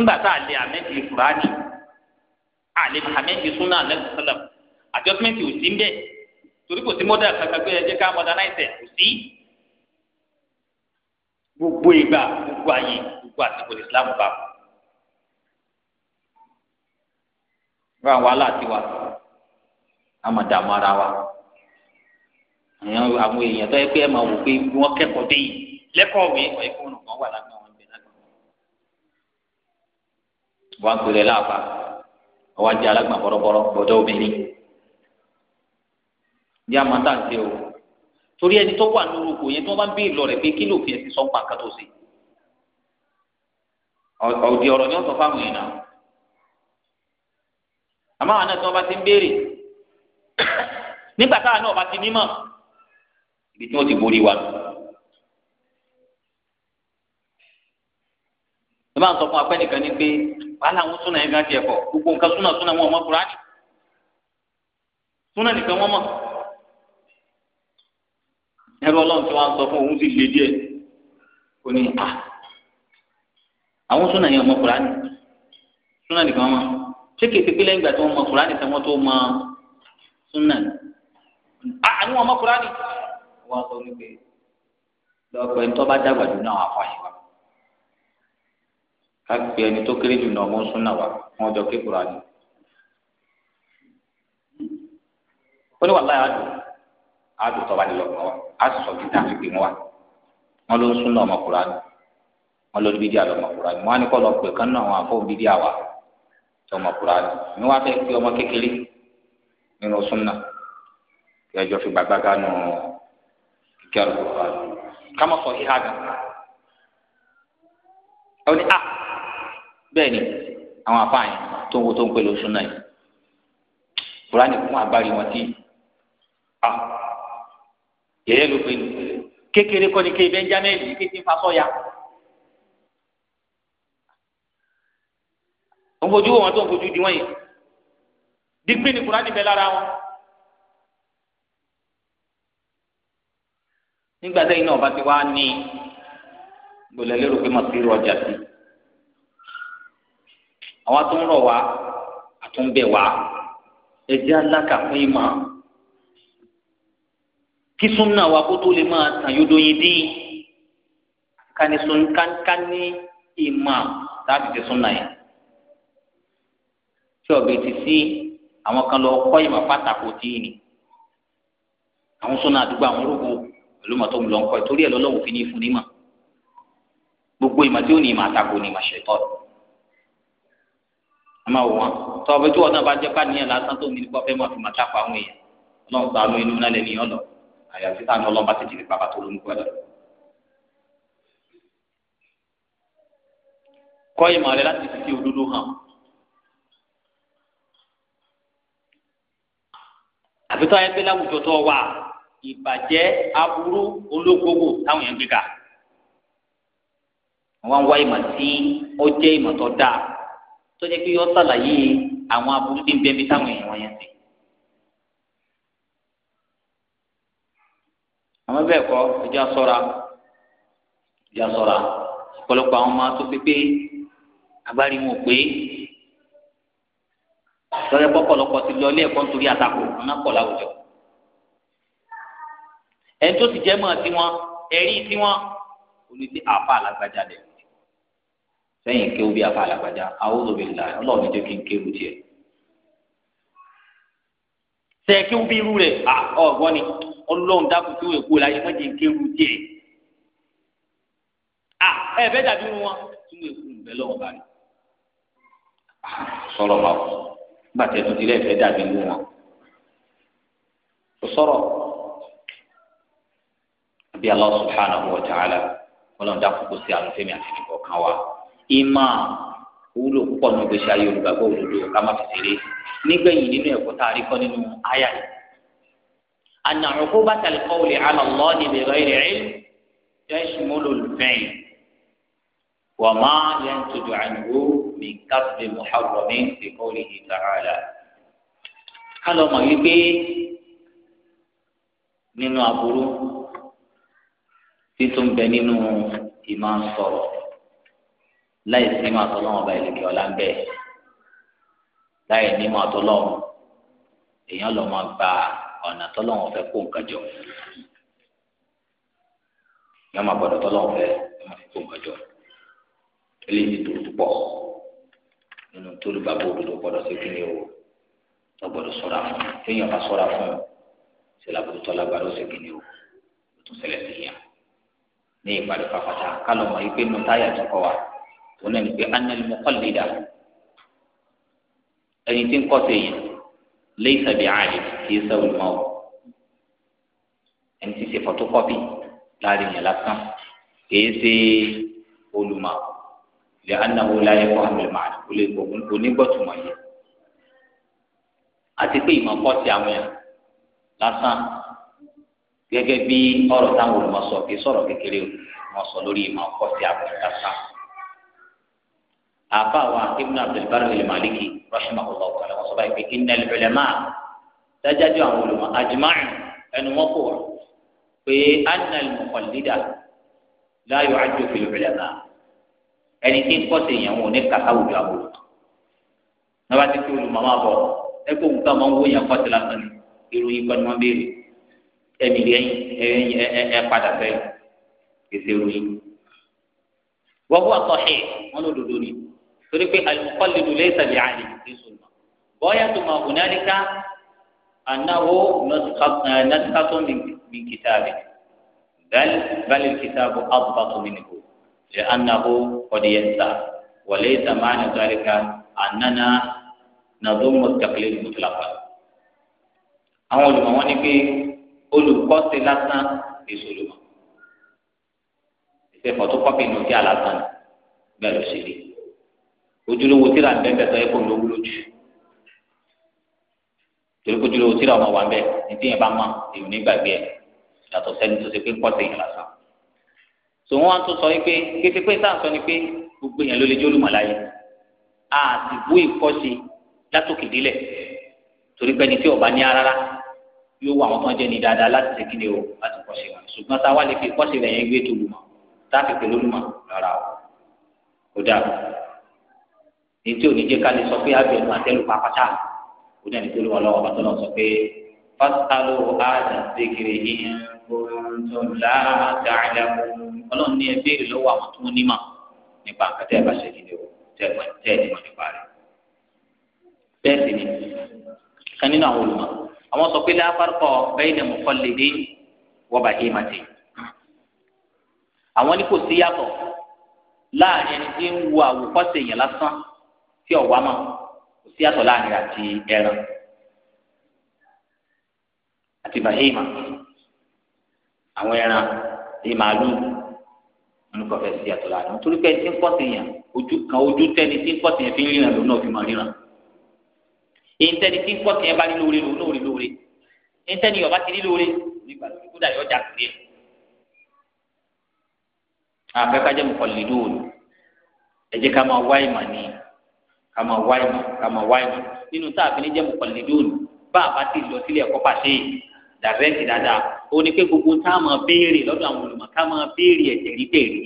ńgbà tá àlẹ́ àmẹ́jẹ Kùránì àlẹ́ àmẹ́jẹ súnà àlẹ́kùn sálàm àjọsímẹ́ntì ò sí ń bẹ́ẹ̀ torí kò sí mọ́dà kankan pé ẹ jẹ́ ká mọ́dà náà ẹ̀sẹ̀ kò sí gbogbo ìgbà gbogbo àyè kú àsìkò islam bá kú. wọ́n àwọn aláàtí wa a máa dààmú ara wa àwọn èèyàn tó yẹ pé ẹ máa wò pé bí wọ́n kẹ́kọ̀ọ́ dé yìí lẹ́kọ̀ọ́ mi ọ̀ ẹ̀kọ́ ọ̀nà kan wà lágbàá wọn bẹ̀ lágbàá wọn. wọ́n á pèrè láàbà ọwọ́ ajé alágbà bọ́rọ́bọ́rọ́ gbọ́dọ̀ obìnrin ní àmọ́ tá à ń ṣe o torí ẹni tó wà lóru yẹn tí wọ́n bá ń bí ìlọ rẹ̀ pé kí ló fi ẹ̀sìn sọ́pà kan tó ṣe ọ̀dì ọ̀rọ̀ ni wọ́n sọ fáwọn èèyàn náà àmọ́ àwọn náà tí wọ́n bá ti ń béèrè nígbà táwọn náà bá ti nímọ̀ ibi tí wọ́n ti borí wa nù. ẹ máa ń sọ fún apẹ́ nìkan ní pé wàhálà ń súnà ẹ̀mí àti ẹ̀kọ́ gbogbo nǹkan súnà súnà wọn ọmọ kúránì súnà nìkan wọn mọ̀ ẹrú ọlọ́run tí wọ́n á sọ fún òun sì le díẹ̀ ó ní à. Ah, àwọn súnà yẹn ọmọ kùránì súnà nìkan mọ ṣé kìí pípé lẹ́yìn ìgbà tí wọ́n mọ kùránì tí wọ́n tó mọ súnà àwọn ọmọ kùránì wọ́n sọ wípé lọ́pọ̀ ẹni tó bá dàgbà jù náà àfọ àyè wa ká pe ẹni tó kéré jù náà mọ súnà wa wọ́n jọ ké kùránì ó ní wàhálà yà á tọ́ba nílò ọ̀gbọ́n wa á sọ gidi àfikún wa wọ́n ló ń súnà ọmọ kùránì wọn lọ bídíà lọmọ kúránì wọn á ní kọ́ lọ pè kán náà àwọn àfọ bídíà wa tọmọ kúránì ni wọn á fẹ́ fi ọmọ kékeré nínú súnà kí ẹjọ́ fi gbàgbága nù kíkẹ́ àlùkò wa kámọ́ sọ híhá gan ẹ ní a ah! bẹ́ẹ̀ ni àwọn àfáàyàn tó ń wo tó ń pè ló súnà yìí kúránì fún àgbárí wọn tí a ah! yẹ̀yẹ́ ló pe kékeré kọ́ni ké benjamin yìí ti fa sọ́ya. ń fojú wọn tó ń fojú di wọn yìí dígbé ni kúránì bẹ lára wọn. nígbà tẹ́yìn náà bá ti wá ní gbọ́dọ̀ lérò pé màá fi rọ ọjà sí àwa tó ń rọ̀ wá àtúnbẹ̀ wá ẹ̀jẹ̀ aláka fún ìmọ̀ kí súnà wa kó tó lè máa tàn yódó dín kání sun kání ìmọ̀ láti fi yẹn tí ọbẹ̀ ti sí àwọn kan lọ kọ́ ìmọ̀ pátákó tí ì ní àwọn sọ́nà àdúgbò àwọn olóko pẹ̀lú mọ̀tò ń lọ ń kọ́ ìtorí ẹ̀ lọ́lọ́wọ́ fi ní fún nímọ̀ gbogbo ìmọ̀ tí ó ní ìmọ̀ àtakò ní ìmọ̀ ṣẹ̀tọ́ àmọ́ wọn tọ́ọ̀bẹ tí wọn náà bá jẹ́ pàníyàn lásán tó ní nípa fẹ́ mọ̀ fi mọ̀ tápọ̀ àwọn èèyàn ọlọ́run gba àánú inú nálẹ̀ nìyàn lọ àyàfi táwọn ọlọ́run bá tètè lè pàpà tó lónìí pẹ́lú. kọ́ ìmọ̀ rẹ láti fi fi òdodo hàn àbítọ́ ayé pé láwùjọ tó wà ìbàjẹ́ aburú olókoòwò táwọn yẹn gbé ga wọn wá ìmọ̀ tí ó jẹ́ ìmọ̀ tó dáa tó jẹ́ pé yọ sàlàyé àwọn aburú tí ń bẹ́ẹ̀ bí táwọn èèyàn yẹn ti. àwọn bẹ́ẹ̀ kọ́ ẹja sọ́ra ẹja sọ́ra ọ̀pọ̀lọpọ̀ àwọn ọmọ tó pépé agbárí wọn ò pé lọ́yẹ pọ́pọ́lọpọ́ ti lọ ilé ẹ̀kọ́ nítorí àtakò ọ̀nà pọ̀ láwùjọ. ẹni tó sì jẹ́ mọ́ tiwọn ẹ̀rí tiwọn olùdí àfa alágbájá lẹ̀ sẹ́yìn kéwú bí àfa alágbájá a'udhu billahi ọlọ́run jẹ́ kí n kéwú tiẹ̀. sẹ́yìn kéwú bí irú rẹ̀ ọ̀gbọ́n ni ọlọ́run dákun kéwú èkó láyé mọ́jì ń kéwú tiẹ̀ ẹ bẹ dàbí wọn tún lè kú ìbẹ lọ́wọ́ báyìí sọ̀rọ̀ bá wọn gbàtẹ́ tó ti lẹ́ẹ̀fẹ́ dàbí lù wọn kò sọ̀rọ̀ àbí Allah subhanahu wa ta'ala wọn lọ́n dákú kó sí àlùfẹ́mi àti nìkan kan wa ìmọ̀ wúlò púpọ̀ ní gbèsè ayé olùgbàgbọ́ òdodo ká má fi tèrè nígbẹ̀yìn nínú ẹ̀kọ́ tá a rí kọ́ nínú àyà yìí. àná àrùkú bá tẹ̀lé kọ́wùlì àlọ́ lọ́ níbi rẹ̀ rẹ̀ jẹ́ ìṣúmọ́lò lùfẹ́yìn wọ́n máa yẹn tó dùn àyìnbó من كسب محرم في قوله تعالى kálọ̀ mọ̀ yí pé nínú aburú títún bẹ nínú ìmọ̀ sọ̀rọ̀ láì sí ìmọ̀ àtọ́lọ́wọ́n ọba ìlẹ̀kẹ́ ọ̀la ń bẹ̀ láì ní ìmọ̀ àtọ́lọ́wọ́n èèyàn lọ́ máa gba ọ̀nà tọ́lọ́wọ́n fẹ́ kó nǹkan jọ èèyàn máa gbọ́dọ̀ tọ́lọ́wọ́n fẹ́ kó nǹkan jọ eléyìí tó pọ̀ nínú torí bàbá òdodo gbọ́dọ̀ sí kí ni o lọ gbọ́dọ̀ ṣọ́ra fún un téèyàn bá ṣọ́ra fún un ṣẹlẹ̀ àbúrútọ lágbára ó sì kí ni o ó tún ṣẹlẹ̀ sí yàn ní ìpàdé pàpàtà kálọ mọ ipe nù táyà tó kọ wa tó náà ní pé anẹlẹ mọ kọlẹ dà ẹni tí ń kọ sí yàn lẹ́yìn sàbí àlè kì í sẹwọn mọ o ẹni tí ṣe fọ́tòkọ́pì láàrin yẹn lásán kì í ṣe olùmọ lè anáwó láyé fún àmì màánì kò lè gbogbo onígbọ̀tùmọ̀ yẹ àti pé ìmọ̀ pọ̀ sí àwọn yẹn lásán gẹ́gẹ́ bí ọ̀rọ̀ táwọn olùmọ̀sọ kì í sọ̀rọ̀ kékeré wọn sọ lórí ìmọ̀ pọ̀ sí àwọn yẹn lásán àbá wa ibn abdulbari al-maliki rahimahullah ta'ala wọn sọ báyìí pé innal ulama dájájú àwọn olùmọ̀ ajma'u ẹnu wọn kò wá pé anna al-muqallida la yu'addu fil ulama ẹni tí ń kọ́sẹ̀ yẹn wọn ò ní kàkà òjò àbò nàbà tí kí olùmọ̀mọ́ àbọ̀ ẹgbẹ́ òun káwọn owó yẹn kọ́sẹ̀ lásán ni ìròyìn kan ni wọ́n béèrè ẹ̀mí lẹ́yìn ẹ padà sẹ́yìn èsì ìròyìn. wọ́n wá sọ́hìn wọn ló dòdò ni torí pé al-muqallidu laysa bi 'alim fi sunnah bọ́yá tó máa wùn náà annahu naskhatun min kitabi bal bal al-kitabu adbatu minhu لأنه قد ينسى وليس معنى ذلك أننا نضم التقليد مطلقا àwọn olùmọ̀ wọn ni pé olùkọ́sí lásán èso olùmọ̀ ìfẹ́ fọ́tòkọ́pì ní ojú àlásán bẹ́ẹ̀ ló ṣe rí ojúlówó tíra ń bẹ́ẹ̀ bẹ́ẹ̀ kó ló wúlò jù torí kó ojúlówó tíra ọmọ wa ń bẹ́ẹ̀ ní tíyẹn bá mọ̀ èmi nígbàgbé ẹ̀ yàtọ̀ sẹ́ni tó ṣe pé kọ́sí yẹn lásán sọ wọn tún sọ wípé kété pé tá à ń sọ ni pé gbogbo èèyàn ló lè jó olùmọ̀lá yẹn a sì bú ìkọ́sí látòkè délẹ̀ torí pé ẹni tí ọba ní arára yóò wọ àwọn tó ń jẹ ní dáadáa láti ṣe kí ni o láti kọ́sí wọn ṣùgbọ́n tá a wá lè fi kọ́sí rẹ̀ yẹn gbé tó lùmọ̀ tá a fi pè lólùmọ̀ rárá o kò dáa ètò oníjẹ ká lè sọ pé abẹ́nu àtẹ́lù pàpàtà ó dẹ́ni tó lọ́wọ́ lọ́wọ́ tó láàdá àdàbò ọlọ́run ní ẹbí èrè lọ́wọ́ àwọn tó ní mà nípa àkàtà ẹ̀bá ṣe kíni o tẹ̀gbọ́n tẹ̀lé mọ̀ nípa rẹ̀. bẹ́ẹ̀ sì ni kan nínú àwọn olùmọ̀ àwọn sọ pé láfárkọ bẹ́ẹ̀ ni mo kọ́ lè dé wọ́n bá dé màtí. àwọn ní kò sí yàtọ̀ láàrin ẹni tí ń wo àwòkọ́ṣe èèyàn lásán tí ọ̀wá mọ̀ kò sí yàtọ̀ láàrin àti ẹran àti bàhíìmà àwọn ẹran bíi màálù wọn kò fẹ́ sí àtọ lànà torí pé ẹni tí ń pọ̀ sí yàn ojú kan ojú tẹni tí ń pọ̀ sí yàn fi ń ríran lòun náà fi mọ ríran èyí tẹni tí ń pọ̀ sí yàn bá rí lóore lòun náà rí lóore èyí tẹni yọba ti rí lóore nígbà tó kúdà yọ jà sílẹ̀ àfẹ́kájẹ́ mọ̀kànlélódò ni ẹ jẹ́ ká máa wá ìmọ̀ ni ká máa wá ìmọ̀ ká máa wá ìmọ̀ nínú táàfin jẹ́ mọ̀kànlélódò ni bá a bá ti lọ sílẹ̀ ẹ̀kọ́ pàṣẹ yìí dàbẹ́ẹ̀tì dáadáa ó ní pé gbogbo tá a máa béèrè lọ́dọ̀ àwọn olùmọ̀ ká máa béèrè ẹ̀tẹ̀rí tẹ̀rí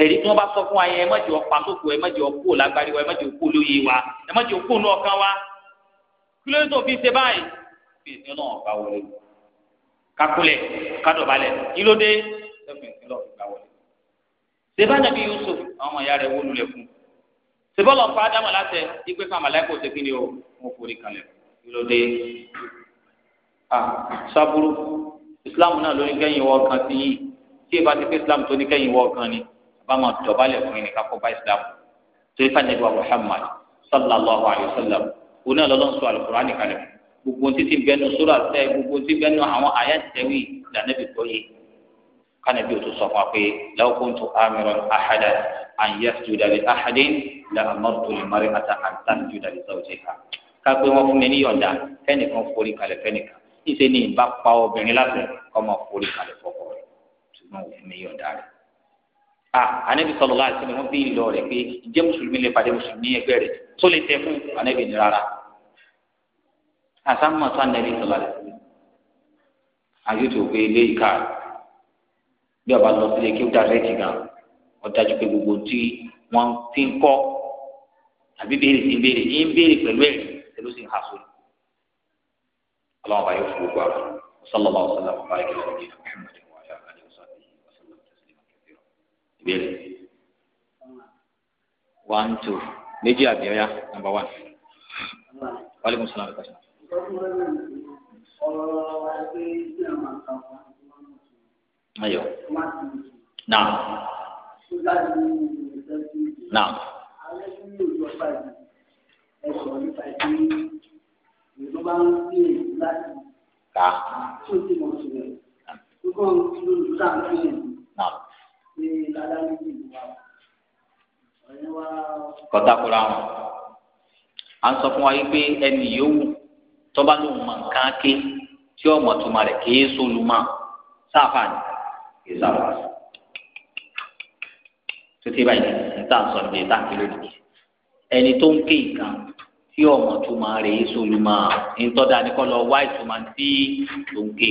ẹ̀rí tí wọ́n bá sọ fún wa yẹn ẹ má jẹ́ ọ̀pá sóko ẹ má jẹ́ ọ̀pó lágbárí wa ẹ má jẹ́ ọ̀pó lóye wa ẹ má jẹ́ ọ̀pó nù ọ̀kan wa kí ló ń tó fi ṣe báyìí fi ìsìn náà ọ̀gá wọlé kakulẹ̀ kadọ̀balẹ̀ ìlódé ẹ̀fìn ìsìn náà ọ̀gá wọlé sèbá nàbí Yusuf àwọn ìyá rẹ̀ wọlé lẹ̀kùn sèbá lọ́ọ́ fún Ádámù látẹ̀ ìgbé fún àmàlẹ́kọ̀ọ́ sábúrú islam náà ló ní kẹ́yìn wọ́ kan sí yìí tí ìbá ti pé islam tó ní kẹ́yìn wọ́ kan ni bá máa dọ̀bálẹ̀ fún yín ní kakọ́ bá islam tó ifá ní ìwà muhammad sallallahu alayhi wa sallam òun náà lọ́lọ́ sọ alukur'an kalẹ̀ gbogbo títí bẹnu sóra tẹ gbogbo títí bẹnu àwọn àyà tẹ̀wé lànàbí gbọ́ yìí kánàbí o tó sọ fún wa pé law kuntu amiran ahada an yasjuda li ahadin la amartu al-mar'ata an tasjuda li zawjiha ká pé wọ́n fún mi ní yọ̀ǹda fẹ́nìkan forí kalẹ̀ fẹ́nìkan níṣẹ́ ni ìbá pa obìnrin láti ọmọ forí kalẹ̀ fọkọ rẹ̀ ṣùgbọ́n òfin mi yọ̀ǹda rẹ̀. a anabi sọlọ láti ṣe ni wọn bí ìlọ rẹ pé ǹjẹ́ mùsùlùmí lè pàdé mùsùlùmí ẹgbẹ́ rẹ̀ tó lè tẹ fún anabi ní rárá. àsámọ̀ tó anabi sọlọ rẹ̀ ayélujára òwe ilé ìka bí ọba lọ sílé kí ó dára ẹtì gan ọ̀dájú pé gbogbo tí wọ́n ti ń kọ́ àbí béèrè sí béèrè yín béèrè pẹ̀lú ẹ̀rí ẹ̀ ló sì ń اللهم يوفق وبارك وصلى الله وسلم وبارك على نبينا محمد وعلى اله وصحبه وسلم تسليما كثيرا ìbéèrè one two méjì àbí ọyá number one wàlẹ́kùn sọ́nà àbíkọ́ sọ́nà. ayọ̀ naam naam ló bá ń gbé èyí láti ká tí ó ti mọ̀ sí rẹ̀ nígbà tí ó lù sáà ń fi hàn ní ládá méjì wà ọ̀rẹ́ wa. kọ́tàkùrọ̀ àwọn à ń sọ fún wa yìí pé ẹnì yòówù tó bá lóun mọ̀ nǹkan ké tí ọmọ tuma rẹ̀ kéé solùmọ̀ sáfà ní ìsàlọ̀ tó báyìí ní tá à ń sọ ní ẹni tó ń ké nǹkan tí ọmọ tó máa rè é sólú máa ń tọ́da ní kọ́ lọ wá ìtumọ̀ tí ló ń ké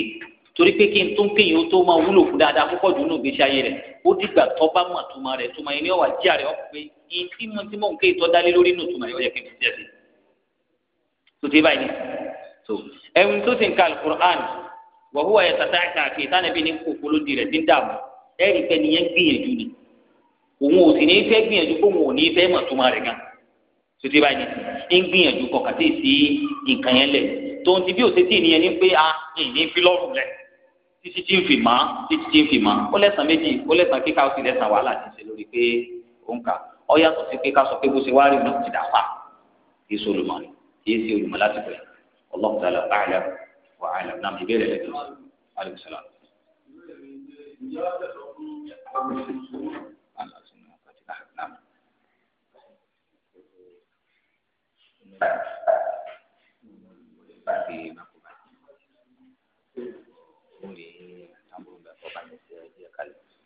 torí pé kí n tó ń ké yìí ó tó máa wúlò fún dáadáa púpọ̀ jù nínú ìgbésí ayé rẹ̀ ó dìgbà tó mọ̀ tó rẹ̀ tó máa yẹn ọ̀wà jí àrẹ ọ̀pọ̀ pé tí mo ti mọ̀ ń ké ìtọ́da lé lórí nù tó máa yọ ọ̀yẹ́ kí n fi jẹ́ sí. tó ti báyìí tó ẹ̀wùn tó ti ń ka alukur'an wàhùwà yẹn tata àkàkì ìtànàbí ní kòkó ló di rẹ̀ ti ń dààmú ẹ̀rì pẹ́ niyẹn gbìyànjú ni òun ò sì ní fẹ́ gbìyànjú kó òun ò ní fẹ́ mọ̀ tó rẹ̀ gan títí báyìí ní ń gbìyànjú kọ kàtí sí nǹkan yẹn lẹ tòun ti bí òṣètì nìyẹn ní pé a ah, ìní fi lọ́rùn lẹ títí tí ń fi mọ́ títí tí ń fi mọ́ ó lẹ́sàn méjì ó lẹ́sàn kíkà ó sì lẹ́sàn wàhálà ti ṣe lórí pé ó ń kà ọ yàtọ̀ sí pé ká sọ pé bó ṣe wá rí náà ti dà pa kì í ṣe olùmọ̀ ni kì í ṣe olùmọ̀ láti pẹ̀ Allahu ta'ala a'la wa a'lam náà ìbéèrè rẹ̀ tó ṣe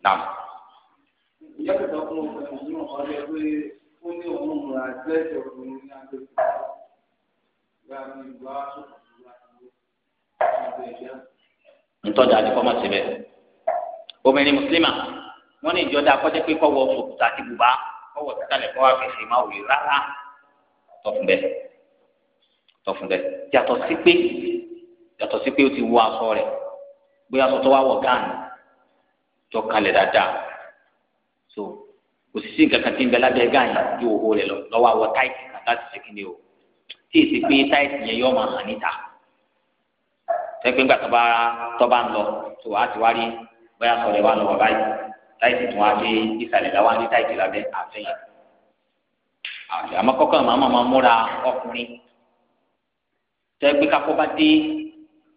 Nam. Ìyá ìgbà fún ọkùnrin ní ọ̀rẹ́ pé ó ní òun múra dírẹ́sì ọkùnrin ní agbègbè ìgbà mi ìgbà sọ̀rọ̀ ìgbà ìgbà. Ntọ́jà àti kọ́mọ̀ síbẹ̀. Obìnrin Mùsùlùmá wọ́n ní ìjọ dáa kọ́jẹ́ pé kọ́ wọ fòkúta àti bùbá kọ́ wọ títàlẹ̀ kọ́ wá fèsì máa wòye rárá. Tọ́ fún sọ fún bẹ́ẹ̀ yàtọ̀ sí pé yàtọ̀ sí pé ó ti wọ aṣọ rẹ̀ bóyá aṣọ tó wá wọ̀ gáàni jọ kalẹ̀ dáadáa so kò sí nǹkan kan tí ń bẹ lábẹ́ gáàni yóò hó rẹ̀ lọ lọ́wọ́ àwọ̀ táìtì kan láti ṣe o tí èsì pé táìtì yẹn yọ máa hàn níta sẹ́pẹ́ ńgbà tó bá tó bá ń lọ tó wàá ti wá rí bóyá aṣọ rẹ̀ wá lọ báyìí táìtì tó wá dé ìsàlẹ̀ láwa ní táìtì lábẹ́ àfẹ́yìn àmọ́ kọ́kọ́ màmá máa múra ọkùnrin tẹ gbé kakọ bá dé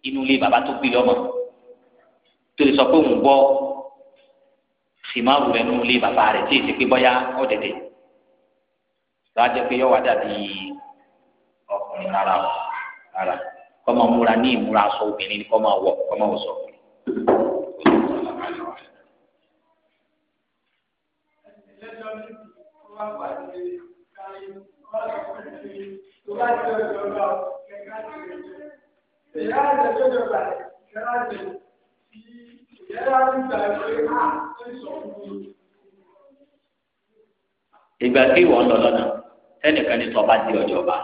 inú ilé bàbá tó gbélé ọmọ tó lè sọ pé òun gbọ́ sìmáàrù rẹ nínú ilé bàbá rẹ tí èsì pé bóyá ọ̀dẹ̀dẹ̀ lọ́wọ́ jẹ́ pé yọ̀wá dàbí ọkùnrin rárá o rárá kọ́mọ múra ní ìmúra aṣọ obìnrin ni kọ́mọ wọ̀ kọ́mọ wọ̀ sọ. Thank you ìyá àjẹjọ́jọ́ gbà ìyára jẹ kí ìyára gbígbà pé á ń sọ fún mi. ìgbà tí ìwọ ń lọ lọ́nà ẹnìkan ní tọ́ba di ọjọ́ bá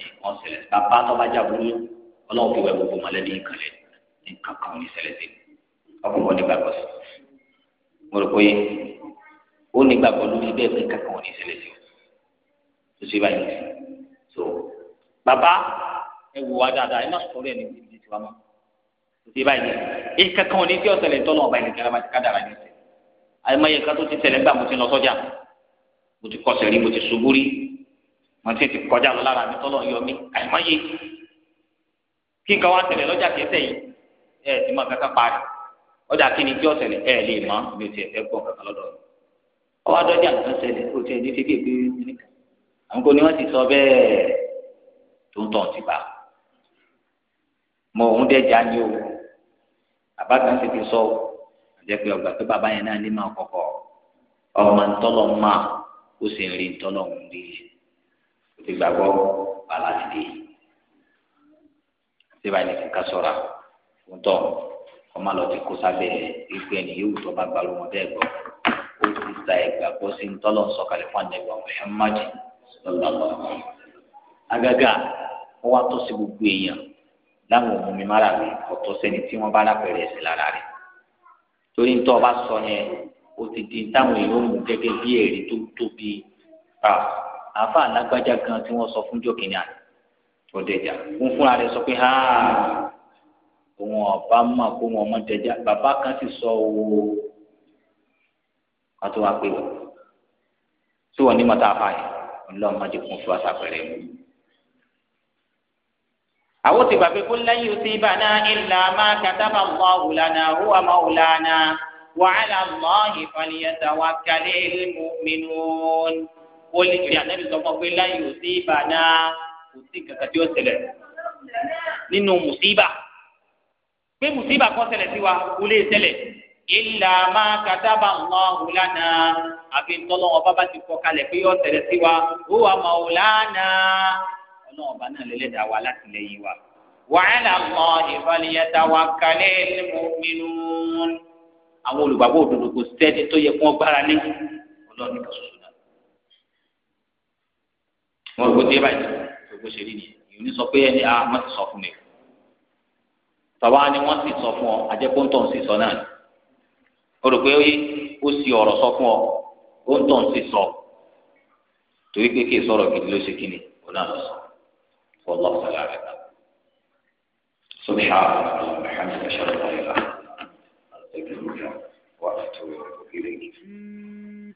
nǹkan ṣẹlẹ̀ bàbá tọ́ba já burú ọlọ́run fi wẹ gbogbo mọ̀lẹ́bí ìkàlẹ̀ nǹkan kan ní ṣẹlẹ̀ sí ọkùnrin wọn nígbàgbọ́ sí mo rò pé ó nígbàgbọ́ lórí bẹ́ẹ̀ pé kankan wọn ní ṣẹlẹ̀ sí o tó ṣe báyìí sí so bàbá ẹ wù wá dáadáa ẹ má sọ̀rọ̀ ẹ ní ibi tiwa mọ́ tòtí báyìí ẹ kankan ní tí ó ṣẹlẹ̀ tọ́lọ̀ ọba ẹnì kẹrẹ́mà ti ká dára ní ìṣẹ̀lẹ̀ àyèmáyé kan tó ti ṣẹlẹ̀ nígbà mo ti lọ sọ́jà mo ti kọsẹ̀ rí mo ti ṣubú rí mo ti ti kọjá lọ lára mi tọ́lọ̀ yọ mí àyèmáyé kí nǹkan wá ṣẹlẹ̀ lọ́jà kẹsẹ̀ yìí ẹ ti máa kankan parí ọjà kí ni tí ó ṣẹlẹ̀ ẹ lè mọ́ mi ò tiẹ̀ gbọ́ kankan lọ́dọ̀ ọwọ́ adọ́jà mọ òun dẹjà ni o àbátan sì ti sọ o àjẹ pé ọgbà pé bàbá yẹn náà ní máa kọ́kọ́ ọmọ ntọ́lọ̀ máa ó sì ń rí ntọ́lọ̀ ń rí o ti gbàgbọ́ bàlá ti dé síbà ní kíkà sọ̀ra ń tọ̀ ọmọ lọ ti kó sábẹ́ ìgbẹ́ ẹni yóò tọ́ bá gbà lọ́mọdé ẹ̀gbọ́n ó ti ta ìgbàgbọ́ sí ntọ́lọ̀ sọ̀kalẹ̀ fún àdẹ́gbọ̀n Muhammad sallallahu alaihi wasallam agaga wọ́n wá tó sí gbogbo èèyàn láwọn ohun mi mára rè ọ̀tọ̀ sẹ́ni tí wọ́n bá lápẹ̀rẹ̀ ẹ̀sìn lára rẹ̀ torí ń tọ́ ọba sọ yẹn ó ti di táwọn èèyàn mú gẹ́gẹ́ bí ẹ̀rí tó tóbi rà àfa alágbájá gan tí wọ́n sọ fún jọ́kìnní àná ọ̀dẹ̀jà ń fúnra rẹ̀ sọ pé ha òun ọba mọ̀ kó wọn mọ̀ dẹ̀jà bàbá kan sì sọ owó wọn tó wá wọn tí wọn ní mọ̀tà àfa yẹn má jẹ́ kó fún wa sápẹ̀rẹ̀ mu àwọn ti gbàgbé kó lan yusibana illa ma kataba Allahu lana huwa maulana wa ala Allahi falyatawakkalil mu'minun. ó lè fi ànábì sọ fún ọ pé lan yusibana kò sí kankan tí ó ṣẹlẹ̀ nínú mùsíbà pé mùsíbà kọ́ ṣẹlẹ̀ sí wa kò lè ṣẹlẹ̀ illa ma kataba Allahu lana àfi ntọ́lọ́wọ́ bábá ti kọ kalẹ̀ pé yọ ṣẹlẹ̀ sí wa huwa maulana ọlọ́run ọba náà lẹ́lẹ́dàá wa látìlẹ́yìn wa. wàhálà mọ ìfọlẹ́yẹta wa kalẹ́ mu'minun. àwọn olùgbàgbọ́ òdodo kò sẹ́ni tó yẹ kí wọ́n gbára lé ọlọ́run nìkan ṣoṣo náà. wọ́n rò ó dé báyìí gbogbo ṣe rí nìyẹn ìyẹn ní sọ pé ẹni a ah, má ti sọ fún mi. tọ́wá ni wọ́n sì sọ fún ọ ajẹ́pọ́ntọ̀ sì sọ náà. o rò pé ó sì ọ̀rọ̀ sọ fún ọ ó ń sọ torí pé kí ìsọ̀rọ̀ gidi ló ṣe kíni òun náà lọ sọ. والله تعالى أعلم سبحانك اللهم وبحمدك أشهد أن لا إله إلا وأتوب اليه